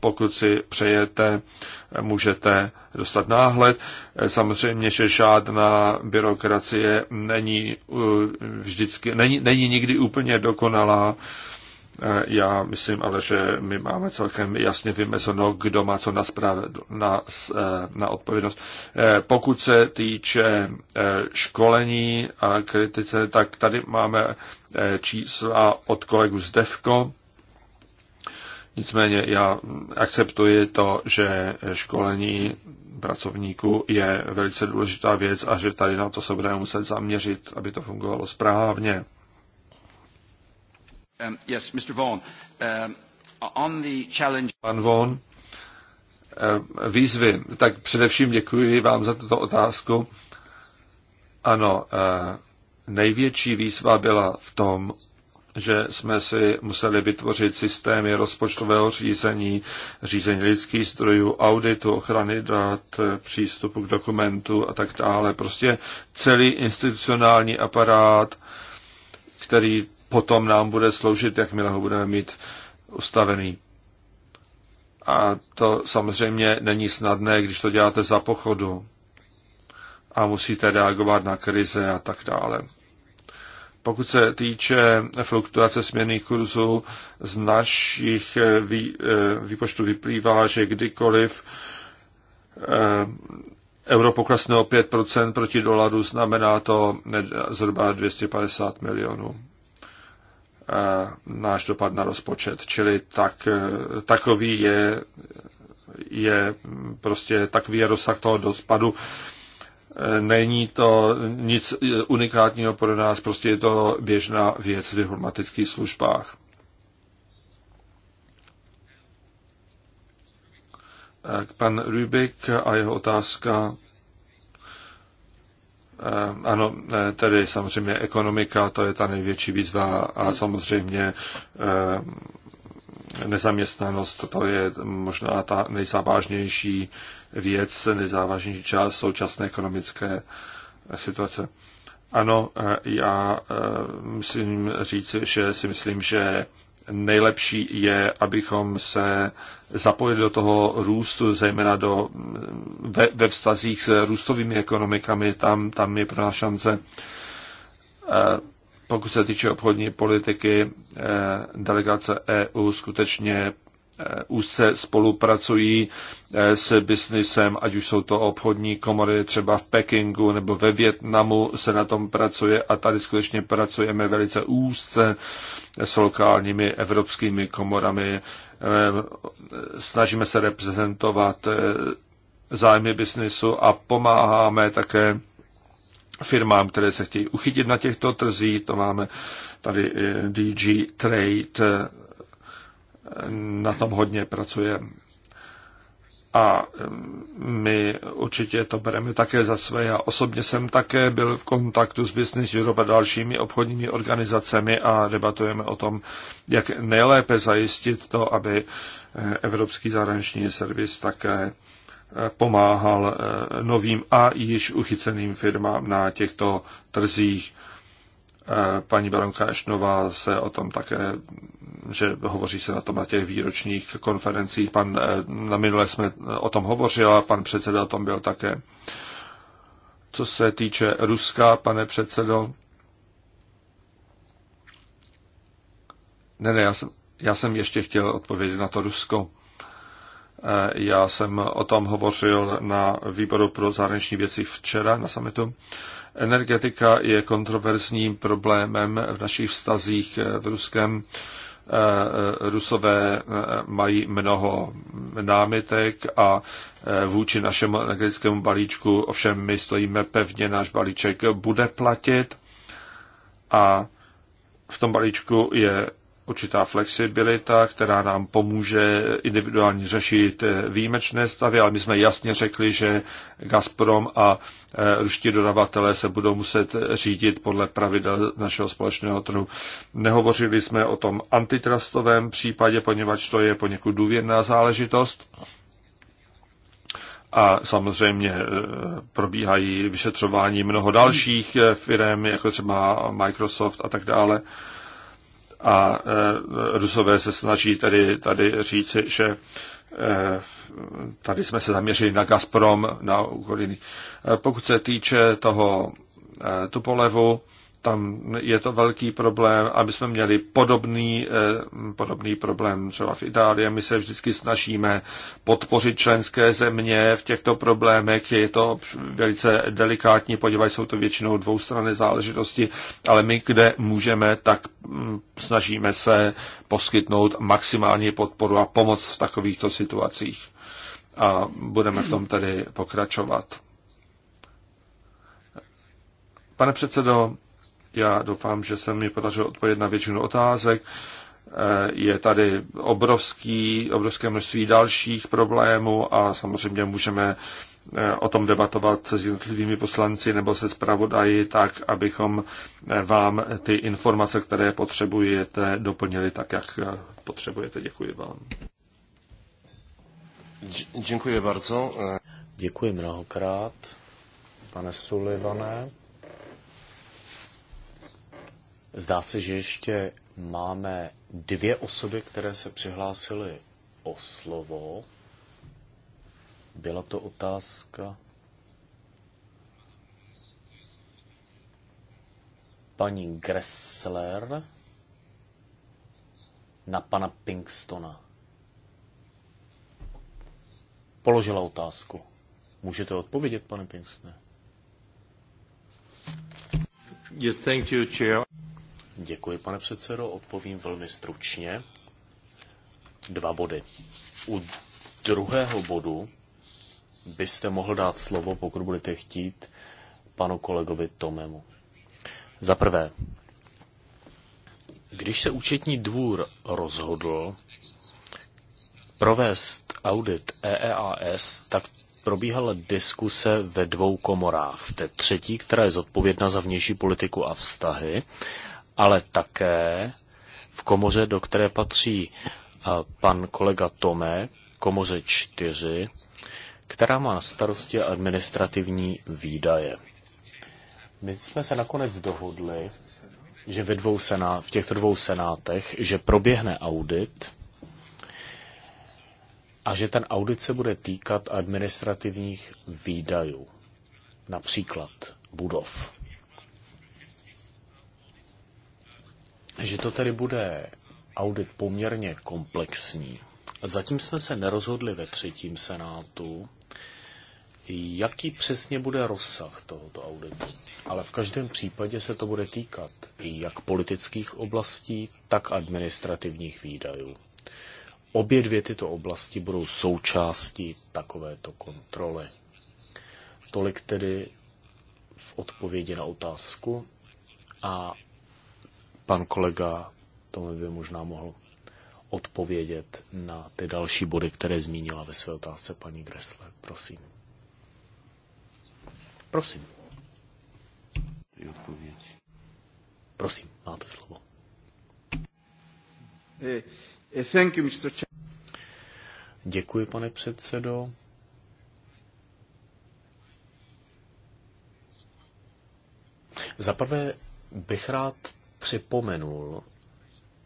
Pokud si přejete, můžete dostat náhled. Samozřejmě, že žádná byrokracie není vždycky, není, není nikdy úplně dokonalá E, já myslím ale, že my máme celkem jasně vymezeno, kdo má co na, správ, na, e, na odpovědnost. E, pokud se týče školení a kritice, tak tady máme čísla od kolegu z DEVKO. Nicméně já akceptuji to, že školení pracovníků je velice důležitá věc a že tady na to se budeme muset zaměřit, aby to fungovalo správně. Um, yes, Mr. Vaughan, um, on the challenge... Pan Vaughan, um, výzvy, tak především děkuji vám za tuto otázku. Ano, uh, největší výzva byla v tom, že jsme si museli vytvořit systémy rozpočtového řízení, řízení lidských zdrojů, auditu, ochrany dat, přístupu k dokumentu a tak dále. Prostě celý institucionální aparát, který potom nám bude sloužit, jakmile ho budeme mít ustavený. A to samozřejmě není snadné, když to děláte za pochodu a musíte reagovat na krize a tak dále. Pokud se týče fluktuace směrných kurzů, z našich eh, vý, eh, výpočtů vyplývá, že kdykoliv eh, euro poklesne o 5% proti dolaru, znamená to zhruba 250 milionů. Eh, náš dopad na rozpočet. Čili tak, eh, takový je, je prostě takový je rozsah toho dopadu. Eh, není to nic unikátního pro nás, prostě je to běžná věc v diplomatických službách. Pan Rubik a jeho otázka Eh, ano, eh, tedy samozřejmě ekonomika, to je ta největší výzva a samozřejmě eh, nezaměstnanost, to je možná ta nejzávažnější věc, nejzávažnější část současné ekonomické situace. Ano, já musím říct, že si myslím, že nejlepší je, abychom se zapojili do toho růstu, zejména do, ve, ve vztazích s růstovými ekonomikami, tam, tam je pro nás šance. Eh, pokud se týče obchodní politiky, eh, delegace EU skutečně úzce eh, spolupracují eh, s biznisem, ať už jsou to obchodní komory třeba v Pekingu nebo ve Větnamu se na tom pracuje a tady skutečně pracujeme velice úzce eh, s lokálními evropskými komorami. Snažíme se reprezentovat zájmy biznisu a pomáháme také firmám, které se chtějí uchytit na těchto trzích. To máme tady DG Trade na tom hodně pracuje. A my určitě to bereme také za své. Já osobně jsem také byl v kontaktu s Business Europe a dalšími obchodními organizacemi a debatujeme o tom, jak nejlépe zajistit to, aby eh, Evropský zahraniční servis také eh, pomáhal eh, novým a již uchyceným firmám na těchto trzích Paní baronka Ešnová se o tom také, že hovoří se na tom na těch výročních konferencích. Pan, eh, na minule jsme o tom hovořila, pan předseda o tom byl také. Co se týče Ruska, pane předsedo, Ne, ne, já jsem, já jsem ještě chtěl odpovědět na to Rusko. Eh, já jsem o tom hovořil na výboru pro zahraniční věci včera na samitu. Energetika je kontroverzním problémem v našich vztazích v Ruskem. Eh, Rusové eh, mají mnoho námitek a eh, vůči našemu energetickému balíčku, ovšem my stojíme pevně, náš balíček bude platit a v tom balíčku je určitá flexibilita, která nám pomůže individuálně řešit eh, výjimečné stavy, ale my jsme jasně řekli, že Gazprom a eh, ruští dodavatelé se budou muset eh, řídit podle pravidel našeho společného trhu. Nehovořili jsme o tom antitrustovém případě, poněvadž to je poněkud důvěrná záležitost. A samozřejmě probíhají vyšetřování mnoho dalších firm, jako třeba Microsoft a tak dále a e, Rusové se snaží tady, tady říci, že e, tady jsme se zaměřili na Gazprom, na Ukrajiny. E, pokud se týče toho Tupolevu, tam je to velký problém, aby jsme měli podobný, eh, podobný problém třeba v Itálii. My se vždycky snažíme podpořit členské země v těchto problémech. Je to velice delikátní, Podívej, jsou to většinou dvoustranné záležitosti, ale my, kde můžeme, tak mm, snažíme se poskytnout maximální podporu a pomoc v takovýchto situacích. A budeme v tom tedy pokračovat. Pane předsedo, já doufám, že se mi podařilo odpovědět na většinu otázek. Eh, je tady obrovský, obrovské množství dalších problémů a samozřejmě můžeme eh, o tom debatovat s jednotlivými poslanci nebo se zpravodaji tak, abychom eh, vám ty informace, které potřebujete, doplnili tak, jak potřebujete. Děkuji vám. Děkuji bardzo. Děkuji mnohokrát, pane Sullivané. Zdá se, že ještě máme dvě osoby, které se přihlásily o slovo. Byla to otázka paní Gressler na pana Pinkstona. Položila otázku. Můžete odpovědět, pane Pinkstone? Yes, thank you, chair. Děkuji, pane předsedo. Odpovím velmi stručně. Dva body. U druhého bodu byste mohl dát slovo, pokud budete chtít, panu kolegovi Tomemu. Za prvé, když se účetní dvůr rozhodl provést audit EEAS, tak probíhala diskuse ve dvou komorách. V té třetí, která je zodpovědná za vnější politiku a vztahy, ale také v komoře, do které patří pan kolega Tome, komoře 4, která má na starosti administrativní výdaje. My jsme se nakonec dohodli, že ve dvou sená, v těchto dvou senátech, že proběhne audit a že ten audit se bude týkat administrativních výdajů, například budov. že to tedy bude audit poměrně komplexní. Zatím jsme se nerozhodli ve třetím senátu, jaký přesně bude rozsah tohoto auditu. Ale v každém případě se to bude týkat jak politických oblastí, tak administrativních výdajů. Obě dvě tyto oblasti budou součástí takovéto kontroly. Tolik tedy v odpovědi na otázku. A Pan kolega tomu by možná mohl odpovědět na ty další body, které zmínila ve své otázce paní Gresle. Prosím. Prosím. Odpověď. Prosím, máte slovo. Eh, eh, thank you, Mr. Děkuji, pane předsedo. Za prvé bych rád připomenul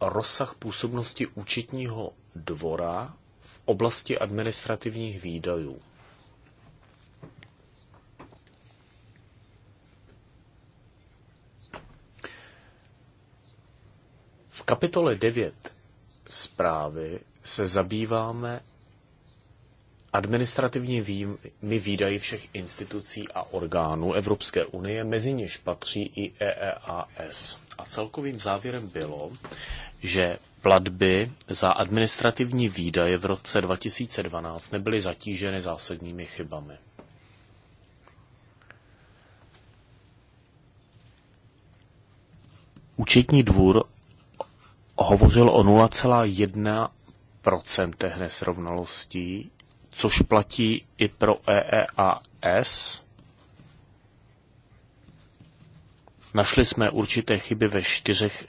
rozsah působnosti účetního dvora v oblasti administrativních výdajů. V kapitole 9 zprávy se zabýváme administrativními výdaji všech institucí a orgánů Evropské unie, mezi něž patří i EEAS. A celkovým závěrem bylo, že platby za administrativní výdaje v roce 2012 nebyly zatíženy zásadními chybami. Účetní dvůr hovořil o 0,1% nesrovnalostí což platí i pro EEAS. Našli jsme určité chyby ve čtyřech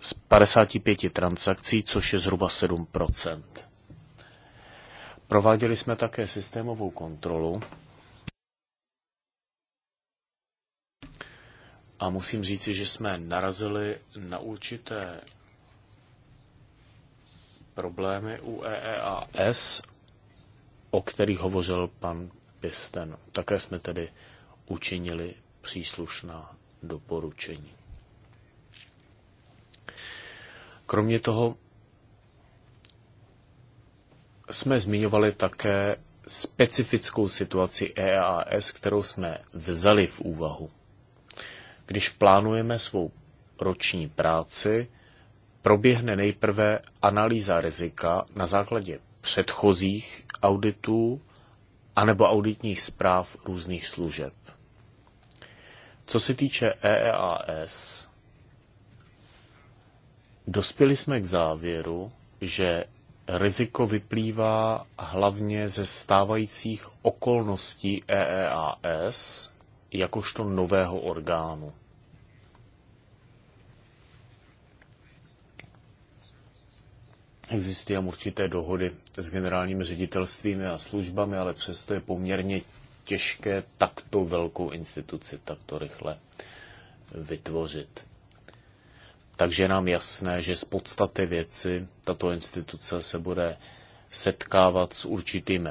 z 55 transakcí, což je zhruba 7 Prováděli jsme také systémovou kontrolu a musím říci, že jsme narazili na určité problémy u EEAS, o kterých hovořil pan Pisten. Také jsme tedy učinili příslušná doporučení. Kromě toho jsme zmiňovali také specifickou situaci EAS, e kterou jsme vzali v úvahu. Když plánujeme svou roční práci, proběhne nejprve analýza rizika na základě předchozích auditů anebo auditních zpráv různých služeb. Co se týče EEAS, dospěli jsme k závěru, že riziko vyplývá hlavně ze stávajících okolností EEAS jakožto nového orgánu. Existují určité dohody s generálními ředitelstvími a službami, ale přesto je poměrně těžké takto velkou instituci takto rychle vytvořit. Takže je nám jasné, že z podstaty věci tato instituce se bude setkávat s určitými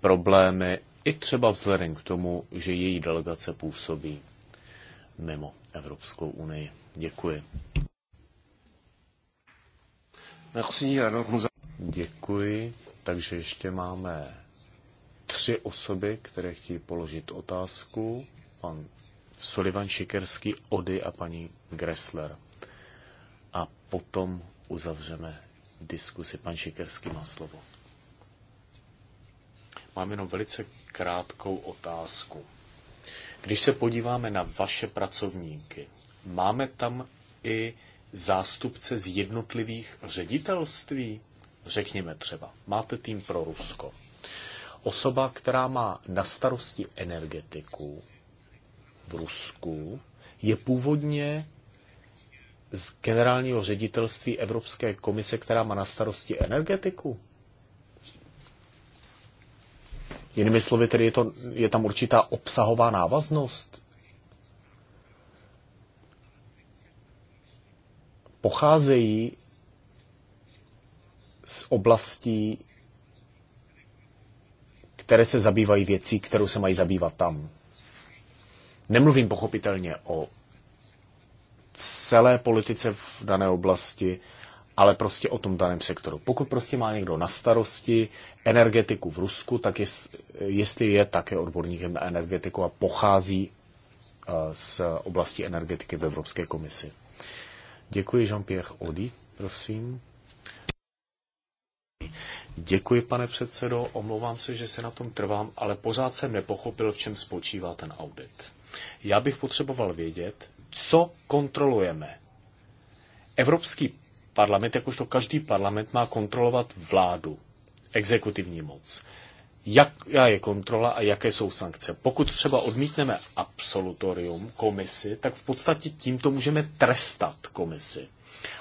problémy, i třeba vzhledem k tomu, že její delegace působí mimo Evropskou unii. Děkuji. Děkuji. Takže ještě máme tři osoby, které chtějí položit otázku. Pan Sullivan Šikerský, Ody a paní Gressler. A potom uzavřeme diskusi. Pan Šikerský má slovo. Mám jenom velice krátkou otázku. Když se podíváme na vaše pracovníky, máme tam i zástupce z jednotlivých ředitelství? Řekněme třeba, máte tým pro Rusko. Osoba, která má na starosti energetiku v Rusku, je původně z generálního ředitelství Evropské komise, která má na starosti energetiku? Jinými slovy, tedy je, to, je tam určitá obsahová návaznost? pocházejí z oblastí, které se zabývají věcí, kterou se mají zabývat tam. Nemluvím pochopitelně o celé politice v dané oblasti, ale prostě o tom daném sektoru. Pokud prostě má někdo na starosti energetiku v Rusku, tak jest, jestli je také odborníkem na energetiku a pochází eh, z oblasti energetiky v Evropské komisi. Děkuji Jean-Pierre Odi, prosím. Děkuji, pane předsedo. Omlouvám se, že se na tom trvám, ale pořád jsem nepochopil, v čem spočívá ten audit. Já bych potřeboval vědět, co kontrolujeme. Evropský parlament, jakožto každý parlament, má kontrolovat vládu, exekutivní moc jaká je kontrola a jaké jsou sankce. Pokud třeba odmítneme absolutorium komisi, tak v podstatě tímto můžeme trestat komisi.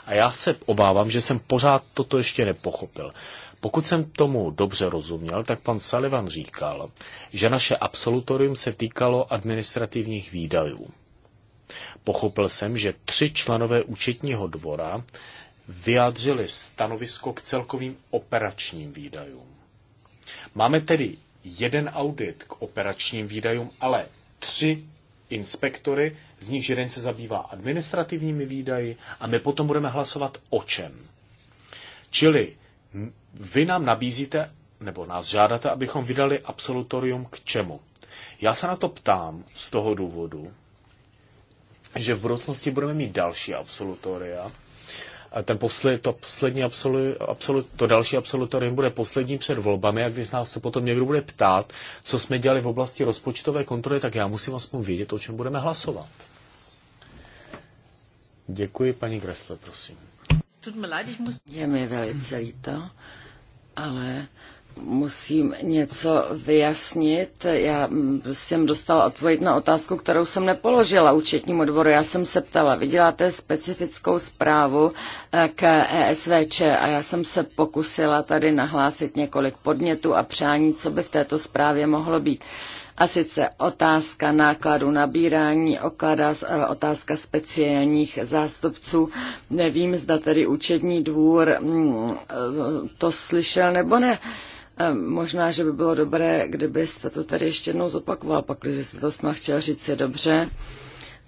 A já se obávám, že jsem pořád toto ještě nepochopil. Pokud jsem tomu dobře rozuměl, tak pan Sullivan říkal, že naše absolutorium se týkalo administrativních výdajů. Pochopil jsem, že tři členové účetního dvora vyjádřili stanovisko k celkovým operačním výdajům. Máme tedy jeden audit k operačním výdajům, ale tři inspektory, z nichž jeden se zabývá administrativními výdaji a my potom budeme hlasovat o čem. Čili vy nám nabízíte, nebo nás žádáte, abychom vydali absolutorium k čemu. Já se na to ptám z toho důvodu, že v budoucnosti budeme mít další absolutoria ten posle, to, poslední absolu, absolu, to další absolutorium bude poslední před volbami a když nás se potom někdo bude ptát, co jsme dělali v oblasti rozpočtové kontroly, tak já musím aspoň vědět, o čem budeme hlasovat. Děkuji, paní Gressle, prosím. Je mi velice líto, ale musím něco vyjasnit. Já mm, prostě jsem dostala odpověď na otázku, kterou jsem nepoložila účetnímu dvoru. Já jsem se ptala, vy specifickou zprávu eh, k ESVČ a já jsem se pokusila tady nahlásit několik podnětů a přání, co by v této zprávě mohlo být. A sice otázka nákladu nabírání, oklada, eh, otázka speciálních zástupců. Nevím, zda tedy účetní dvůr mm, eh, to slyšel nebo ne. Ehm, možná, že by bylo dobré, kdybyste to tady ještě jednou zopakoval, pak, když jste to snad chtěl říct, je dobře.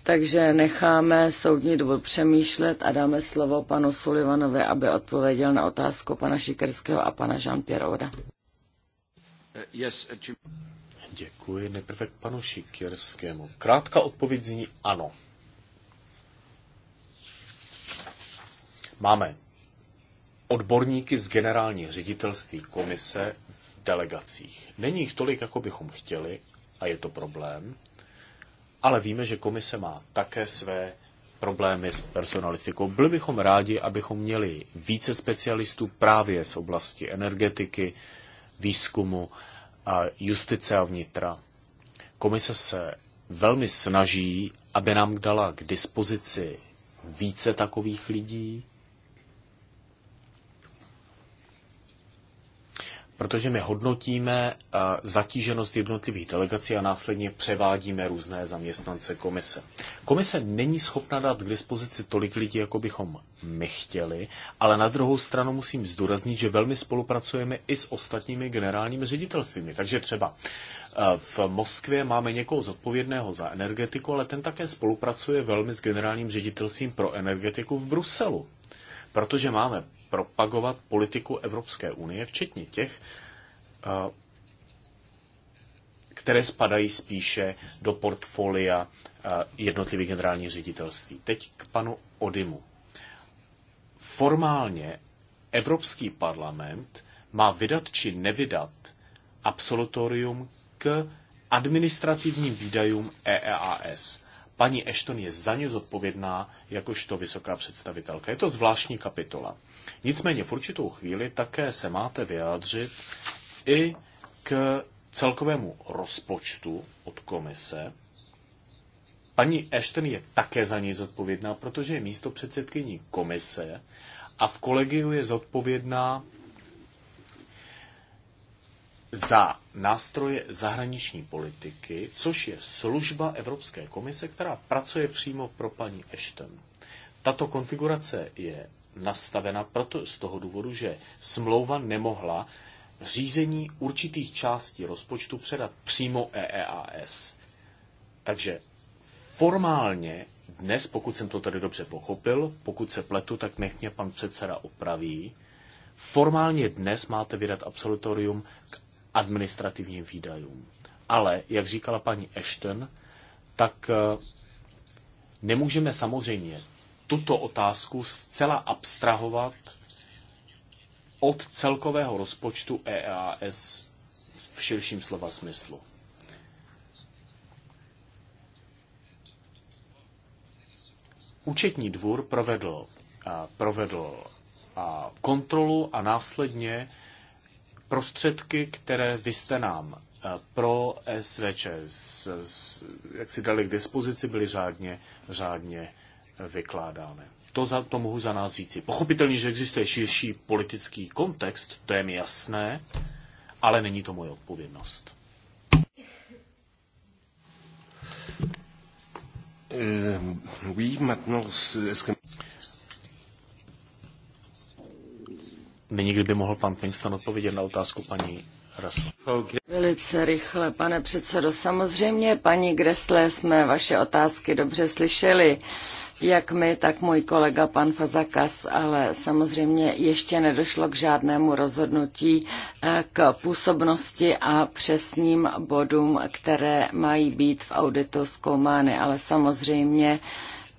Takže necháme soudní dvůr přemýšlet a dáme slovo panu Sullivanovi, aby odpověděl na otázku pana Šikerského a pana jean Pierroda. Eh, eh, Děkuji. Nejprve k panu Šikerskému. Krátká odpověď zní ano. Máme odborníky z generálních ředitelství komise v delegacích. Není jich tolik, jako bychom chtěli, a je to problém, ale víme, že komise má také své problémy s personalistikou. Byli bychom rádi, abychom měli více specialistů právě z oblasti energetiky, výzkumu, a justice a vnitra. Komise se velmi snaží, aby nám dala k dispozici více takových lidí, protože my hodnotíme eh, zatíženost jednotlivých delegací a následně převádíme různé zaměstnance komise. Komise není schopna dát k dispozici tolik lidí, jako bychom my chtěli, ale na druhou stranu musím zdůraznit, že velmi spolupracujeme i s ostatními generálními ředitelstvími. Takže třeba eh, v Moskvě máme někoho zodpovědného za energetiku, ale ten také spolupracuje velmi s generálním ředitelstvím pro energetiku v Bruselu protože máme propagovat politiku Evropské unie, včetně těch, eh, které spadají spíše do portfolia eh, jednotlivých generálních ředitelství. Teď k panu Odimu. Formálně Evropský parlament má vydat či nevydat absolutorium k administrativním výdajům EEAS. Paní Ashton je za ně zodpovědná jakožto vysoká představitelka. Je to zvláštní kapitola. Nicméně v určitou chvíli také se máte vyjádřit i k celkovému rozpočtu od komise. Paní Ashton je také za něj zodpovědná, protože je místo předsedkyní komise a v kolegiu je zodpovědná za nástroje zahraniční politiky, což je služba Evropské komise, která pracuje přímo pro paní Ashton. Tato konfigurace je nastavena proto z toho důvodu, že smlouva nemohla řízení určitých částí rozpočtu předat přímo EEAS. Takže formálně dnes, pokud jsem to tady dobře pochopil, pokud se pletu, tak nech mě pan předseda opraví, formálně dnes máte vydat absolutorium k administrativním výdajům. Ale, jak říkala paní Ashton, tak eh, nemůžeme samozřejmě tuto otázku zcela abstrahovat od celkového rozpočtu EAS v širším slova smyslu. Účetní dvůr provedl, provedl kontrolu a následně prostředky, které vy jste nám pro SVČ jak si dali k dispozici, byly řádně, řádně vykládáme. To, za, to mohu za nás říci. Pochopitelně, že existuje širší politický kontext, to je mi jasné, ale není to moje odpovědnost. Eh, Nyní, kdyby mohl pan Pinkston odpovědět na otázku paní Velice rychle, pane předsedo. Samozřejmě, paní Gresle, jsme vaše otázky dobře slyšeli, jak my, tak můj kolega pan Fazakas, ale samozřejmě ještě nedošlo k žádnému rozhodnutí eh, k působnosti a přesným bodům, které mají být v auditu zkoumány, ale samozřejmě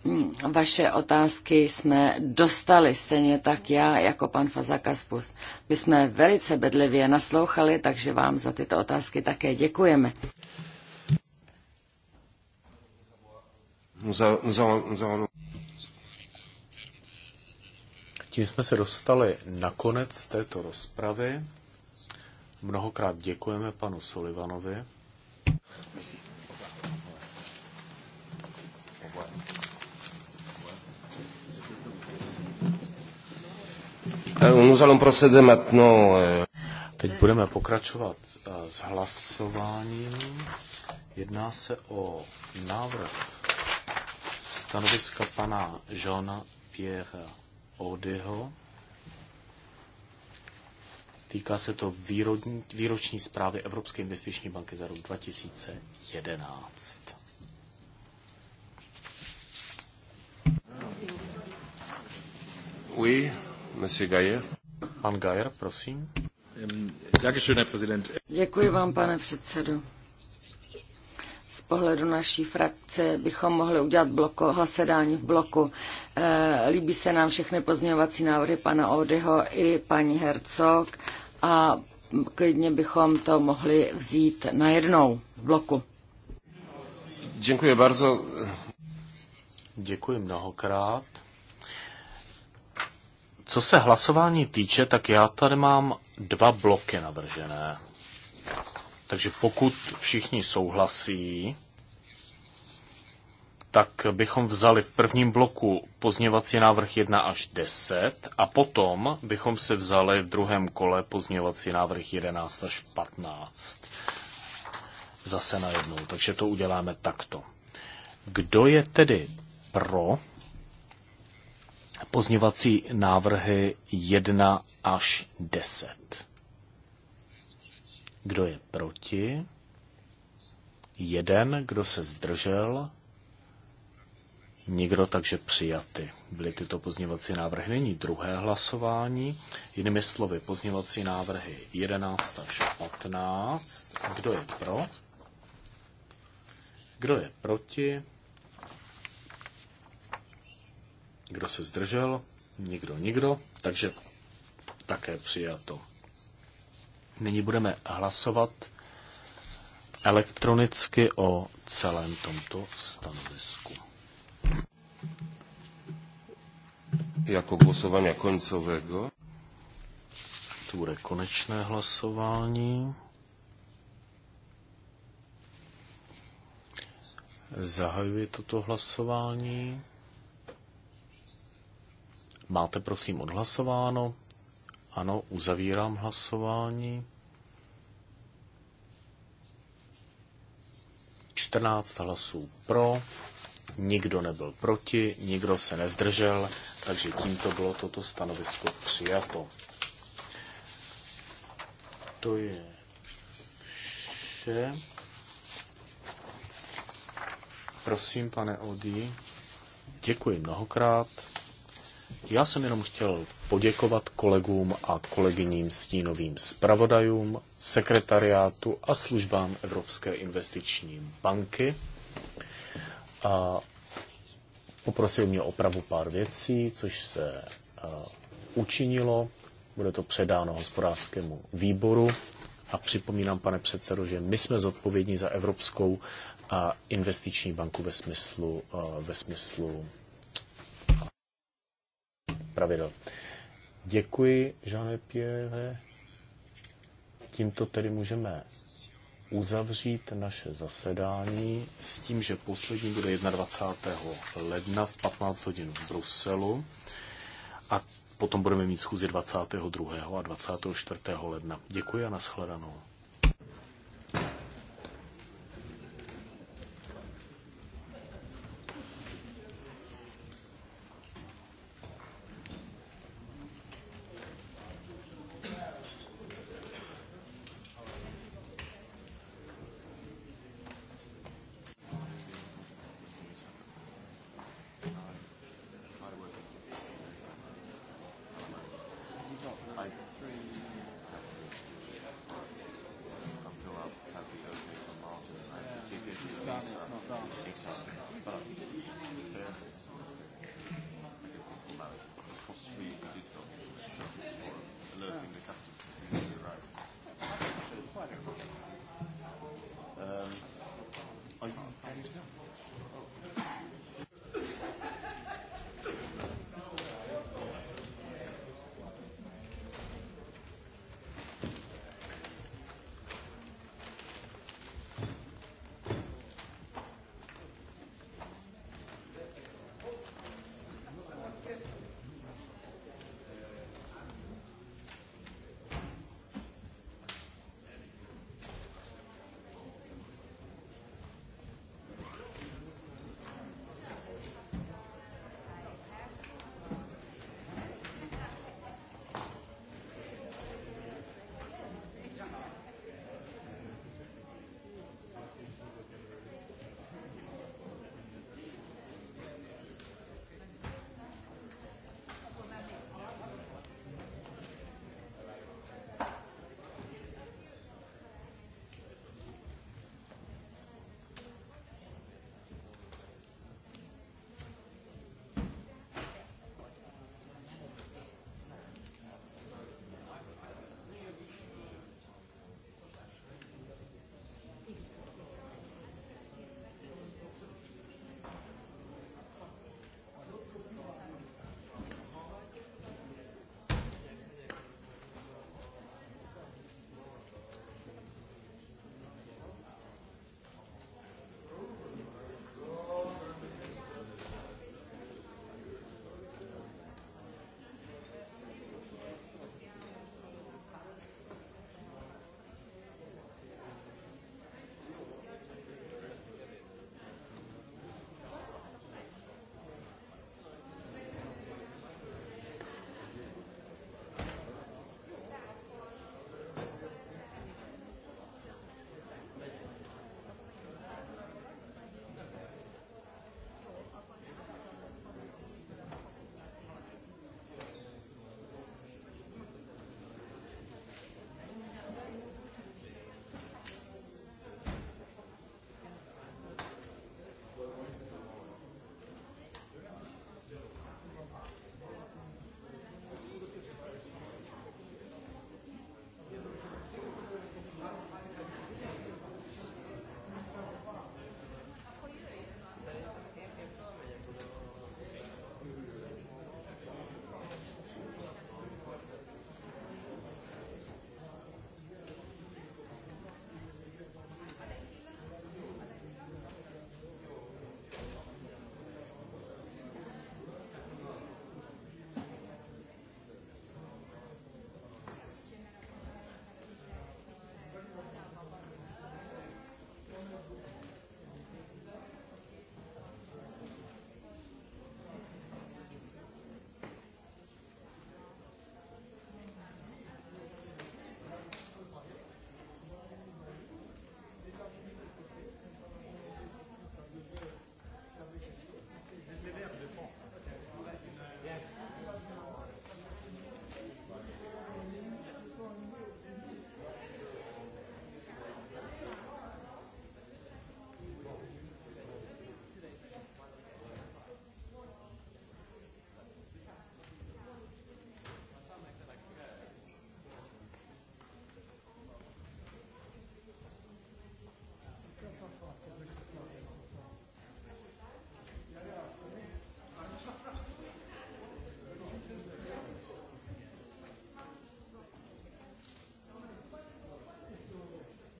Hmm, vaše otázky jsme dostali, stejně tak já jako pan Fazakaspus. My jsme velice bedlivě naslouchali, takže vám za tyto otázky také děkujeme. Tím jsme se dostali na konec této rozpravy. Mnohokrát děkujeme panu Sullivanovi. Merci. Nous allons procéder maintenant. Euh, Teď budeme pokračovat eh, s hlasováním. Jedná se o návrh stanoviska pana Jeana Pierre Odeho. Týká se to výrodní, výroční zprávy Evropské investiční banky za rok 2011. Oui. Pan Gayer, prosím. Děkuji vám, pane předsedo. Z pohledu naší frakce bychom mohli udělat bloko, hlasedání v bloku. E, líbí se nám všechny pozměňovací návrhy pana Odeho i paní Hercog a klidně bychom to mohli vzít najednou v bloku. Děkuji bardzo. Děkuji mnohokrát. Co se hlasování týče, tak já tady mám dva bloky navržené. Takže pokud všichni souhlasí, tak bychom vzali v prvním bloku pozměvací návrh 1 až 10 a potom bychom se vzali v druhém kole pozměvací návrh 11 až 15. Zase najednou. Takže to uděláme takto. Kdo je tedy pro pozněvací návrhy 1 až 10. Kdo je proti? Jeden, kdo se zdržel? Nikdo, takže přijaty. Byly tyto pozněvací návrhy. Není druhé hlasování. Jinými slovy, pozněvací návrhy 11 až 15. Kdo je pro? Kdo je proti? Kdo se zdržel? Nikdo, nikdo. Takže také přijato. Nyní budeme hlasovat elektronicky o celém tomto stanovisku. Jako hlasování koncového. To bude konečné hlasování. Zahajuji toto hlasování. Máte prosím odhlasováno? Ano, uzavírám hlasování. 14 hlasů pro, nikdo nebyl proti, nikdo se nezdržel, takže tímto bylo toto stanovisko přijato. To je vše. Prosím, pane Odí. Děkuji mnohokrát. Já jsem jenom chtěl poděkovat kolegům a kolegyním stínovým zpravodajům, sekretariátu a službám Evropské investiční banky. A poprosil mě opravu pár věcí, což se učinilo. Bude to předáno hospodářskému výboru. A připomínám, pane předsedo, že my jsme zodpovědní za Evropskou investiční banku ve smyslu, ve smyslu pravidel. Děkuji, Jean-Pierre. Tímto tedy můžeme uzavřít naše zasedání s tím, že poslední bude 21. ledna v 15 hodin v Bruselu a potom budeme mít schůzi 22. a 24. ledna. Děkuji a nashledanou.